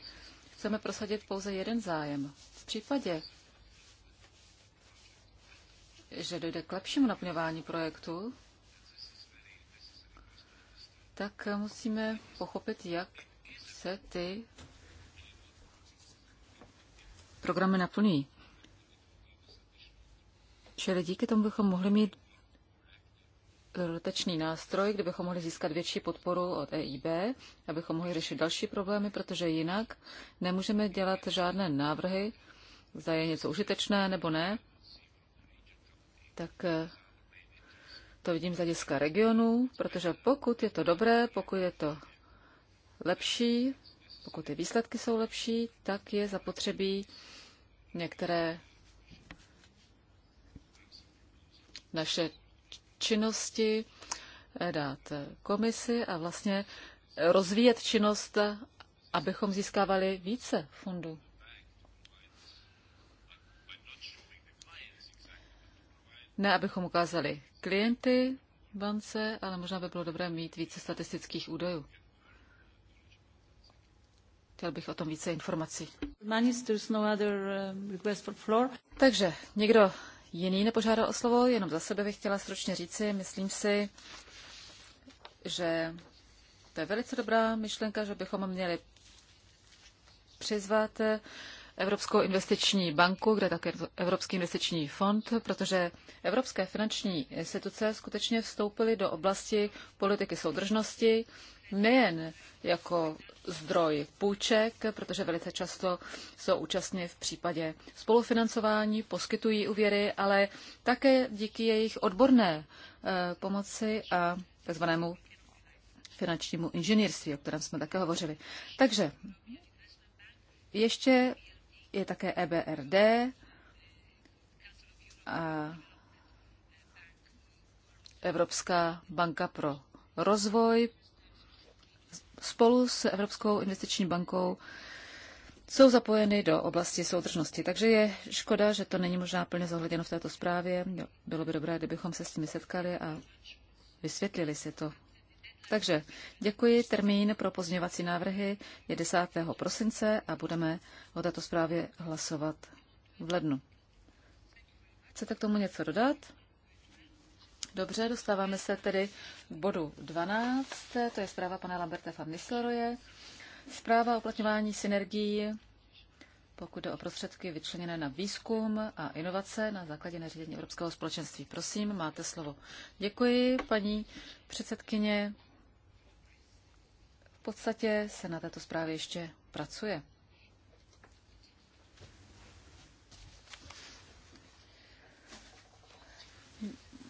chceme prosadit pouze jeden zájem. V případě, že dojde k lepšímu naplňování projektu, tak musíme pochopit, jak se ty programy naplňují. Čili díky tomu bychom mohli mít dodatečný nástroj, kde bychom mohli získat větší podporu od EIB, abychom mohli řešit další problémy, protože jinak nemůžeme dělat žádné návrhy, zda je něco užitečné nebo ne. Tak eh, to vidím z hlediska regionu, protože pokud je to dobré, pokud je to lepší, pokud ty výsledky jsou lepší, tak je zapotřebí některé naše činnosti eh, dát eh, komisi a vlastně rozvíjet činnost, eh, abychom získávali více fundů. Ne, abychom ukázali klienty bance, ale možná by bylo dobré mít více statistických údajů. Chtěl bych o tom více informací. No uh, Takže někdo jiný nepožádal o slovo, jenom za sebe bych chtěla stručně říci, myslím si, že to je velice dobrá myšlenka, že bychom měli přizvat Evropskou investiční banku, kde také Evropský investiční fond, protože evropské finanční instituce skutečně vstoupily do oblasti politiky soudržnosti nejen jako zdroj půjček, protože velice často jsou účastní v případě spolufinancování, poskytují úvěry, ale také díky jejich odborné eh, pomoci a takzvanému finančnímu inženýrství, o kterém jsme také hovořili. Takže ještě je také EBRD a Evropská banka pro rozvoj spolu s Evropskou investiční bankou jsou zapojeny do oblasti soudržnosti. Takže je škoda, že to není možná plně zohleděno v této zprávě. Bylo by dobré, kdybychom se s tím setkali a vysvětlili si to. Takže děkuji. Termín pro pozměňovací návrhy je 10. prosince a budeme o této zprávě hlasovat v lednu. Chcete k tomu něco dodat? Dobře, dostáváme se tedy k bodu 12, to je zpráva pana Lamberta van Nisleroje. Zpráva o uplatňování synergií, pokud jde o prostředky vyčleněné na výzkum a inovace na základě nařízení Evropského společenství. Prosím, máte slovo. Děkuji, paní předsedkyně podstatě se na této zprávě ještě pracuje.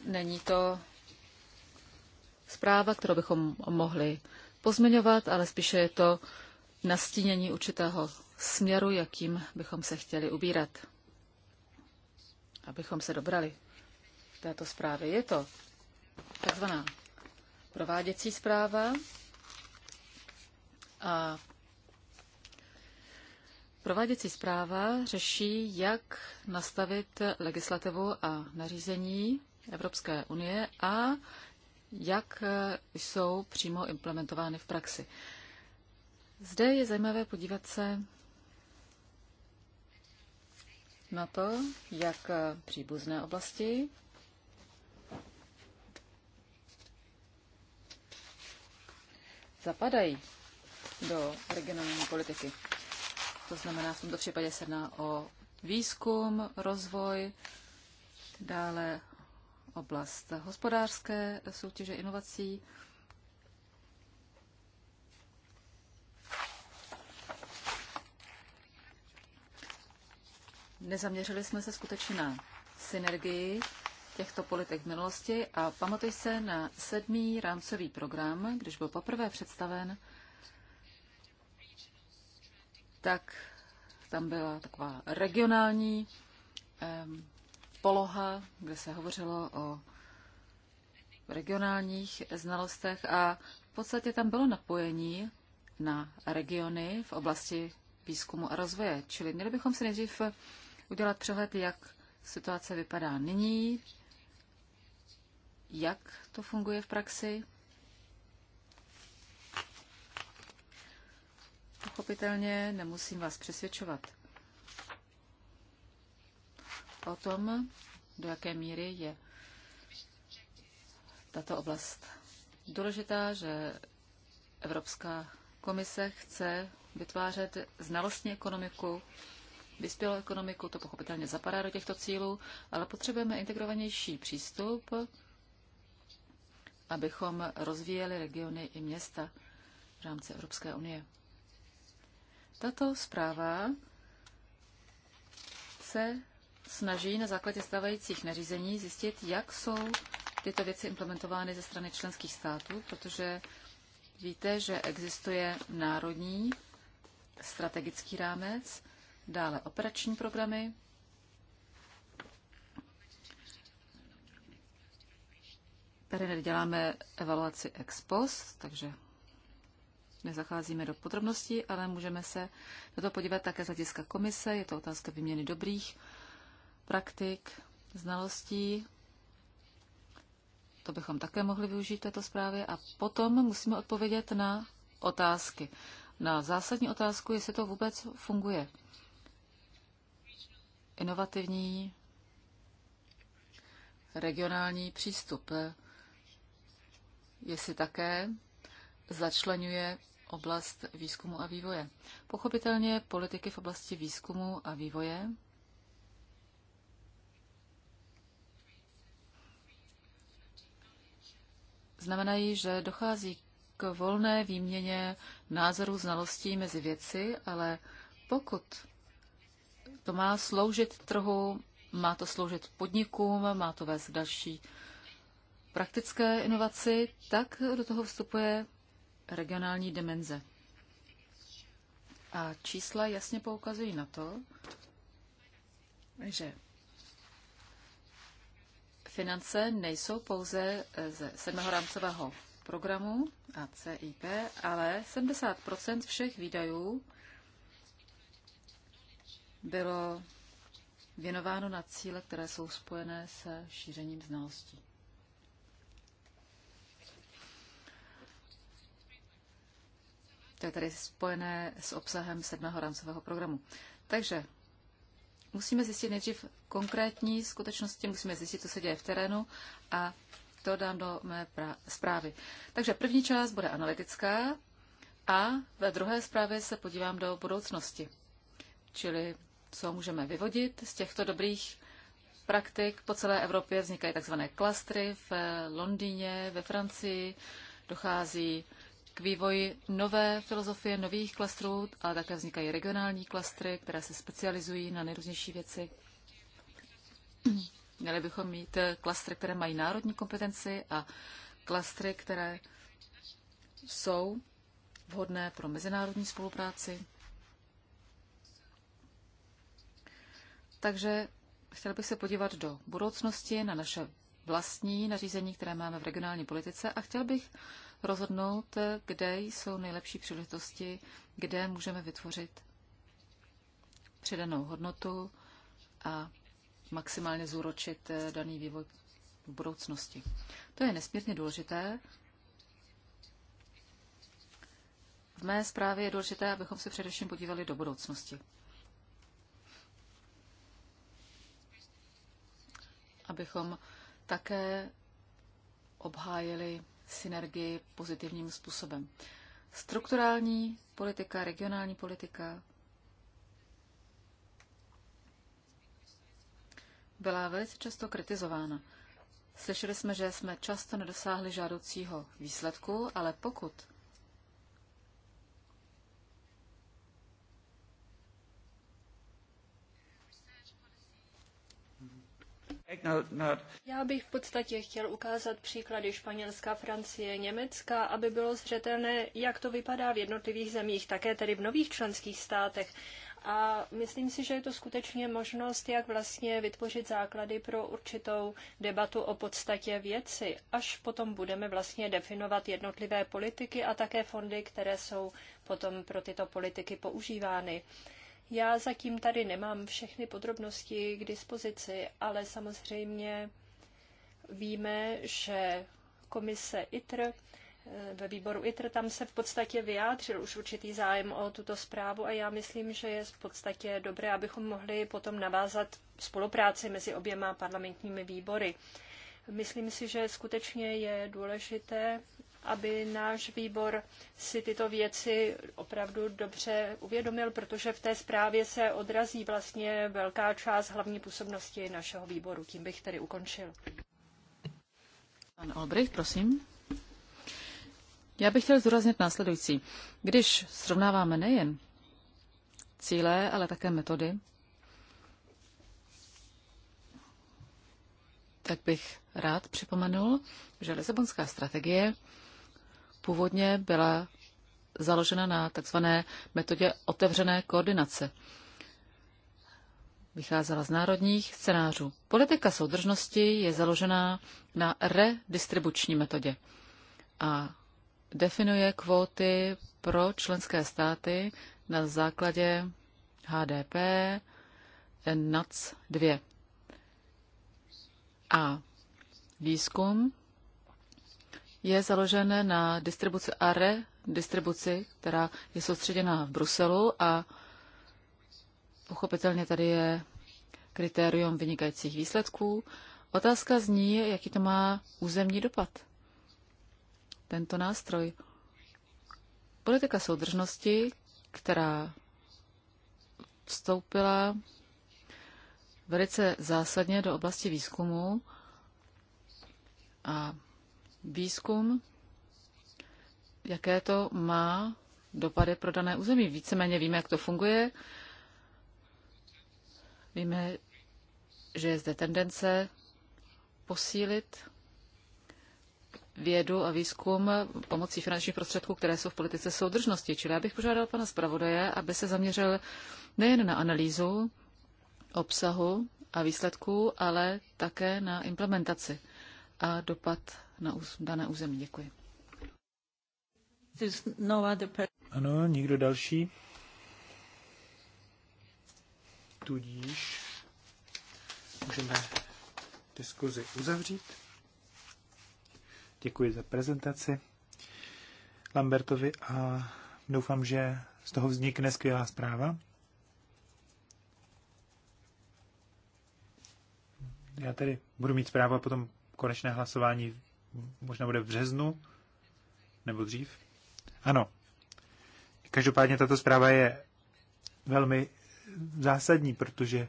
Není to zpráva, kterou bychom mohli pozměňovat, ale spíše je to nastínění určitého směru, jakým bychom se chtěli ubírat, abychom se dobrali této zprávy. Je to takzvaná prováděcí zpráva, prováděcí zpráva řeší, jak nastavit legislativu a nařízení Evropské unie a jak jsou přímo implementovány v praxi. Zde je zajímavé podívat se na to, jak příbuzné oblasti zapadají do regionální politiky. To znamená, v tomto případě se jedná o výzkum, rozvoj, dále oblast hospodářské soutěže inovací, Nezaměřili jsme se skutečně na synergii těchto politik v minulosti a pamatuj se na sedmý rámcový program, když byl poprvé představen tak tam byla taková regionální poloha, kde se hovořilo o regionálních znalostech a v podstatě tam bylo napojení na regiony v oblasti výzkumu a rozvoje. Čili měli bychom si nejdřív udělat přehled, jak situace vypadá nyní, jak to funguje v praxi Pochopitelně nemusím vás přesvědčovat o tom, do jaké míry je tato oblast důležitá, že Evropská komise chce vytvářet znalostní ekonomiku, vyspělou ekonomiku, to pochopitelně zapadá do těchto cílů, ale potřebujeme integrovanější přístup, abychom rozvíjeli regiony i města v rámci Evropské unie. Tato zpráva se snaží na základě stávajících nařízení zjistit, jak jsou tyto věci implementovány ze strany členských států, protože víte, že existuje národní strategický rámec, dále operační programy, Tady děláme evaluaci ex post, takže nezacházíme do podrobností, ale můžeme se na to podívat také z hlediska komise. Je to otázka výměny dobrých praktik, znalostí. To bychom také mohli využít této zprávě. A potom musíme odpovědět na otázky. Na zásadní otázku, jestli to vůbec funguje. Inovativní regionální přístup, jestli také začlenuje oblast výzkumu a vývoje. Pochopitelně politiky v oblasti výzkumu a vývoje znamenají, že dochází k volné výměně názorů, znalostí mezi věci, ale pokud to má sloužit trhu, má to sloužit podnikům, má to vést k další praktické inovaci, tak do toho vstupuje regionální dimenze. A čísla jasně poukazují na to, že finance nejsou pouze eh, ze sedmého rámcového programu a CIP, ale 70 všech výdajů bylo věnováno na cíle, které jsou spojené se šířením znalostí. To je tedy spojené s obsahem sedmého rámcového programu. Takže musíme zjistit nejdřív konkrétní skutečnosti, musíme zjistit, co se děje v terénu a to dám do mé zprávy. Takže první část bude analytická a ve druhé zprávě se podívám do budoucnosti, čili co můžeme vyvodit z těchto dobrých praktik. Po celé Evropě vznikají tzv. klastry v Londýně, ve Francii, dochází k vývoji nové filozofie, nových klastrů, ale také vznikají regionální klastry, které se specializují na nejrůznější věci. Měli bychom mít klastry, které mají národní kompetenci a klastry, které jsou vhodné pro mezinárodní spolupráci. Takže chtěl bych se podívat do budoucnosti na naše vlastní nařízení, které máme v regionální politice a chtěl bych rozhodnout, kde jsou nejlepší příležitosti, kde můžeme vytvořit přidanou hodnotu a maximálně zúročit eh, daný vývoj v budoucnosti. To je nesmírně důležité. V mé zprávě je důležité, abychom se především podívali do budoucnosti. Abychom také obhájili synergii pozitivním způsobem. Strukturální politika, regionální politika byla velice často kritizována. Slyšeli jsme, že jsme často nedosáhli žádoucího výsledku, ale pokud Já bych v podstatě chtěl ukázat příklady Španělska, Francie, Německa, aby bylo zřetelné, jak to vypadá v jednotlivých zemích, také tedy v nových členských státech. A myslím si, že je to skutečně možnost, jak vlastně vytvořit základy pro určitou debatu o podstatě věci, až potom budeme vlastně definovat jednotlivé politiky a také fondy, které jsou potom pro tyto politiky používány. Já zatím tady nemám všechny podrobnosti k dispozici, ale samozřejmě víme, že komise ITR eh, ve výboru ITR, tam se v podstatě vyjádřil už určitý zájem o tuto zprávu a já myslím, že je v podstatě dobré, abychom mohli potom navázat spolupráci mezi oběma parlamentními výbory. Myslím si, že skutečně je důležité, aby náš výbor si tyto věci opravdu dobře uvědomil, protože v té zprávě se odrazí vlastně velká část hlavní působnosti našeho výboru. Tím bych tedy ukončil. Pan Olbrich, prosím. Já bych chtěl zdůraznit následující. Když srovnáváme nejen cíle, ale také metody, tak bych rád připomenul, že Lisabonská strategie původně byla založena na takzvané metodě otevřené koordinace. Vycházela z národních scénářů. Politika soudržnosti je založená na redistribuční metodě a definuje kvóty pro členské státy na základě HDP NAC 2. A výzkum je založen na distribuci ARE, distribuci, která je soustředěna v Bruselu a pochopitelně tady je kritérium vynikajících výsledků. Otázka zní, jaký to má územní dopad, tento nástroj. Politika soudržnosti, která vstoupila velice zásadně do oblasti výzkumu a výzkum, jaké to má dopady pro dané území. Víceméně víme, jak to funguje. Víme, že je zde tendence posílit vědu a výzkum pomocí finančních prostředků, které jsou v politice soudržnosti. Čili já bych požádal pana zpravodaje, aby se zaměřil nejen na analýzu obsahu a výsledků, ale také na implementaci a dopad na dané území. Děkuji. No ano, nikdo další? Tudíž můžeme diskuzi uzavřít. Děkuji za prezentaci Lambertovi a doufám, že z toho vznikne skvělá zpráva. Já tady budu mít zprávu a potom konečné hlasování možná bude v březnu nebo dřív. Ano. Každopádně tato zpráva je velmi zásadní, protože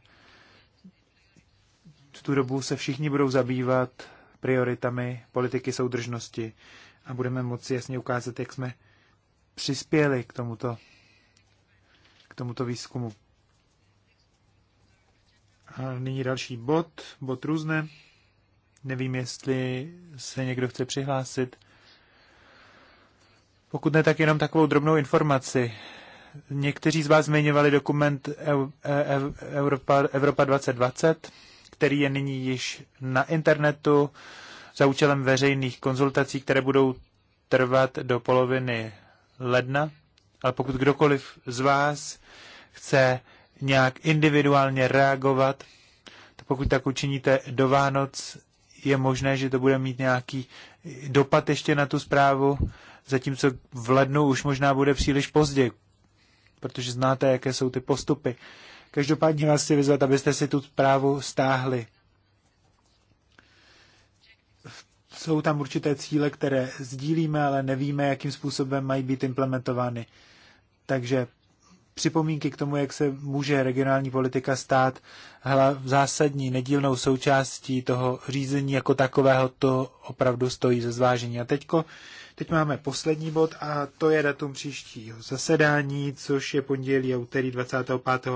v tu dobu se všichni budou zabývat prioritami politiky soudržnosti a budeme moci jasně ukázat, jak jsme přispěli k tomuto, k tomuto výzkumu. A nyní další bod, bod různé. Nevím, jestli se někdo chce přihlásit. Pokud ne, tak jenom takovou drobnou informaci. Někteří z vás zmiňovali dokument e, e, Evropa, Evropa 2020, který je nyní již na internetu za účelem veřejných konzultací, které budou trvat do poloviny ledna. Ale pokud kdokoliv z vás chce nějak individuálně reagovat, to pokud tak učiníte do Vánoc, je možné, že to bude mít nějaký dopad ještě na tu zprávu, zatímco v lednu už možná bude příliš pozdě, protože znáte, jaké jsou ty postupy. Každopádně vás chci vyzvat, abyste si tu zprávu stáhli. Jsou tam určité cíle, které sdílíme, ale nevíme, jakým způsobem mají být implementovány. Takže připomínky k tomu, jak se může regionální politika stát hla, zásadní nedílnou součástí toho řízení jako takového, to opravdu stojí ze zvážení. A teďko, teď máme poslední bod a to je datum příštího zasedání, což je pondělí a úterý 25. a 20.